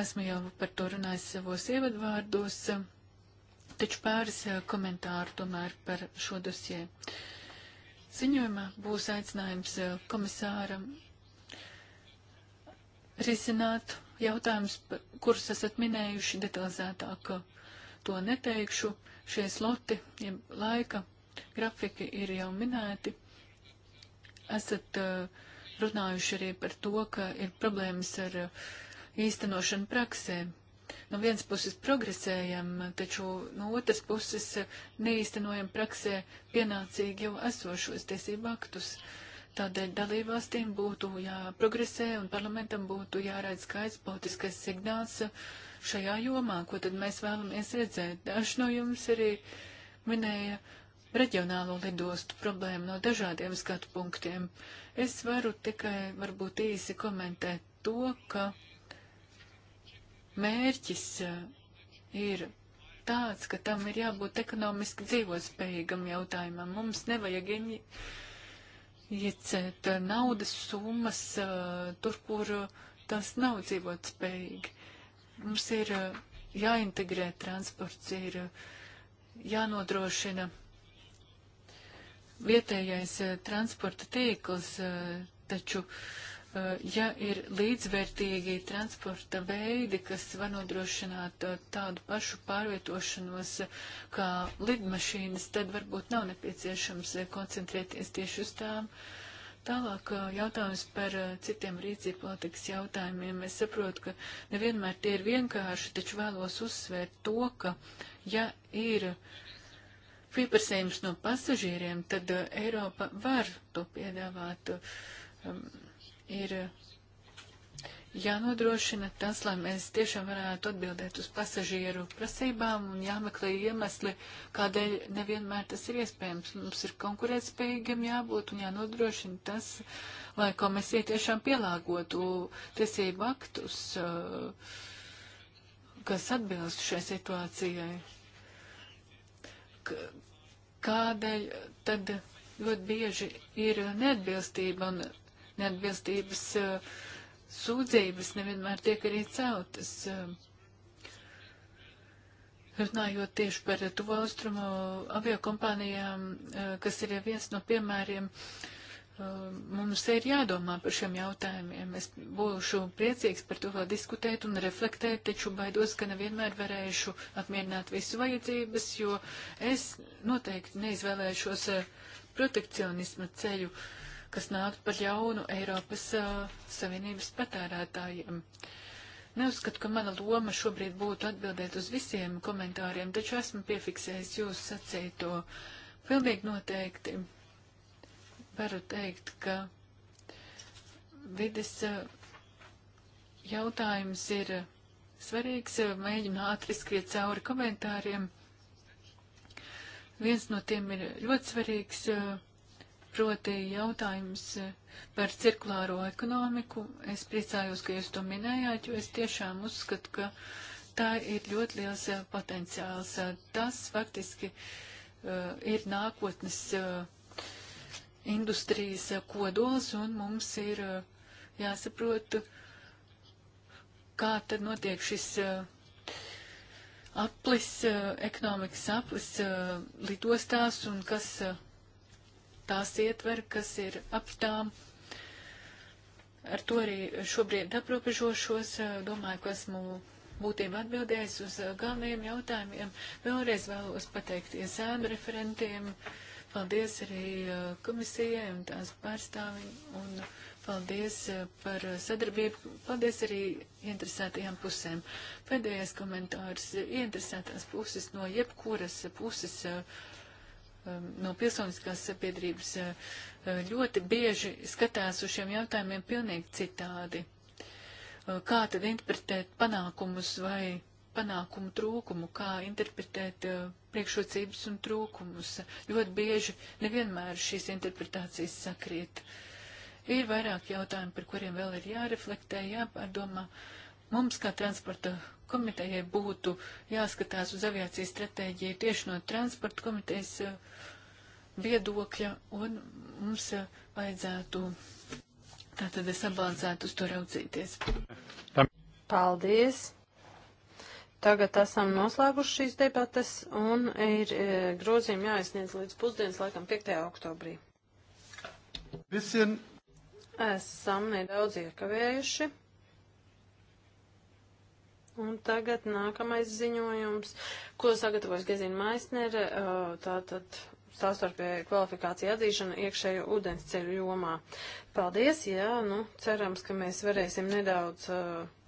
esmu jau par to runājis savos ievadvārdos. Taču pāris eh, komentāru tomēr par šo dosie. Ziņojumā būs aicinājums eh, komisāram risināt jautājumus, kurus esat minējuši detalizētāk. Eh, to neteikšu. Šie sloti, ja laika grafiki ir jau minēti. Esat uh, runājuši arī par to, ka ir problēmas ar uh, īstenošanu praksēm no vienas puses progresējam, taču no otras puses neīstenojam praksē pienācīgi jau esošos tiesību aktus. Tādēļ dalībvalstīm būtu jāprogresē un parlamentam būtu jāraida skaidrs politiskais signāls šajā jomā, ko tad mēs vēlamies redzēt. Daži no jums arī minēja reģionālo lidostu problēmu no dažādiem skatu punktiem. Es varu tikai varbūt īsi komentēt to, ka mērķis eh, ir tāds, ka tam ir jābūt ekonomiski dzīvospējīgam jautājumam. Mums nevajag iecēt eh, naudas summas eh, tur, kur tas nav dzīvotspējīgi. Mums ir jāintegrē transports, ir jānodrošina vietējais transporta tīkls, taču uh, Eh, ja ir līdzvērtīgi transporta veidi, kas var nodrošināt eh, tādu pašu pārvietošanos eh, kā lidmašīnas, tad varbūt nav nepieciešams koncentrēties tieši uz tām. Tālāk jautājums par citiem rīcību politikas jautājumiem. Es saprotu, ka nevienmēr tie ir vienkārši, taču vēlos uzsvērt to, ka ja ir pieprasījums no pasažīriem, tad Eiropa var to piedāvāt. Um, ir jānodrošina tas, lai mēs tiešām varētu atbildēt uz pasažieru prasībām un jāmeklē iemesli, kādēļ nevienmēr tas ir iespējams. Mums ir konkurētspējīgiem jābūt un jānodrošina tas, lai komisija tiešām pielāgotu tiesību aktus, uh, kas atbilst šai situācijai. Kādēļ tad ļoti bieži ir neatbilstība un neatbilstības eh, sūdzības nevienmēr tiek arī celtas. Eh. Runājot tieši par tuvo austrumu aviokompānijām, eh, kas ir viens no piemēriem, mums ir jādomā par šiem jautājumiem. Es būšu priecīgs par to vēl diskutēt un reflektēt, taču baidos, ka nevienmēr varēšu apmierināt visu vajadzības, jo es noteikti neizvēlēšos protekcionisma ceļu. Uh, kas nāktu par ļaunu Eiropas uh, Savienības patērētājiem. Neuzskatu, ka mana loma šobrīd būtu atbildēt uz visiem komentāriem, taču esmu piefiksējis jūsu sacīto. Pilnīgi noteikti varu teikt, ka vides jautājums ir svarīgs. Mēģinu ātri skriet cauri komentāriem. Viens no tiem ir ļoti svarīgs. Uh, proti jautājums eh, par cirkulāro ekonomiku. Es priecājos, ka jūs to minējāt, jo es tiešām uzskatu, ka tā ir ļoti liels eh, potenciāls. Tas faktiski eh, ir nākotnes industrijas kodols, un mums ir jāsaprot, kā tad notiek šis aplis, ekonomikas aplis lidostās un kas tās ietver, kas ir ap tām. Ar to arī šobrīd aprobežošos. Eh, domāju, ka esmu būtībā atbildējis uz eh, galvenajiem jautājumiem. Vēlreiz vēlos pateikties ēnu referentiem. Paldies arī eh, komisijai un tās pārstāvim. Un paldies par sadarbību. Paldies arī interesētajām pusēm. Pēdējais komentārs. Interesētās puses no jebkuras puses. Uh, Um, no pilsoniskās sabiedrības uh, uh, ļoti bieži skatās uz šiem jautājumiem pilnīgi citādi. Uh, kā tad interpretēt panākumus vai panākumu trūkumu, kā interpretēt priekšrocības un trūkumus. Ļoti bieži nevienmēr šīs interpretācijas sakrīt. Ir vairāk jautājumu, par kuriem vēl ir jāreflektē, jāpārdomā, Mums, kā transporta komitejai, būtu jāskatās uz aviācijas stratēģiju tieši no transporta komitejas eh, viedokļa, un mums eh, vajadzētu tātad sabalansēt uz to raudzīties. Paldies! Tagad esam noslēguši šīs debates un ir e, grozījumi jāizsniedz līdz pusdienas, laikam 5. oktobrī. Visiem. Esam nedaudz iekavējuši. Un tagad nākamais ziņojums, ko sagatavojas Gezina Maisnere, uh, tātad sastarpēja kvalifikācija atzīšana iekšējo ūdens ceļu jomā. Paldies, jā, nu, cerams, ka mēs varēsim nedaudz uh,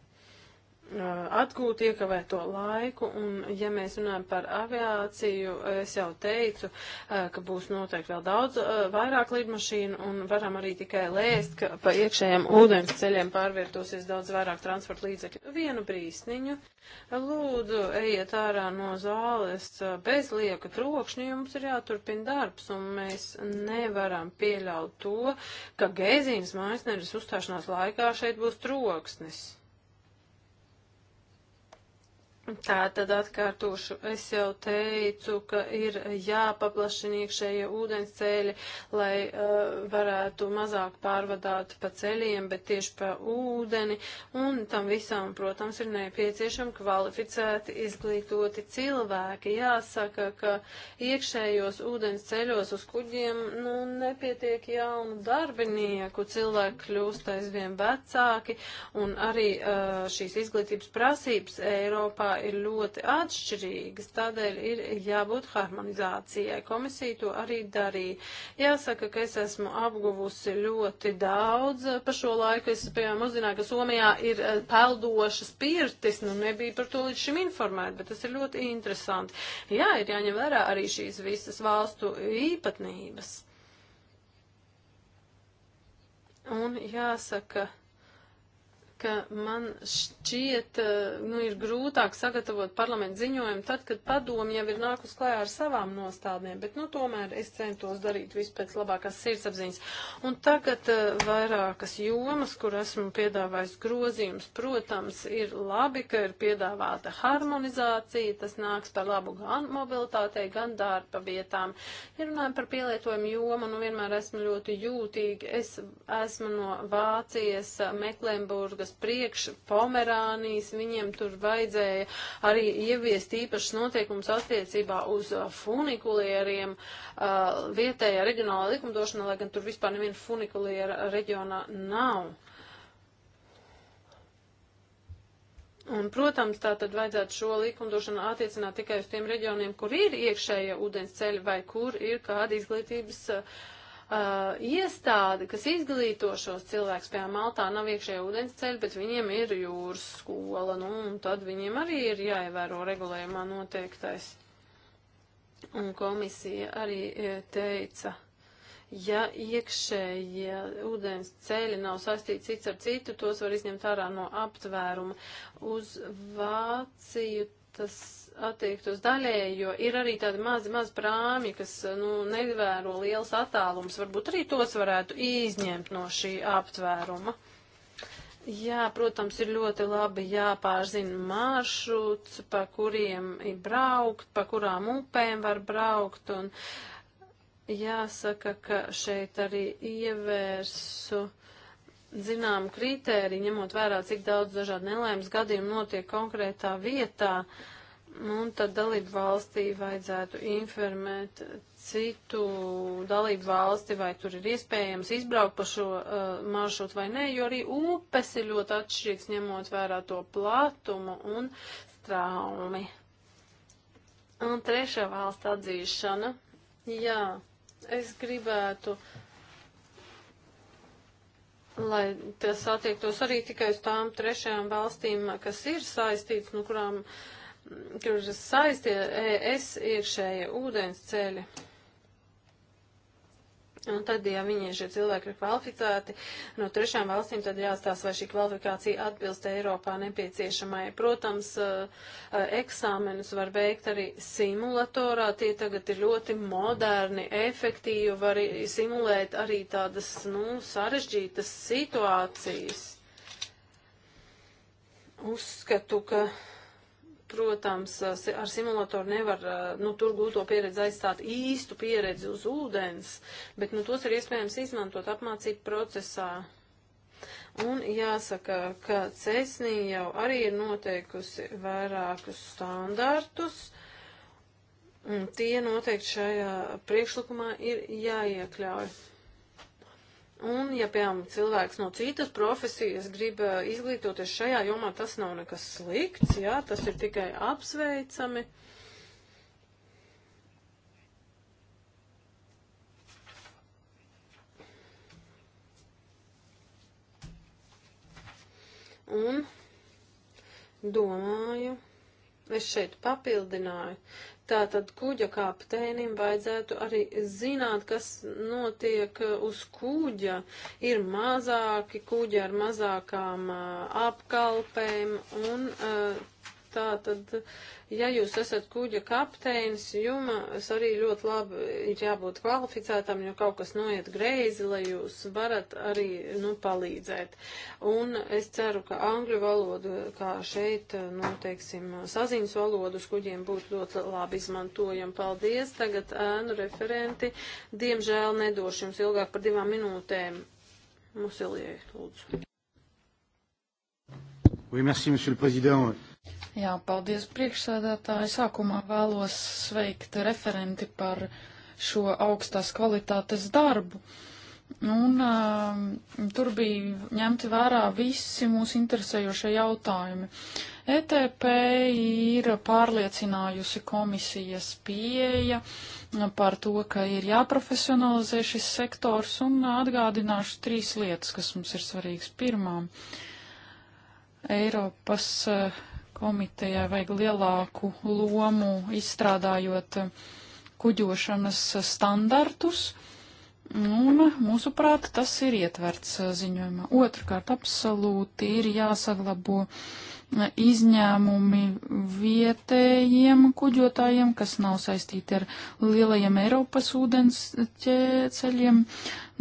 Uh, atgūt iekavēto laiku, un ja mēs runājam par aviāciju, es jau teicu, uh, ka būs noteikti vēl daudz uh, vairāk lidmašīnu, un varam arī tikai lēst, ka pa iekšējiem ūdens ceļiem pārvietosies daudz vairāk transporta līdzekļu. Vienu brīsniņu, lūdzu, ejiet ārā no zāles bez lieka trokšņa, jums ir jāturpina darbs, un mēs nevaram pieļaut to, ka Gēzīnas maisneris uzstāšanās laikā šeit būs troksnis. Tā tad atkārtošu, es jau teicu, ka ir jāpaplašina iekšējie ūdens ceļi, lai uh, varētu mazāk pārvadāt pa ceļiem, bet tieši pa ūdeni, un tam visam, protams, ir nepieciešami kvalificēti, izglītoti cilvēki. Jāsaka, ka iekšējos ūdens ceļos uz kuģiem, nu, nepietiek jaunu darbinieku, cilvēki kļūst aizvien vecāki, un arī uh, šīs izglītības prasības Eiropā ir ļoti atšķirīgas, tādēļ ir jābūt harmonizācijai. Komisija to arī darīja. Jāsaka, ka es esmu apguvusi ļoti daudz eh, pa šo laiku. Es, piemēram, uzzināju, ka Somijā ir eh, peldošas pirtis, nu nebija par to līdz šim informēta, bet tas ir ļoti interesanti. Jā, ir jāņem vērā arī šīs visas valstu īpatnības. Un jāsaka, ka ka man šķiet, eh, nu, ir grūtāk sagatavot parlamentu ziņojumu tad, kad padomi jau ir nākus klājā ar savām nostādnēm, bet, nu, tomēr es centos darīt visu pēc labākās sirdsapziņas. Un tagad eh, vairākas jomas, kur esmu piedāvājis grozījums, protams, ir labi, ka ir piedāvāta harmonizācija, tas nāks par labu gan mobilitātei, gan darba vietām. Ja runājam par pielietojumu jomu, nu, vienmēr esmu ļoti jūtīgi, es esmu no Vācijas, Meklemburgas, uz priekšu Pomerānijas, viņiem tur vajadzēja arī ieviest īpašas noteikumus attiecībā uz uh, funikulieriem uh, vietējā reģionāla likumdošana, lai gan tur vispār neviena funikuliera reģionā nav. Un, protams, tā tad vajadzētu šo likumdošanu attiecināt tikai uz tiem reģioniem, kur ir iekšēja ūdens ceļa vai kur ir kāda izglītības uh, uh, iestāde, kas izglīto šos cilvēkus, piemēram, Maltā nav iekšējā ūdens ceļa, bet viņiem ir jūras skola, nu, un tad viņiem arī ir jāievēro regulējumā noteiktais. Un komisija arī e, teica, ja iekšējie ūdens ceļi nav saistīti cits ar citu, tos var izņemt ārā no aptvēruma. Uz Vāciju tas attiektos daļēji, jo ir arī tādi mazi, mazi prāmi, kas, nu, nevēro liels attālums. Varbūt arī tos varētu izņemt no šī aptvēruma. Jā, protams, ir ļoti labi jāpārzina maršruts, pa kuriem ir braukt, pa kurām upēm var braukt, un jāsaka, ka šeit arī ievērsu zinām kritēriju, ņemot vērā, cik daudz dažādu nelaimes gadījumu notiek konkrētā vietā. Uh, Un tad dalību valstī vajadzētu informēt citu dalību valsti, vai tur ir iespējams izbraukt pa šo uh, maršrutu vai nē, jo arī upes ir ļoti atšķirīgs, ņemot vērā to platumu un straumi. Un trešā valsts atzīšana. Jā, es gribētu, lai tas attiektos arī tikai uz tām trešajām valstīm, kas ir saistīts, nu, kurām uh, kuras saistie e, ES iekšējie ūdens ceļi. Un tad, ja viņi šie cilvēki ir kvalificēti no trešām valstīm, tad jāstāsta, vai šī kvalifikācija atbilst Eiropā nepieciešamai. Protams, e, e, eksāmenus var veikt arī simulatorā. Tie tagad ir ļoti moderni, efektīvi, var simulēt arī tādas, nu, sarežģītas situācijas. Uzskatu, ka Protams, ar simulatoru nevar, nu, tur gūto pieredzi aizstāt īstu pieredzi uz ūdens, bet, nu, tos ir iespējams izmantot apmācību procesā. Un jāsaka, ka CESNī jau arī ir noteikusi vairākus standartus, un tie noteikti šajā priekšlikumā ir jāiekļauj. Un, ja, piemēram, cilvēks no citas profesijas grib eh, izglītoties šajā jomā, tas nav nekas slikts, jā, tas ir tikai apsveicami. Un domāju, es šeit papildināju, Tātad kuģa kapteinim vajadzētu arī zināt, kas notiek uh, uz kuģa. Ir mazāki kuģi ar mazākām uh, apkalpēm un uh, Tā tad, ja jūs esat kuģa kapteinis, jums arī ļoti labi ir jābūt kvalificētam, jo kaut kas noiet greizi, lai jūs varat arī, nu, palīdzēt. Un es ceru, ka angļu valoda, kā šeit, nu, teiksim, saziņas valodu uz kuģiem būtu ļoti labi izmantojama. Paldies, tagad ēnu referenti. Diemžēl nedošu jums ilgāk par divām minūtēm. Musilijai, lūdzu. Oui, merci, Monsieur le Président. Jā, paldies priekšsēdētāji. Sākumā vēlos sveikt referenti par šo augstās kvalitātes darbu. Un uh, tur bija ņemti vērā visi mūsu interesējošie jautājumi. ETP ir pārliecinājusi komisijas pieeja par to, ka ir jāprofesionalizē šis sektors un atgādināšu trīs lietas, kas mums ir svarīgas. Pirmām, Eiropas uh, komitejai vajag lielāku lomu izstrādājot kuģošanas standartus. Un, mūsuprāt, tas ir ietverts ziņojumā. Otrkārt, absolūti ir jāsaglabo izņēmumi vietējiem kuģotājiem, kas nav saistīti ar lielajiem Eiropas ūdens ceļiem.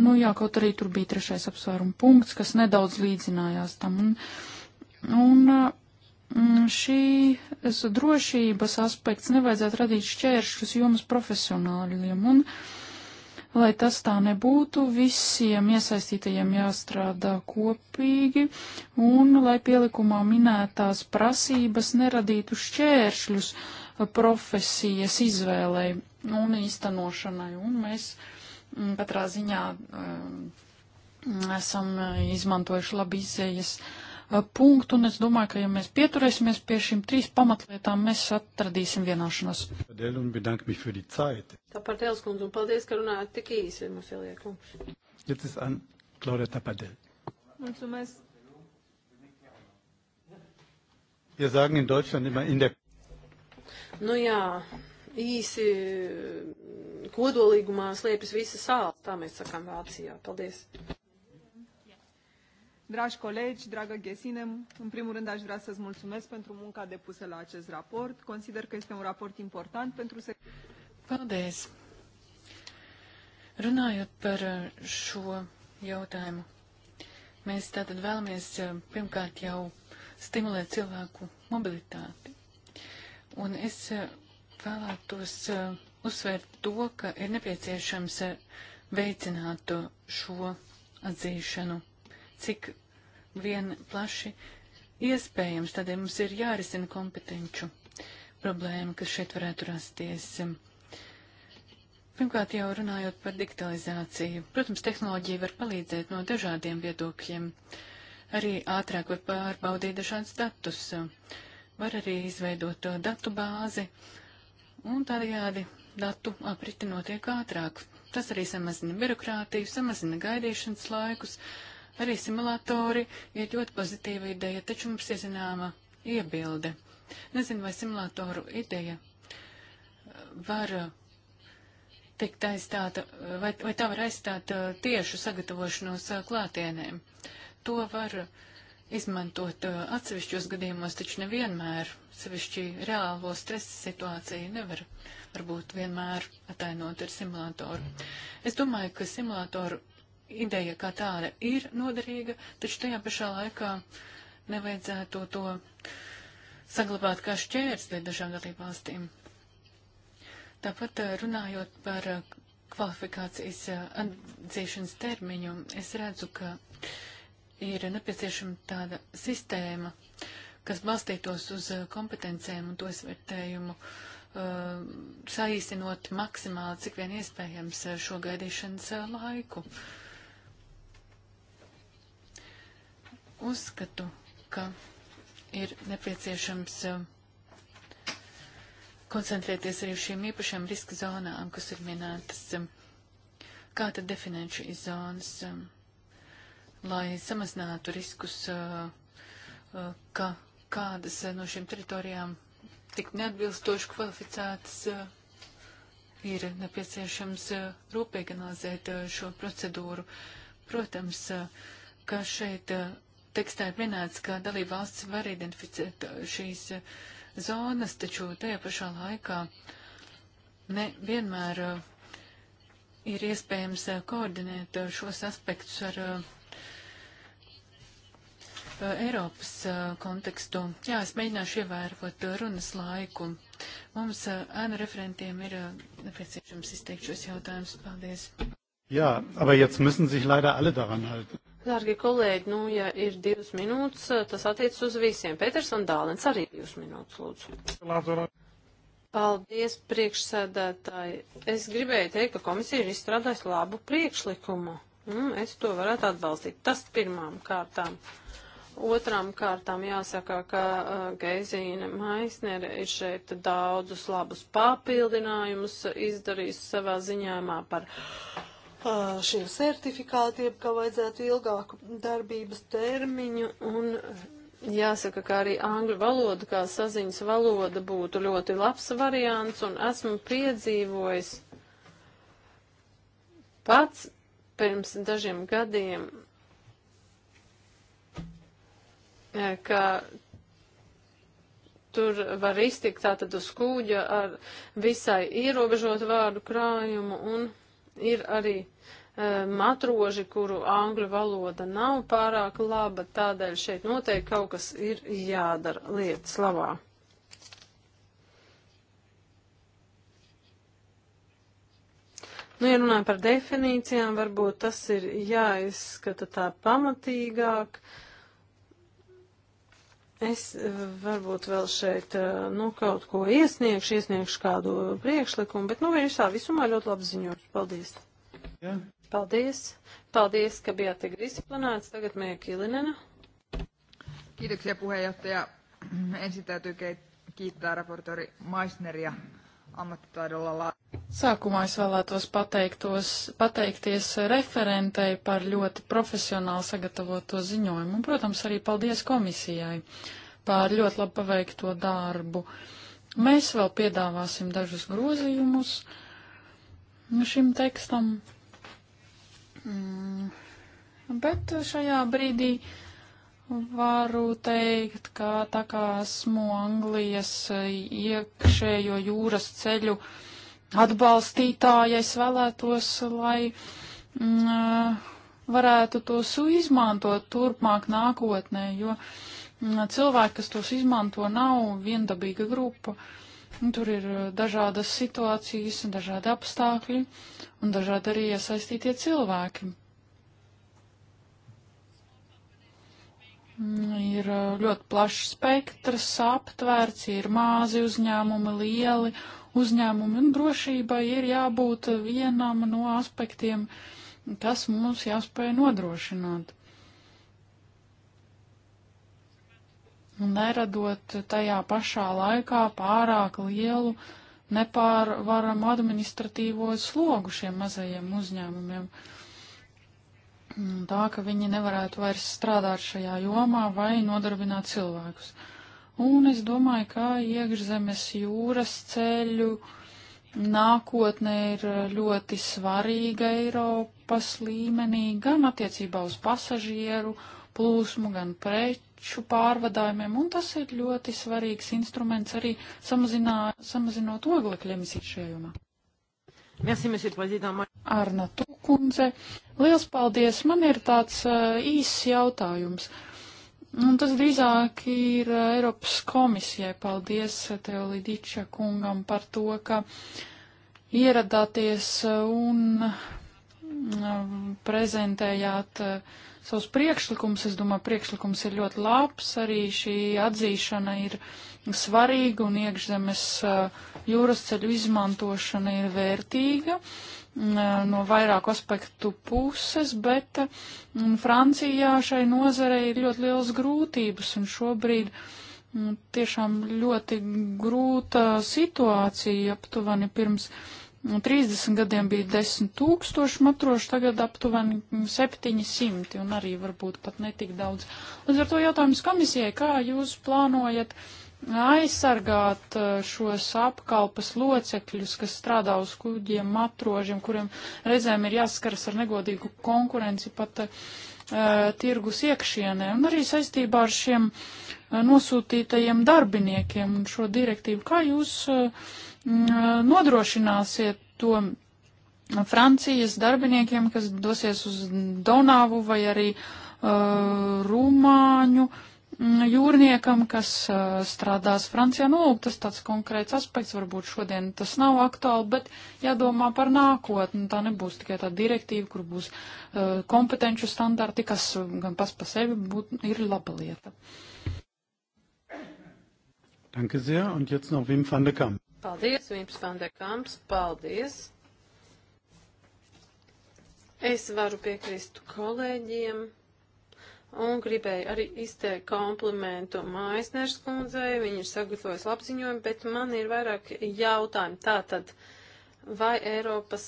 Nu jā, kaut arī tur bija trešais apsvērumu punkts, kas nedaudz līdzinājās tam. Un, un Mm, šīs drošības aspekts nevajadzētu radīt šķēršļus jomas profesionāļiem. Un, lai tas tā nebūtu, visiem iesaistītajiem jāstrādā kopīgi un lai pielikumā minētās prasības neradītu šķēršļus profesijas izvēlei un īstenošanai. Un mēs mm, katrā ziņā um, esam izmantojuši labi izējas uh, Eh, punktu, un es domāju, ka ja mēs pieturēsimies pie šīm trīs pamatlietām, mēs atradīsim vienāšanos. Tāpatēls kundze, un paldies, ka runājāt tik īsi, mums ieliek kungs. Jetzt ist an Claudia Tapadel. Mulțumesc. Wir sagen in Deutschland immer in der. Nu jā, īsi kodolīgumā slēpjas visa sāla, tā mēs sakām Vācijā. Paldies. Dragi colegi, dragă Ghesine, în primul rând aș vrea să-ți mulțumesc pentru munca depusă la acest raport. Consider că este un raport important pentru... Paldies! Runājot par uh, šo jautājumu, mēs tātad vēlamies uh, pirmkārt jau stimulēt cilvēku mobilitāti. Un es uh, vēlētos uzsvērt to, ka ir nepieciešams veicināt šo atzīšanu cik vien plaši iespējams. Tādēļ mums ir jārisina kompetenču problēma, kas šeit varētu rasties. Pirmkārt, jau runājot par digitalizāciju. Protams, tehnoloģija var palīdzēt no dažādiem viedokļiem. Arī ātrāk var pārbaudīt dažādus datus. Var arī izveidot datu bāzi un tādējādi datu apriti notiek ātrāk. Tas arī samazina birokrātiju, samazina gaidīšanas laikus, Arī simulatori ir ļoti pozitīva ideja, taču mums ir zināma iebilde. Nezinu, vai simulatoru ideja eh, var eh, tikt aizstāta, eh, vai, vai tā var aizstāt tiešu sagatavošanos klātienēm. To var izmantot atsevišķos gadījumos, taču nevienmēr, sevišķi reālo stresa situāciju nevar varbūt vienmēr atainot ar simulatoru. Es domāju, ka simulatoru ideja kā tāda ir noderīga, taču tajā pašā laikā nevajadzētu to saglabāt kā šķērsli dažām dalībvalstīm. Tāpat eh, runājot par eh, kvalifikācijas eh, atzīšanas termiņu, es redzu, ka ir nepieciešama tāda sistēma, kas balstītos uz kompetencēm un to izvērtējumu, uh, saīsinot maksimāli, cik vien iespējams, šo gaidīšanas laiku. Uh, Uzskatu, ka ir nepieciešams um, koncentrēties arī uz šīm īpašām riska zonām, kas ir minētas. Um, kā tad definēt šīs zonas, um, lai samazinātu riskus, uh, uh, ka kādas uh, no šīm teritorijām tik neatbilstoši kvalificētas ir nepieciešams rūpīgi analizēt šo procedūru. Protams, ka šeit tekstā ir minēts, ka dalība valsts var identificēt šīs zonas, taču tajā pašā laikā nevienmēr uh, ir iespējams uh, koordinēt uh, šos aspektus ar Eiropas kontekstu. Jā, es mēģināšu ievērot runas laiku. Mums ēnu referentiem ir nepieciešams izteikt šos jautājumus. Paldies. Jā, aber jetzt müssen sich leider alle daran halten. Dārgie kolēģi, nu, ja ir divas minūtes, eh, tas attiec uz visiem. Pēters un Dālens arī divas minūtes, lūdzu. Paldies, priekšsēdētāji. Es gribēju teikt, ka komisija ir izstrādājusi labu priekšlikumu. Mm, es to varētu atbalstīt. Tas pirmām kārtām. Otrām kārtām jāsaka, ka uh, eh, Geizīne Maisnere ir šeit daudzus labus papildinājumus izdarījusi savā ziņājumā par uh, šie sertifikāti, jeb kā vajadzētu ilgāku darbības termiņu un eh, Jāsaka, ka arī angļu valoda kā saziņas valoda būtu ļoti labs variants, un esmu piedzīvojis pats pirms dažiem gadiem, eh, ka tur var iztikt tātad uz kūģa ar visai ierobežotu vārdu krājumu un. Ir arī e, matroži, kuru angļu valoda nav pārāk laba, tādēļ šeit noteikti kaut kas ir jādara lietas labā. Nu, ja runājam par definīcijām, varbūt tas ir jāizskata tā pamatīgāk. Uh, Es eh, varbūt vēl šeit eh, nu, kaut ko iesniegšu, iesniegšu kādu priekšlikumu, bet nu, visā visumā ļoti labi ziņojums. Paldies! Jā. Paldies! Paldies, ka bijāt tik disciplinēts. Tagad Mēja Kilinena. Kiitoksia puheenjohtaja. Ensin täytyy kiittää raportori Maisneria Sākumā es vēlētos pateiktos, pateikties referentei par ļoti profesionāli sagatavoto ziņojumu, un, protams, arī paldies komisijai par ļoti labi paveikto darbu. Mēs vēl piedāvāsim dažus grozījumus šim tekstam, mm. bet šajā brīdī. Uh, Varu teikt, ka tā kā esmu Anglijas iekšējo jūras ceļu atbalstītāja, es vēlētos, lai mm, varētu tos izmantot turpmāk nākotnē, jo mm, cilvēki, kas tos izmanto, nav viendabīga grupa. Tur ir dažādas situācijas, dažādi apstākļi un dažādi arī iesaistītie cilvēki. Mm, ir ļoti plašs spektrs aptvērts, ir mazi uzņēmumi, lieli uzņēmumi, un drošībai ir jābūt vienam no aspektiem, kas mums jāspēj nodrošināt. Neradot tajā pašā laikā pārāk lielu nepārvaramu administratīvo slogu šiem mazajiem uzņēmumiem. Uh, Mm, tā, ka viņi nevarētu vairs strādāt šajā jomā vai nodarbināt cilvēkus. Un es domāju, ka iekšzemes jūras ceļu nākotne ir ļoti svarīga Eiropas līmenī, gan attiecībā uz pasažieru plūsmu, gan preču pārvadājumiem, un tas ir ļoti svarīgs instruments arī samazinā, samazinot oglekļu emisiju šajā jomā. Arna Tukundze, liels paldies! Man ir tāds uh, īss jautājums. Un tas drīzāk ir uh, Eiropas komisijai. Paldies uh, tev, Lidiča kungam, par to, ka ieradāties uh, un um, prezentējāt savus priekšlikumus. Es domāju, priekšlikums ir ļoti labs, arī šī atzīšana ir svarīga un iekšzemes uh, jūras ceļu izmantošana ir vērtīga mm, no vairāku aspektu puses, bet mm, Francijā šai nozarei ir ļoti liels grūtības un šobrīd mm, tiešām ļoti grūta situācija aptuveni pirms 30 gadiem bija 10 tūkstoši matrošu, tagad aptuveni 700 un arī varbūt pat netik daudz. Līdz ar to jautājums komisijai, kā jūs plānojat uh, aizsargāt eh, šos apkalpas locekļus, kas strādā uz kuģiem, matrožiem, kuriem reizēm ir jāskaras ar negodīgu konkurenci pat uh, tirgus iekšienē. Un arī saistībā ar šiem uh, nosūtītajiem darbiniekiem un šo direktīvu, kā jūs uh, nodrošināsiet to Francijas darbiniekiem, kas dosies uz Donavu vai arī uh, Rumāņu uh, jūrniekam, kas strādās Francijā. Nu, lūk, tas tāds konkrēts aspekts, varbūt šodien tas nav aktuāli, bet jādomā par nākotni. Tā nebūs tikai tā direktīva, kur būs kompetenču standarti, kas gan pas pa sevi būt, ir laba lieta. Danke sehr, un jetzt noch Wim van de Kamp. Paldies, Vims van de Kamps, paldies. Es varu piekrist kolēģiem un gribēju arī izteikt komplimentu Maisners kundzei. Viņa ir sagatavojusi labziņojumu, bet man ir vairāk jautājumu. Tātad, vai Eiropas,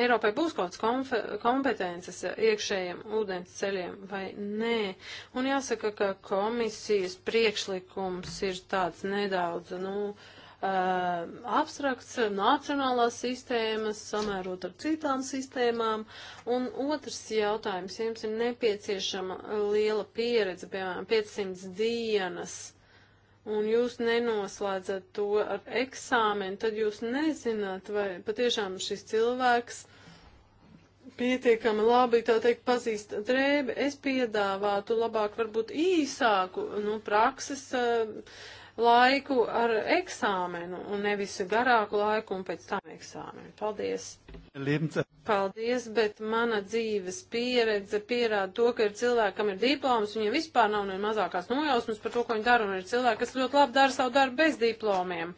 Eiropai būs kaut kāds kompetences iekšējiem ūdens ceļiem vai nē? Un jāsaka, ka komisijas priekšlikums ir tāds nedaudz, nu, uh, Uh, abstrakts nacionālās sistēmas, samērot ar citām sistēmām. Un otrs jautājums, jums ir nepieciešama liela pieredze, piemēram, 500 dienas, un jūs nenoslēdzat to ar eksāmenu, tad jūs nezināt, vai patiešām šis cilvēks pietiekami labi, tā teikt, pazīst drēbi. Es piedāvātu labāk varbūt īsāku, nu, prakses. Uh, laiku ar eksāmenu un nevis garāku laiku un pēc tam eksāmenu. Paldies! Lienca. Paldies, bet mana dzīves pieredze pierāda to, ka ir cilvēki, kam ir diploms, viņiem vispār nav ne mazākās nojausmas par to, ko viņi dara, un ir cilvēki, kas ļoti labi dara savu darbu bez diplomiem.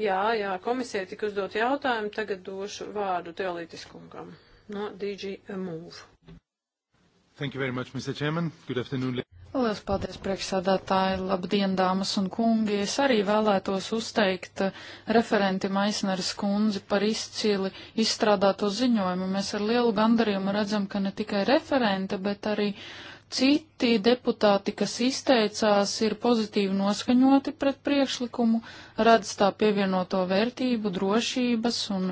Jā, jā, komisija tika uzdot jautājumu, tagad došu vārdu teolītiskungam no DG Move. Thank you very much, Mr. Chairman. Good afternoon. Lielas paldies, priekšsādātāji! Labdien, dāmas un kungi! Es arī vēlētos uzteikt eh, referenti Maisneres kundzi par izcili izstrādāto ziņojumu. Mēs ar lielu gandarījumu redzam, ka ne tikai referente, bet arī Citi deputāti, kas izteicās, ir pozitīvi noskaņoti pret priekšlikumu, redz tā pievienoto vērtību drošības un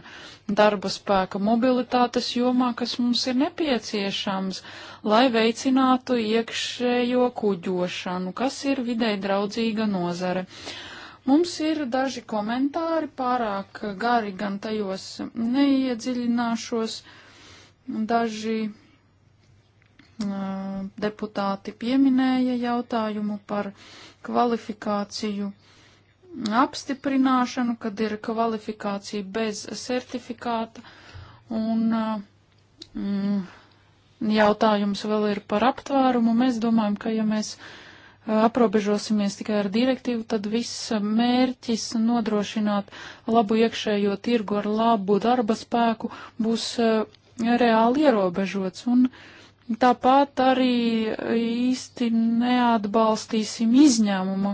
darba spēka mobilitātes jomā, kas mums ir nepieciešams, lai veicinātu iekšējo kuģošanu, kas ir videi draudzīga nozare. Mums ir daži komentāri, pārāk gari gan tajos neiedziļināšos, daži deputāti pieminēja jautājumu par kvalifikāciju apstiprināšanu, kad ir kvalifikācija bez certifikāta, un mm, jautājums vēl ir par aptvērumu. Mēs domājam, ka ja mēs aprobežosimies tikai ar direktīvu, tad viss mērķis nodrošināt labu iekšējo tirgu ar labu darba spēku būs reāli ierobežots. Un, uh, Tāpat arī īsti neatbalstīsim izņēmuma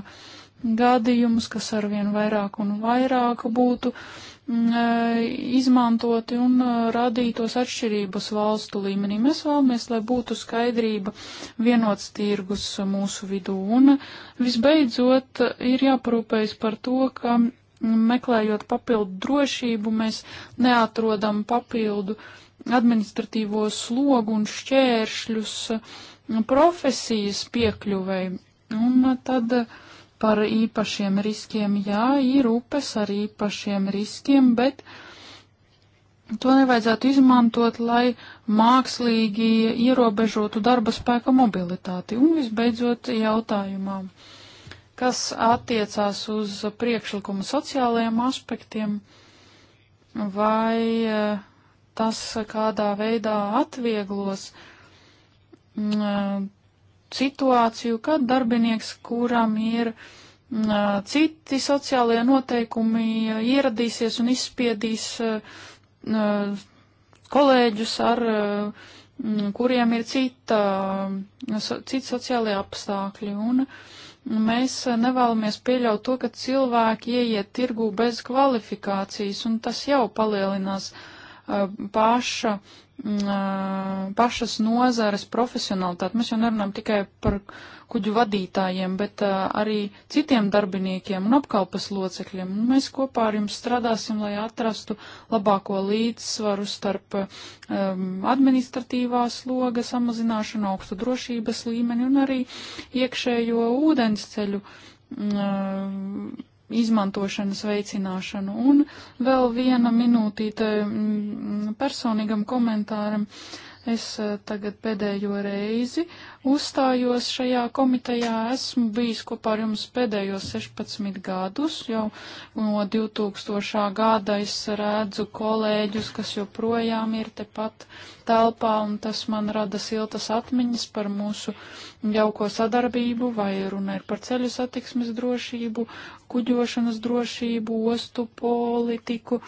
gadījumus, kas arvien vairāk un vairāk būtu mm, eh, izmantoti un eh, radītos atšķirības valstu līmenī. Mēs vēlamies, lai būtu skaidrība, vienots tirgus mūsu vidū. Un visbeidzot, ir jāparūpējas par to, ka meklējot papildu drošību, mēs neatrodam papildu uh, administratīvo slogu un šķēršļus profesijas piekļuvei. Un tad par īpašiem riskiem, jā, ir upes ar īpašiem riskiem, bet to nevajadzētu izmantot, lai mākslīgi ierobežotu darba spēka mobilitāti. Un visbeidzot jautājumā, kas attiecās uz priekšlikumu sociālajiem aspektiem vai uh, tas kādā veidā atvieglos m, mm, situāciju, kad darbinieks, kuram ir m, mm, citi sociālie noteikumi, ieradīsies un izspiedīs m, kolēģus ar mm, kuriem ir cita, cita sociālajā apstākļi. Un, uh, mēs nevēlamies pieļaut to, ka cilvēki ieiet tirgū bez kvalifikācijas, un tas jau palielinās Uh, paša, mm, uh, pašas nozares profesionalitāti. Mēs jau nerunājam tikai par kuģu vadītājiem, bet uh, arī citiem darbiniekiem un apkalpas locekļiem. Un mēs kopā ar jums strādāsim, lai atrastu labāko līdzsvaru starp um, administratīvā sloga samazināšanu, augstu drošības līmeni un arī iekšējo ūdensceļu. Um, izmantošanas veicināšanu. Un vēl viena minūtīte mm, personīgam komentāram. Uh, Es eh, tagad pēdējo reizi uzstājos šajā komitejā. Esmu bijis kopā ar jums pēdējos 16 gadus. Jau no 2000. gada es redzu kolēģus, kas joprojām ir tepat telpā, un tas man rada siltas atmiņas par mūsu jauko sadarbību, vai runa ir par ceļu satiksmes drošību, kuģošanas drošību, ostu politiku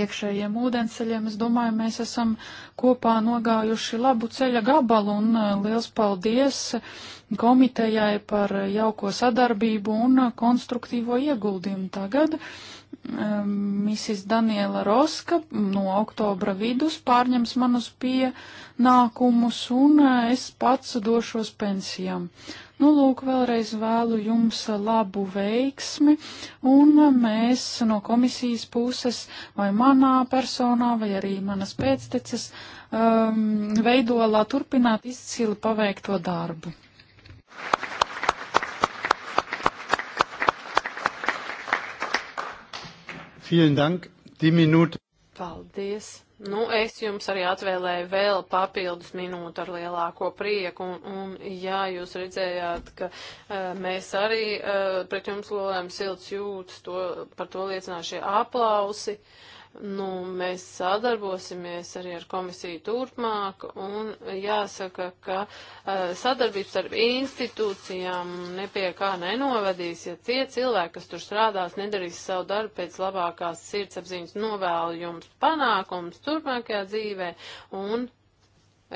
iekšējiem ūdenceļiem. Es domāju, mēs esam kopā nogājuši labu ceļa gabalu un uh, liels paldies komitejai par jauko sadarbību un uh, konstruktīvo ieguldījumu. Tagad Mrs. Daniela Roska no oktobra vidus pārņems manus pienākumus un e, es pats došos pensijām. Nu, lūk, vēlreiz vēlu jums labu veiksmi un e, mēs no komisijas puses vai manā personā vai arī manas pēcteces um, veidolā turpināt izcili paveikto darbu. Thank you. Vielen Dank. Die minūte. Paldies. Nu, es jums arī atvēlēju vēl papildus minūtu ar lielāko prieku, un, un jā, jūs redzējāt, ka uh, mēs arī uh, pret jums lolēm silts jūtas, to, par to liecināja šie aplausi. Uh, Nu, mēs sadarbosimies arī ar komisiju turpmāk un jāsaka, ka uh, sadarbības starp institūcijām nepie kā nenovadīs, ja tie cilvēki, kas tur strādās, nedarīs savu darbu pēc labākās sirdsapziņas novēlu jums panākums turpmākajā dzīvē un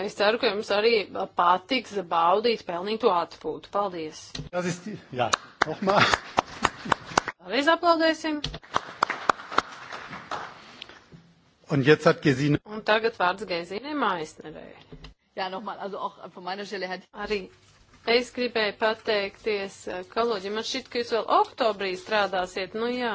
Es ceru, ka jums arī patiks baudīt pelnīto atpūtu. Paldies! Tas ir, jā, nochmā. Vēlreiz aplaudēsim! Un, Gesine... un tagad vārds Gezīnai Maisnerei. Jā, nochmal, nu, also auch von meiner Stelle her. Arī es gribēju pateikties, eh, Kaloģi, man šit, ka jūs vēl oktobrī strādāsiet. Nu jā,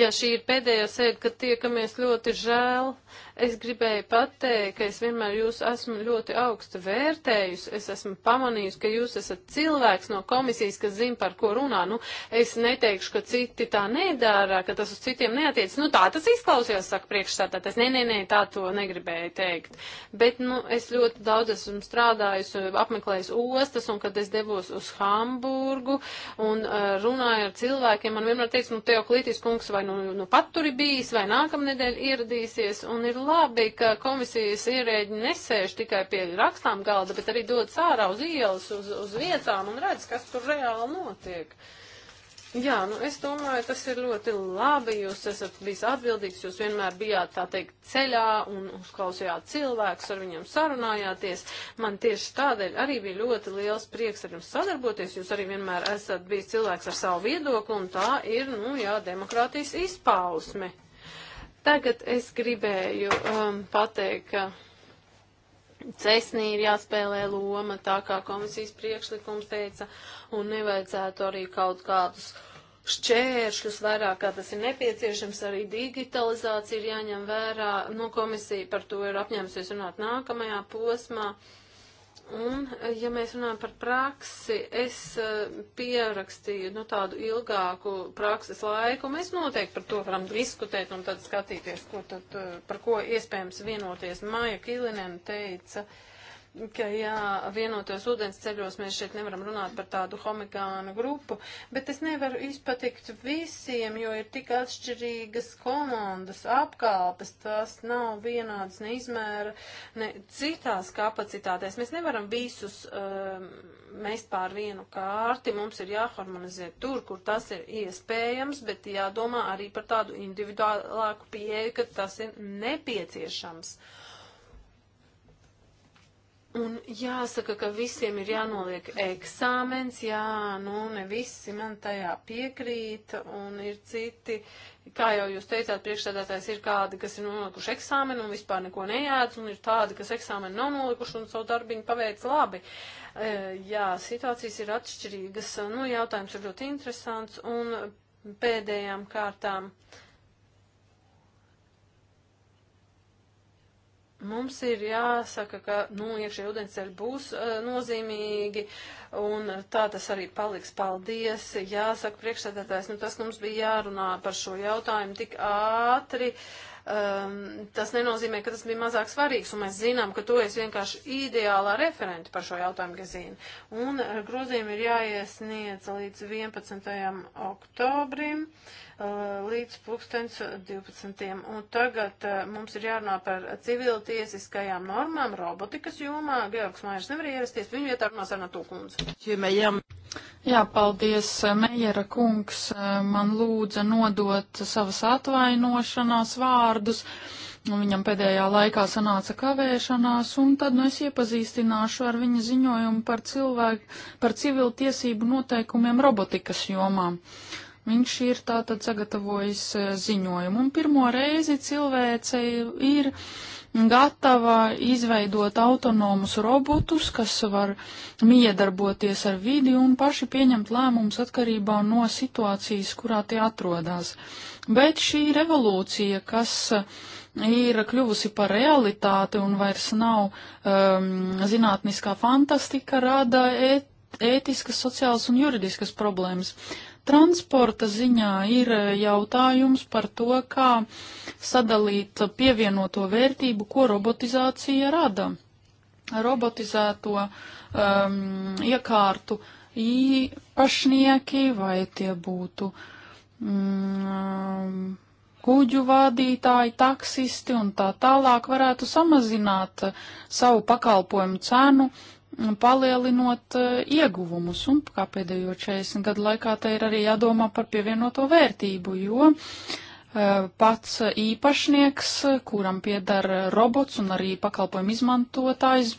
ja šī ir pēdējā sēde, kad tiekamies ļoti žēl. Uh, Es gribēju pateikt, ka es vienmēr jūs esmu ļoti augstu vērtējusi. Es esmu pamanījusi, ka jūs esat cilvēks no komisijas, kas zina, par ko runā. Nu, es neteikšu, ka citi tā nedara, ka tas uz citiem neatiec. Nu, tā tas izklausījās, saka priekšstādātais. Nē, nē, nē, tā to negribēju teikt. Bet, nu, es ļoti daudz esmu strādājusi, apmeklējusi ostas, un kad es devos uz Hamburgu un uh, runāju ar cilvēkiem, man vienmēr teica, nu, Teoklītis kungs vai nu, nu pat tur ir bijis, vai nākamnedēļ ieradīsies, un ir labi, ka komisijas ierēģi nesēž tikai pie rakstām galda, bet arī dodas ārā uz ielas, uz, uz vietām un redz, kas tur reāli notiek. Jā, nu es domāju, tas ir ļoti labi, jūs esat bijis atbildīgs, jūs vienmēr bijāt, tā teikt, ceļā un uzklausījāt cilvēkus, ar viņiem sarunājāties. Man tieši tādēļ arī bija ļoti liels prieks ar jums sadarboties, jūs arī vienmēr esat bijis cilvēks ar savu viedokli un tā ir, nu jā, demokrātijas izpausme. Tagad es gribēju um, pateikt, ka cesnī ir jāspēlē loma, tā kā komisijas priekšlikums teica, un nevajadzētu arī kaut kādus šķēršļus vairāk, kā tas ir nepieciešams, arī digitalizācija ir jāņem vērā. Nu, komisija par to ir apņēmusies runāt nākamajā posmā. Uh, Un, ja mēs runājam par praksi, es eh, pierakstīju nu, tādu ilgāku prakses laiku. Mēs noteikti par to varam diskutēt un tad skatīties, ko tad, eh, par ko iespējams vienoties. Maija Kilinen teica, uh, ka jā, vienotos ūdens ceļos mēs šeit nevaram runāt par tādu homogānu grupu, bet es nevaru izpatikt visiem, jo ir tik atšķirīgas komandas, apkalpes, tās nav vienādas ne izmēra, ne citās kapacitātēs. Mēs nevaram visus um, mest pār vienu kārti, mums ir jāharmonizē tur, kur tas ir iespējams, bet jādomā arī par tādu individuālāku pieeju, ka tas ir nepieciešams. Uh, Un jāsaka, ka visiem ir jānoliek eksāmens, jā, nu ne visi man tajā piekrīt, un ir citi, kā jau jūs teicāt, priekšstādātājs ir kādi, kas ir nolikuši eksāmenu un vispār neko nejēdz, un ir tādi, kas eksāmenu nav nolikuši un savu darbiņu paveic labi. E, jā, situācijas ir atšķirīgas, nu jautājums ir ļoti interesants, un pēdējām kārtām. E, Mums ir jāsaka, ka nu, iekšējie ūdensceļi būs uh, nozīmīgi, un tā tas arī paliks. Paldies! Jāsaka, priekšsēdētājs, nu, tas, ka mums bija jārunā par šo jautājumu tik ātri. Uh, um, tas nenozīmē, ka tas bija mazāk svarīgs, un mēs zinām, ka tu esi vienkārši ideālā referenti par šo jautājumu gazīnu. Un grozījumi ir jāiesniedz līdz 11. oktobrim, uh, līdz 2012. Un tagad uh, mums ir jārunā par civiltiesiskajām normām robotikas jomā. Georgs Mairs nevar ierasties, viņu vietā runās ar Natūkundzi. Jā, paldies, eh, Meijera kungs. Eh, man lūdza nodot savas atvainošanās vārdus. Nu, viņam pēdējā laikā sanāca kavēšanās, un tad nu, es iepazīstināšu ar viņa ziņojumu par, cilvēku, par civilu tiesību noteikumiem robotikas jomām. Viņš ir tātad sagatavojis eh, ziņojumu, un pirmo reizi cilvēce ir gatava izveidot autonomus robotus, kas var miedarboties ar vidi un paši pieņemt lēmumus atkarībā no situācijas, kurā tie atrodas. Bet šī revolūcija, kas ir kļuvusi par realitāti un vairs nav um, zinātniskā fantastika, rada ētiskas, sociālas un juridiskas problēmas. Transporta ziņā ir eh, jautājums par to, kā sadalīt pievienoto vērtību, ko robotizācija rada. Robotizēto um, iekārtu īpašnieki vai tie būtu um, kuģu vadītāji, taksisti un tā tālāk varētu samazināt savu pakalpojumu cenu palielinot e, ieguvumus, un kā pēdējo 40 gadu laikā te ir arī jādomā par pievienoto vērtību, jo e, pats īpašnieks, kuram piedar robots un arī pakalpojumu izmantotājs,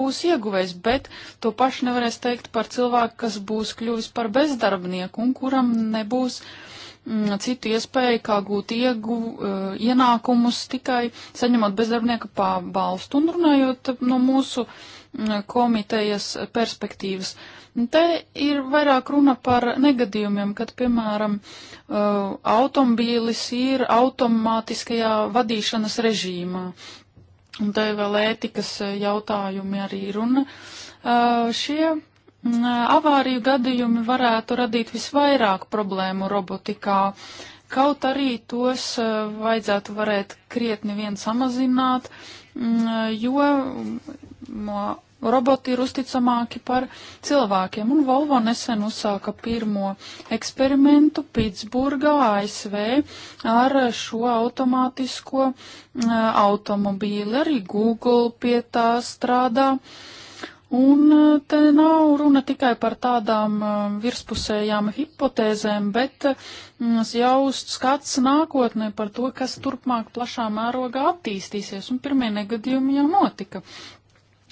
būs ieguvējs, bet to pašu nevarēs teikt par cilvēku, kas būs kļuvis par bezdarbnieku un kuram nebūs mm, citu iespēju, kā gūt iegu, e, ienākumus tikai saņemot bezdarbnieka pabalstu un runājot no mūsu uh, komitejas perspektīvas. Te ir vairāk runa par negadījumiem, kad, piemēram, uh, automobīlis ir automātiskajā vadīšanas režīmā. Un te vēl ētikas uh, jautājumi arī runa. Uh, šie mm, avāriju gadījumi varētu radīt visvairāk problēmu robotikā. Kaut arī tos vajadzētu varēt krietni vien samazināt, mm, jo mm, roboti ir uzticamāki par cilvēkiem, un Volvo nesen uzsāka pirmo eksperimentu Pitsburgā, ASV, ar šo automātisko uh, automobīli. Arī Google pie tā strādā. Un mm, te nav runa tikai par tādām mm, virspusējām hipotēzēm, bet jau skats nākotnē par to, kas turpmāk plašā mērogā attīstīsies, un pirmie negadījumi jau notika.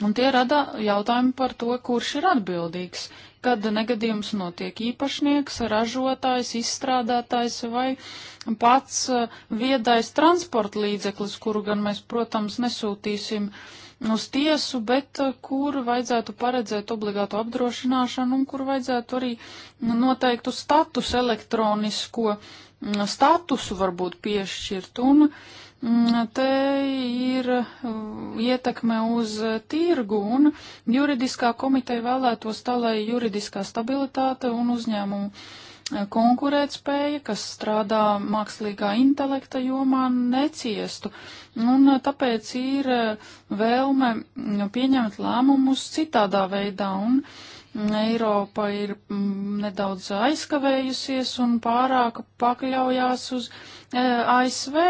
Un tie rada jautājumu par to, kurš ir atbildīgs, kad negadījums notiek īpašnieks, ražotājs, izstrādātājs vai pats eh, viedais transporta līdzeklis, kuru gan mēs, protams, nesūtīsim uz tiesu, bet eh, kur vajadzētu paredzēt obligātu apdrošināšanu un kur vajadzētu arī noteiktu statusu elektronisko mm, statusu varbūt piešķirt. Un, uh, Mm, te ir mm, ietekme uz tirgu un juridiskā komiteja vēlētos tā, lai juridiskā stabilitāte un uzņēmumu eh, konkurētspēja, kas strādā mākslīgā intelekta jomā, neciestu. Un eh, tāpēc ir eh, vēlme mm, pieņemt lēmumus citādā veidā. Un, uh, Eiropa ir mm, nedaudz aizkavējusies un pārāk pakļaujās uz e, ASV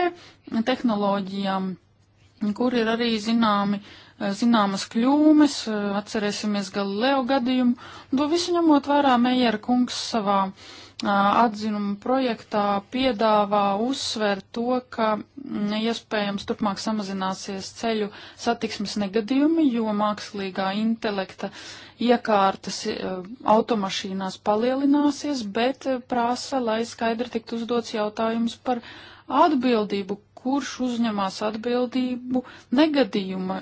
tehnoloģijām, kur ir arī zināmi, e, zināmas kļūmes, e, atcerēsimies Galileo gadījumu. To visu ņemot vērā Meijera kungs savā uh, atzinuma projektā piedāvā uzsvērt to, ka mm, iespējams turpmāk samazināsies ceļu satiksmes negadījumi, jo mākslīgā intelekta iekārtas automašīnās palielināsies, bet prasa, lai skaidri tiktu uzdots jautājums par atbildību, kurš uzņemās atbildību negadījuma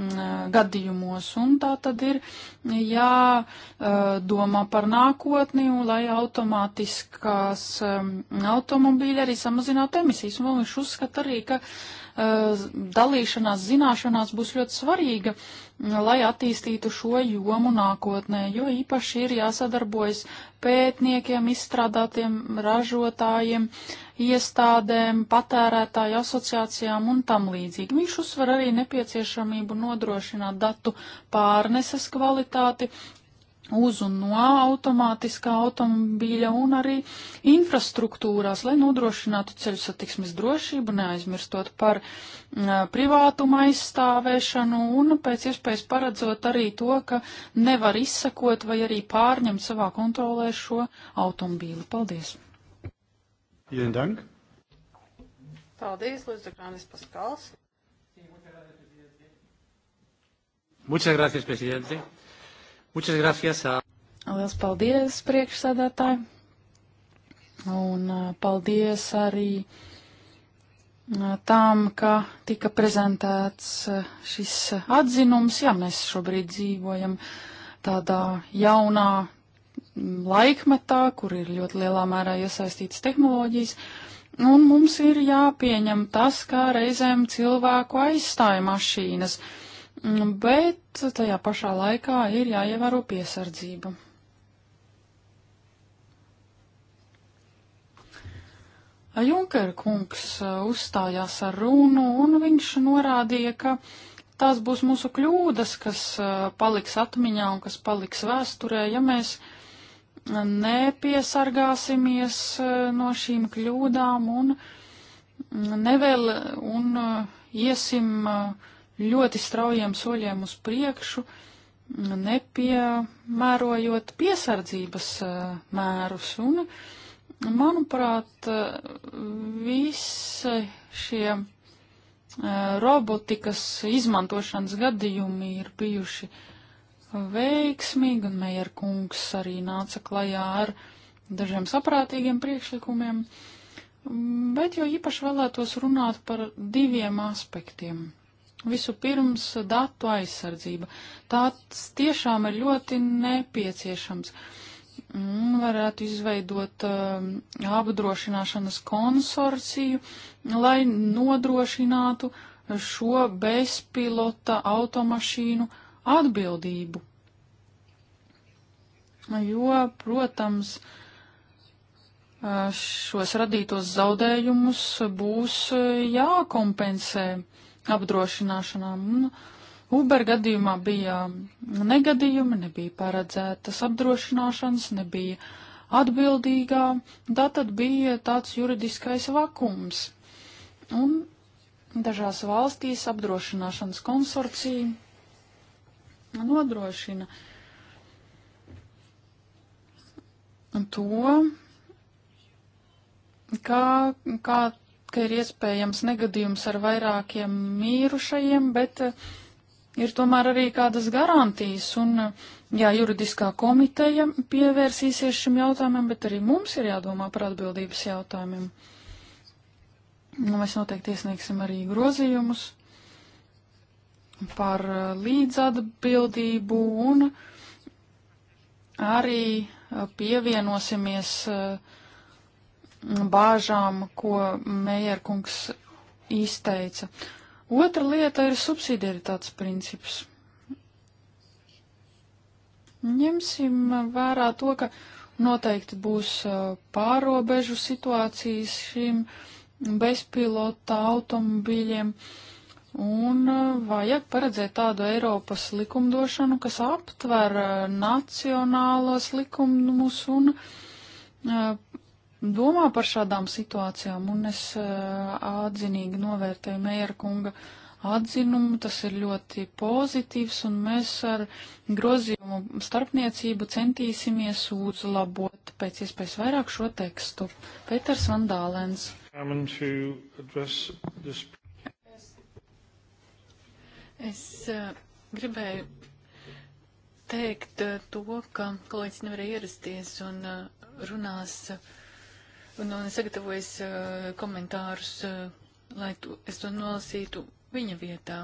Mm, gadījumos, un tā tad ir jādomā par nākotni, un lai automātiskās mm, automobīļi arī samazinātu emisijas. Un viņš uzskata arī, ka mm, dalīšanās zināšanās būs ļoti svarīga lai attīstītu šo jomu nākotnē, jo īpaši ir jāsadarbojas pētniekiem, izstrādātiem ražotājiem, iestādēm, patērētāju asociācijām un tam līdzīgi. Viņš uzsver arī nepieciešamību nodrošināt datu pārneses kvalitāti uz un no automātiskā automobīļa un arī infrastruktūrās, lai nodrošinātu ceļu satiksmes drošību, neaizmirstot par privātuma aizstāvēšanu un pēc iespējas paredzot arī to, ka nevar izsakot vai arī pārņemt savā kontrolē šo automobīli. Paldies! Dank. Paldies, Lūdzu, Grānis Paskals. Muchas gracias, presidente. Muchas gracias. A... Liels paldies priekšsēdētāji. Un uh, paldies arī uh, tām, ka tika prezentēts uh, šis atzinums. Jā, mēs šobrīd dzīvojam tādā jaunā mm, laikmetā, kur ir ļoti lielā mērā iesaistīts tehnoloģijas. Un mums ir jāpieņem tas, kā reizēm cilvēku aizstāja mašīnas. Uh, Mm, bet tajā pašā laikā ir jāievēro piesardzība. Junker kungs uzstājās ar runu, un viņš norādīja, ka tās būs mūsu kļūdas, kas paliks atmiņā un kas paliks vēsturē, ja mēs nepiesargāsimies no šīm kļūdām un nevēl un iesim uh, ļoti straujiem soļiem uz priekšu, nepiemērojot piesardzības eh, mērus. Un, manuprāt, eh, visi šie eh, robotikas izmantošanas gadījumi ir bijuši veiksmīgi, un Meijer kungs arī nāca klajā ar dažiem saprātīgiem priekšlikumiem, bet jo īpaši vēlētos runāt par diviem aspektiem. Vispirms datu aizsardzība. Tāds tiešām ir ļoti nepieciešams. Mm, varētu izveidot um, apdrošināšanas konsorciju, lai nodrošinātu šo bezpilota automašīnu atbildību. Jo, protams, uh, šos radītos zaudējumus būs uh, jākompensē apdrošināšanām. Un Uber gadījumā bija negadījumi, nebija paredzētas apdrošināšanas, nebija atbildīgā, tā tad bija tāds juridiskais vakums. Un dažās valstīs apdrošināšanas konsorcija nodrošina to, kā, kā ka ir iespējams negadījums ar vairākiem mīrušajiem, bet eh, ir tomēr arī kādas garantijas, un eh, jā, juridiskā komiteja pievērsīsies šim jautājumam, bet arī mums ir jādomā par atbildības jautājumiem. Nu, mēs noteikti iesniegsim arī grozījumus par eh, līdzatbildību un arī pievienosimies uh, bāžām, ko Mejerkungs izteica. Otra lieta ir subsidiaritātes princips. Ņemsim vērā to, ka noteikti būs uh, pārobežu situācijas šīm bezpilota automobīļiem, un uh, vajag paredzēt tādu Eiropas likumdošanu, kas aptver uh, nacionālos likumus un domā par šādām situācijām, un es eh, atzinīgi novērtēju Meijera kunga atzinumu, tas ir ļoti pozitīvs, un mēs ar grozījumu starpniecību centīsimies uzlabot pēc iespējas vairāk šo tekstu. Pēters Vandālens. Es uh, gribēju teikt uh, to, ka kolēģis nevar ierasties un uh, runās. Uh, un, un sagatavojis uh, komentārus, uh, lai tu, es to nolasītu viņa vietā.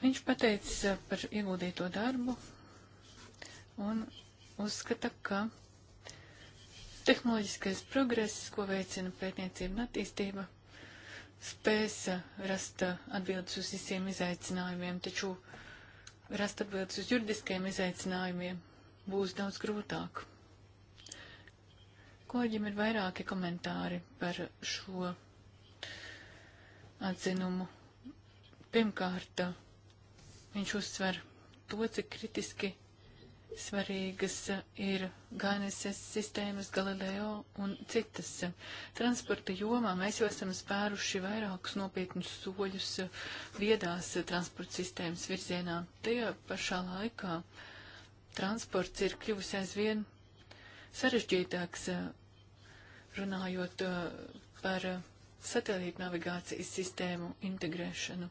Viņš pateicis uh, par ieguldīto darbu un uzskata, ka tehnoloģiskais progress, ko veicina pētniecība un attīstība, spēs rast atbildes uz visiem izaicinājumiem, taču rast atbildes uz juridiskiem izaicinājumiem būs daudz grūtāk. Kolēģiem ir vairāki komentāri par šo atzinumu. Pirmkārt, viņš uzsver to, cik kritiski svarīgas ir GNSS sistēmas Galileo un citas. Transporta jomā mēs jau esam spēruši vairākus nopietnus soļus viedās transporta sistēmas virzienā. Tajā pašā laikā transports ir kļuvis aizvien sarežģītāks runājot uh, par uh, satelītu navigācijas sistēmu integrēšanu.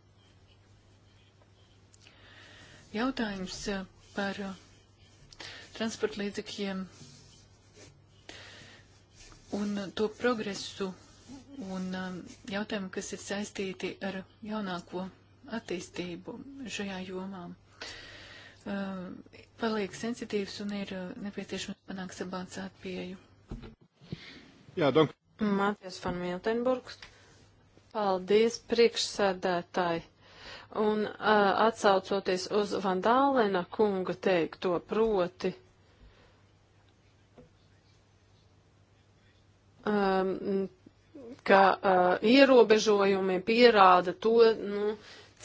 Jautājums uh, par transporta līdzekļiem un to progresu un um, jautājumu, kas ir saistīti ar jaunāko attīstību šajā jomā. Paliek sensitīvs un ir nepieciešams panākt sabalansētu pieju. Jā, dank. Matijas van Miltenburgs. Paldies, priekšsēdētāji. Un uh, atsaucoties uz Vandālena kunga teikto proti, um, ka uh, ierobežojumi pierāda to, nu,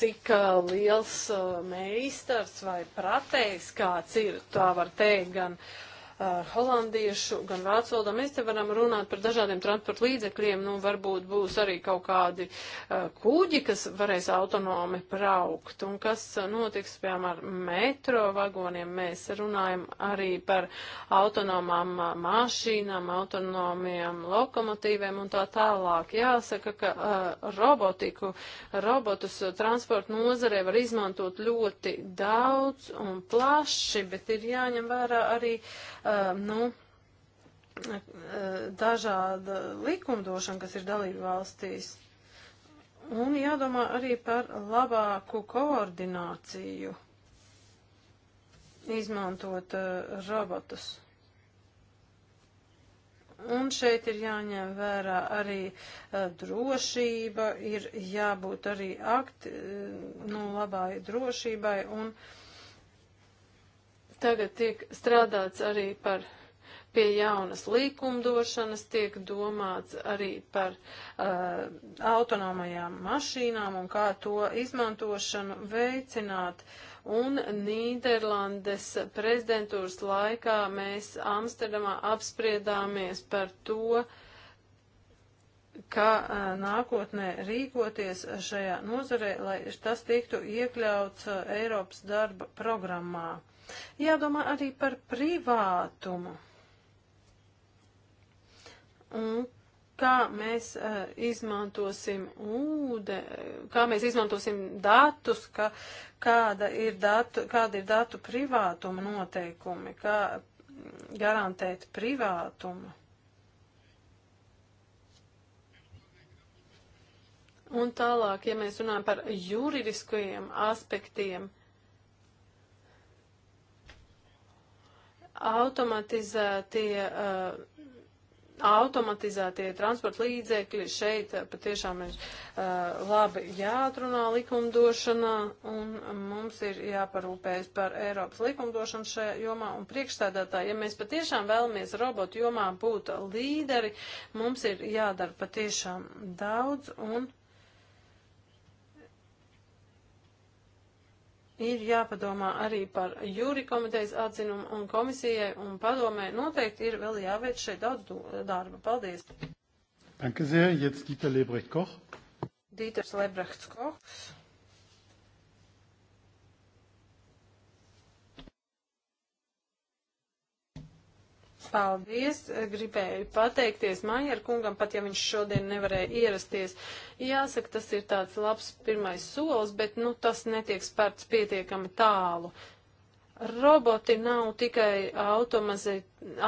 cik uh, liels uh, meistars vai pratējs kāds ir, tā var teikt, gan uh, ar uh, holandiešu, gan vācu valodā. Mēs te varam runāt par dažādiem transporta līdzekļiem, nu varbūt būs arī kaut kādi uh, kuģi, kas varēs autonomi braukt. Un kas uh, notiks, piemēram, ar metro vagoniem, mēs runājam arī par autonomām uh, mašīnām, autonomiem lokomotīviem un tā tālāk. Jāsaka, ka uh, robotiku, robotus transporta nozarē var izmantot ļoti daudz un plaši, bet ir jāņem vērā arī Ehm, nu, eh, dažāda likumdošana, kas ir dalība valstīs. Un jādomā arī par labāku koordināciju, izmantot uh, robotus. Un šeit ir jāņem vērā arī uh, drošība, ir jābūt arī akti, uh, nu, labai drošībai un uh, Tagad tiek strādāts arī par pie jaunas likumdošanas, tiek domāts arī par uh, autonomajām mašīnām un kā to izmantošanu veicināt. Un Nīderlandes prezidentūras laikā mēs Amsterdamā apspriedāmies par to, kā uh, nākotnē rīkoties šajā nozarē, lai tas tiktu iekļauts uh, Eiropas darba programmā. Jādomā arī par privātumu. Un kā mēs uh, izmantosim ūde, kā mēs izmantosim datus, ka, kāda, ir datu, kāda ir datu privātuma noteikumi, kā garantēt privātumu. Un tālāk, ja mēs runājam par juridiskajiem aspektiem, uh, automatizētie, uh, automatizētie transporta līdzekļi šeit eh, patiešām ir uh, labi jāatrunā likumdošanā, un mums ir jāparūpējas par Eiropas likumdošanu šajā jomā, un priekšstādātā, ja mēs patiešām vēlamies robotu jomā būt līderi, mums ir jādara patiešām daudz, un Ir jāpadomā arī par jūri komitejas atzinumu un komisijai un padomē noteikti ir vēl jāveic šeit daudz darba. Paldies! Danke sehr, jetzt Dieter Lebrecht Koch. Dieters Lebrechts Kochs. paldies. Gribēju pateikties Maier kungam, pat ja viņš šodien nevarēja ierasties. Jāsaka, tas ir tāds labs pirmais solis, bet nu, tas netiek spērts pietiekami tālu. Roboti nav tikai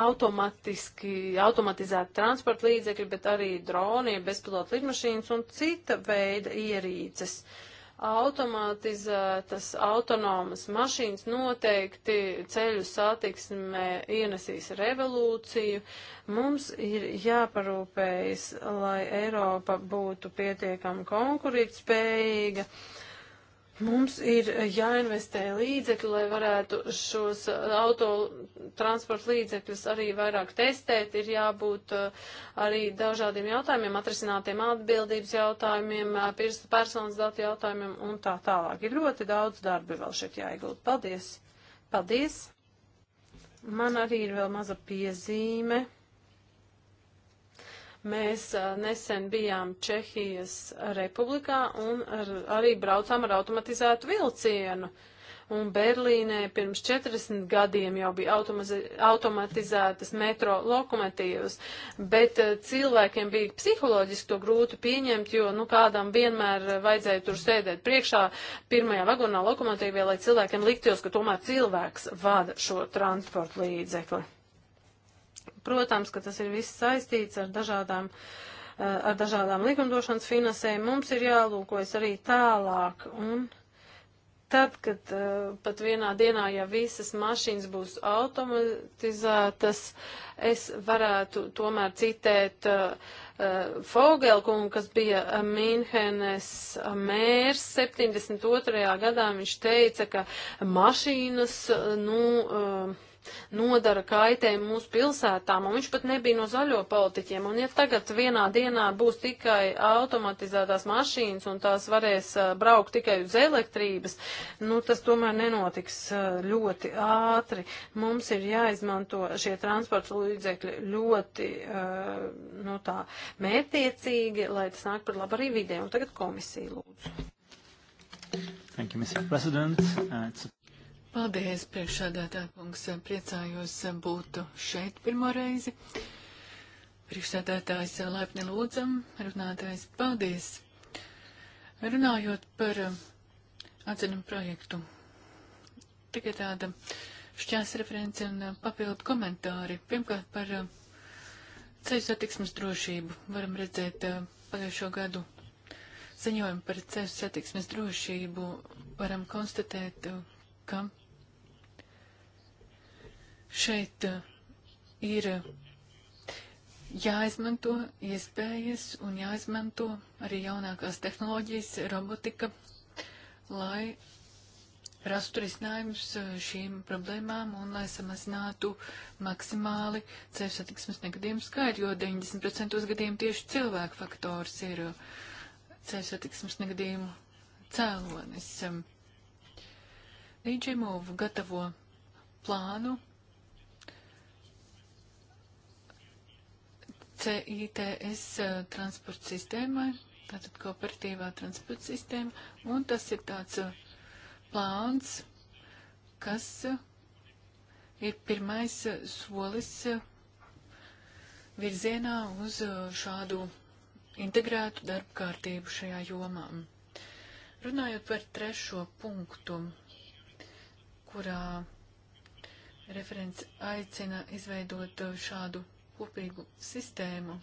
automatiski, automatizēti transporta līdzekļi, bet arī droni, bezpilota lidmašīnas un cita veida ierīces. Uh, Automātizētas autonomas mašīnas noteikti ceļu satiksmē ienesīs revolūciju. Mums ir jāparūpējas, lai Eiropa būtu pietiekami konkurētspējīga. spējīga Mums ir jāinvestē līdzekļi, lai varētu šos autotransporta līdzekļus arī vairāk testēt. Ir jābūt uh, arī dažādiem jautājumiem, atrisinātiem atbildības jautājumiem, uh, personas datu jautājumiem un tā tālāk. Ir ļoti daudz darba vēl šeit jāiegūt. Paldies! Paldies! Man arī ir vēl maza piezīme. Mēs nesen bijām Čehijas republikā un ar, arī braucām ar automatizētu vilcienu. Un Berlīnē pirms 40 gadiem jau bija automatizētas metro lokomotīvas, bet cilvēkiem bija psiholoģiski to grūti pieņemt, jo, nu, kādam vienmēr vajadzēja tur sēdēt priekšā pirmajā vagonā lokomotīvē, lai cilvēkiem liktos, ka tomēr cilvēks vada šo transportu līdzekli. Protams, ka tas ir viss saistīts ar dažādām eh, ar dažādām likumdošanas finansēm, mums ir jālūkojas arī tālāk. Un tad, kad uh, pat vienā dienā, ja visas mašīnas būs automatizētas, es varētu tomēr citēt uh, Fogelkungu, kas bija Mīnhenes mērs 72. gadā, viņš teica, ka mašīnas, nu, uh, nodara kaitējumu mūsu pilsētām, un viņš pat nebija no zaļo politiķiem. Un ja tagad vienā dienā būs tikai automatizētās mašīnas un tās varēs uh, braukt tikai uz elektrības, nu tas tomēr nenotiks uh, ļoti ātri. Mums ir jāizmanto šie transporta līdzekļi ļoti, uh, nu tā, mērtiecīgi, lai tas nāk par labu arī vidē. Un tagad komisija lūdzu. Thank you, Mr. President. Uh, it's a Paldies, priekšsādātā kungs. Priecājos būt šeit pirmo reizi. Priekšsādātājs laipni lūdzam, runātājs paldies. Runājot par atzinumu projektu, tikai tāda šķās referenci un papildu komentāri. Pirmkārt par ceļu satiksmes drošību. Varam redzēt pagājušo gadu ziņojumu par ceļu satiksmes drošību. Varam konstatēt, ka Šeit uh, ir uh, jāizmanto iespējas un jāizmanto arī jaunākās tehnoloģijas, robotika, lai rastu risinājumus uh, šīm problēmām un lai samazinātu maksimāli ceļu satiksmes negadījumu skaitu, jo 90% gadījumu tieši cilvēku faktors ir ceļu satiksmes negadījumu cēlonis. Līdžimov um, gatavo plānu CITS eh, transporta sistēmai, tātad kooperatīvā transporta sistēma, un tas ir tāds eh, plāns, kas eh, ir pirmais solis virzienā uz šādu integrētu darbu kārtību šajā jomā. Runājot par trešo punktu, kurā referents aicina izveidot šādu kopīgu sistēmu.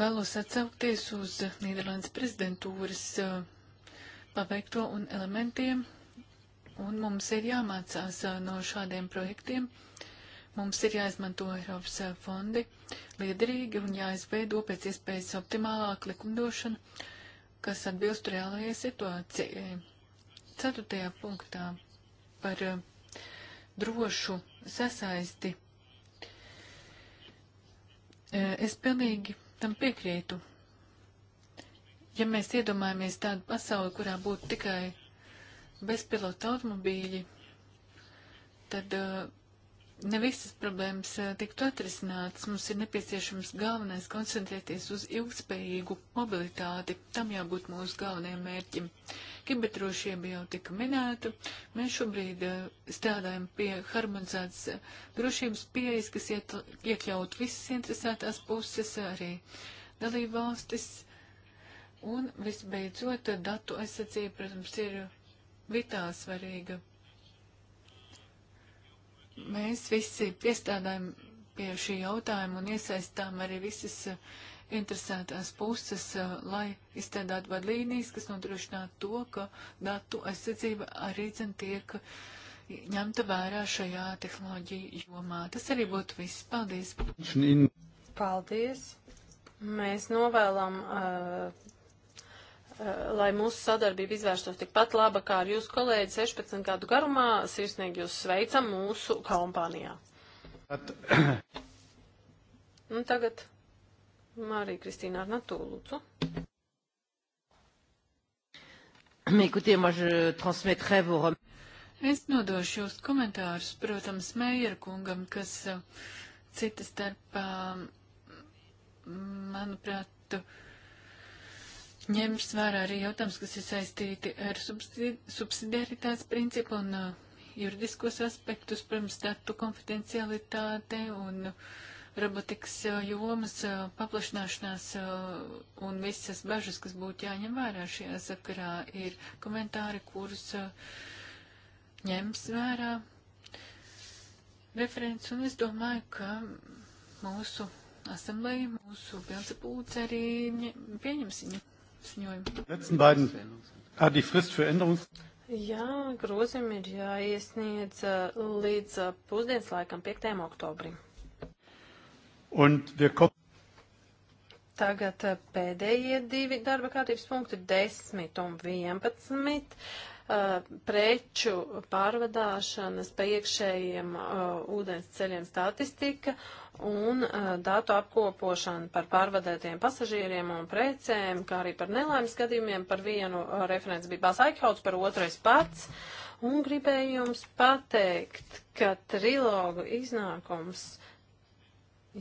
Vēlos atsaukties uz Nīderlandes prezidentūras eh, paveikto un elementiem, un mums ir jāmācās eh, no šādiem projektiem. Mums ir jāizmanto Eiropas eh, fondi liederīgi un jāizveido pēc iespējas optimālāk likumdošana, kas atbilstu reālajai situācijai. Ceturtajā punktā par drošu sasaisti. E, es pilnīgi tam piekrītu. Ja mēs iedomājamies tādu pasauli, kurā būtu tikai bezpilota automobīļi, tad uh, ne visas problēmas eh, tiktu atrisinātas. Mums ir nepieciešams galvenais koncentrēties uz ilgspējīgu mobilitāti. Tam jābūt mūsu galvenajam mērķim. Kiberdrošība jau tika minēta. Mēs šobrīd eh, strādājam pie harmonizētas eh, drošības pieejas, kas iet, iekļaut visas interesētās puses, arī dalību valstis. Un visbeidzot, datu aizsardzība, protams, ir vitāli svarīga mēs visi piestādājam pie šī jautājuma un iesaistām arī visas eh, interesētās puses, eh, lai izstrādātu vadlīnijas, kas nodrošinātu to, ka datu aizsardzība arī dzen tiek ņemta vērā šajā tehnoloģiju jomā. Tas arī būtu viss. Paldies! Paldies! Mēs novēlam uh, Eh, lai mūsu sadarbība izvērstos tikpat laba kā ar jūsu kolēģi 16 gadu garumā. Sirsnīgi jūs sveicam mūsu kompānijā. At... Un tagad Marija Kristīna Arnatū, lūdzu. Écoutez, moi je transmettrai vos remerciements. Es nodošu jūs komentārus, protams, Meijera kungam, kas eh, cita starpā, mm, manuprāt, ņems vērā arī jautājums, kas ir saistīti ar subsidi subsidiaritātes principu un uh, juridiskos aspektus, protams, datu konfidencialitāte un robotikas uh, jomas uh, paplašināšanās uh, un visas bažas, kas būtu jāņem vērā šajā sakarā, ir komentāri, kurus ņems vērā referents. Un es domāju, ka mūsu asambleja, mūsu pilsapūce arī pieņems viņu ziņojumu. Jā, grozījumi ir jāiesniedz uh, līdz uh, pusdienas laikam, 5. oktobrim. Tagad uh, pēdējie divi darba kārtības punkti - 10 un 11. Uh, preču pārvadāšanas pa iekšējiem uh, ūdens ceļiem statistika un uh, datu apkopošana par pārvadētiem pasažieriem un precēm, kā arī par nelaimes gadījumiem. Par vienu referents bija Bās Aikauts, par otrais pats. Un gribēju jums pateikt, ka trilogu iznākums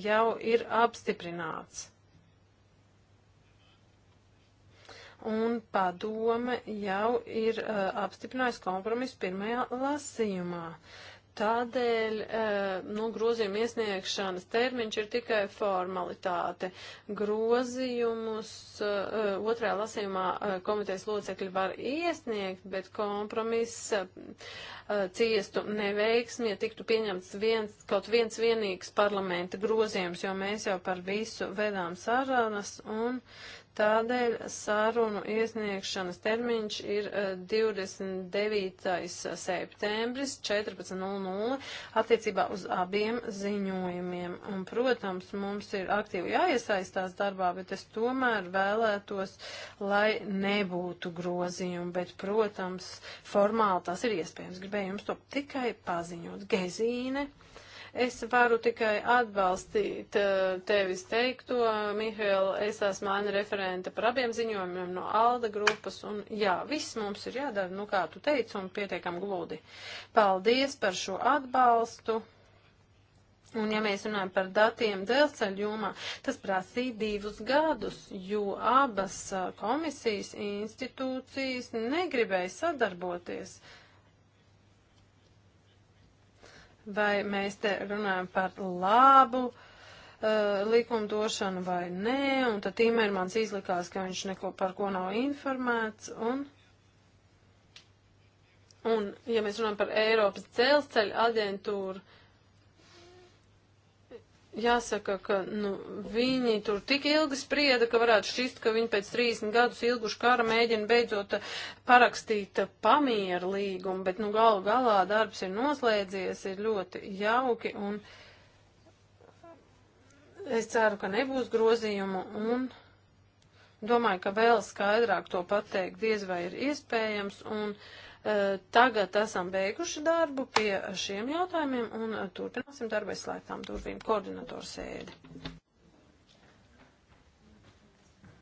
jau ir apstiprināts. un padome jau ir uh, apstiprinājusi kompromisu pirmajā lasījumā. Tādēļ uh, nu, grozījuma iesniegšanas termiņš ir tikai formalitāte. Grozījumus uh, otrajā lasījumā uh, komitejas locekļi var iesniegt, bet kompromiss ciestu neveiksmi, ja tiktu pieņemts viens, kaut viens vienīgs parlamenta grozījums, jo mēs jau par visu vedām sarunas un Tādēļ sārunu iesniegšanas termiņš ir 29. Eh, septembris 14.00 attiecībā uz abiem ziņojumiem. Un, protams, mums ir aktīvi jāiesaistās darbā, bet es tomēr vēlētos, lai nebūtu grozījumu. Bet, protams, formāli tas ir iespējams. Gribēju jums to tikai paziņot. Gezīne. Es varu tikai atbalstīt eh, tevis teikto, Mihail, es esmu Anna referente par abiem ziņojumiem no Alda grupas, un jā, viss mums ir jādara, nu kā tu teici, un pietiekam glūdi. Paldies par šo atbalstu. Un ja mēs runājam par datiem dzelzceļu jomā, tas prasīja divus gadus, jo abas eh, komisijas institūcijas negribēja sadarboties. Uh, vai mēs te runājam par labu uh, likumdošanu vai nē, un tad Timermans izlikās, ka viņš neko par ko nav informēts, un, un ja mēs runājam par Eiropas dzelzceļa aģentūru, Jāsaka, ka nu, viņi tur tik ilgi sprieda, ka varētu šķist, ka viņi pēc 30 gadus ilguši kara mēģina beidzot eh, parakstīt eh, pamieru līgumu, bet nu, galu galā darbs ir noslēdzies, ir ļoti jauki un es ceru, ka nebūs grozījumu un domāju, ka vēl skaidrāk to pateikt diez vai ir iespējams. Un, uh, Eh, tagad esam beiguši darbu pie šiem jautājumiem un turpināsim darbai slēgtām durvīm koordinatoru sēdi.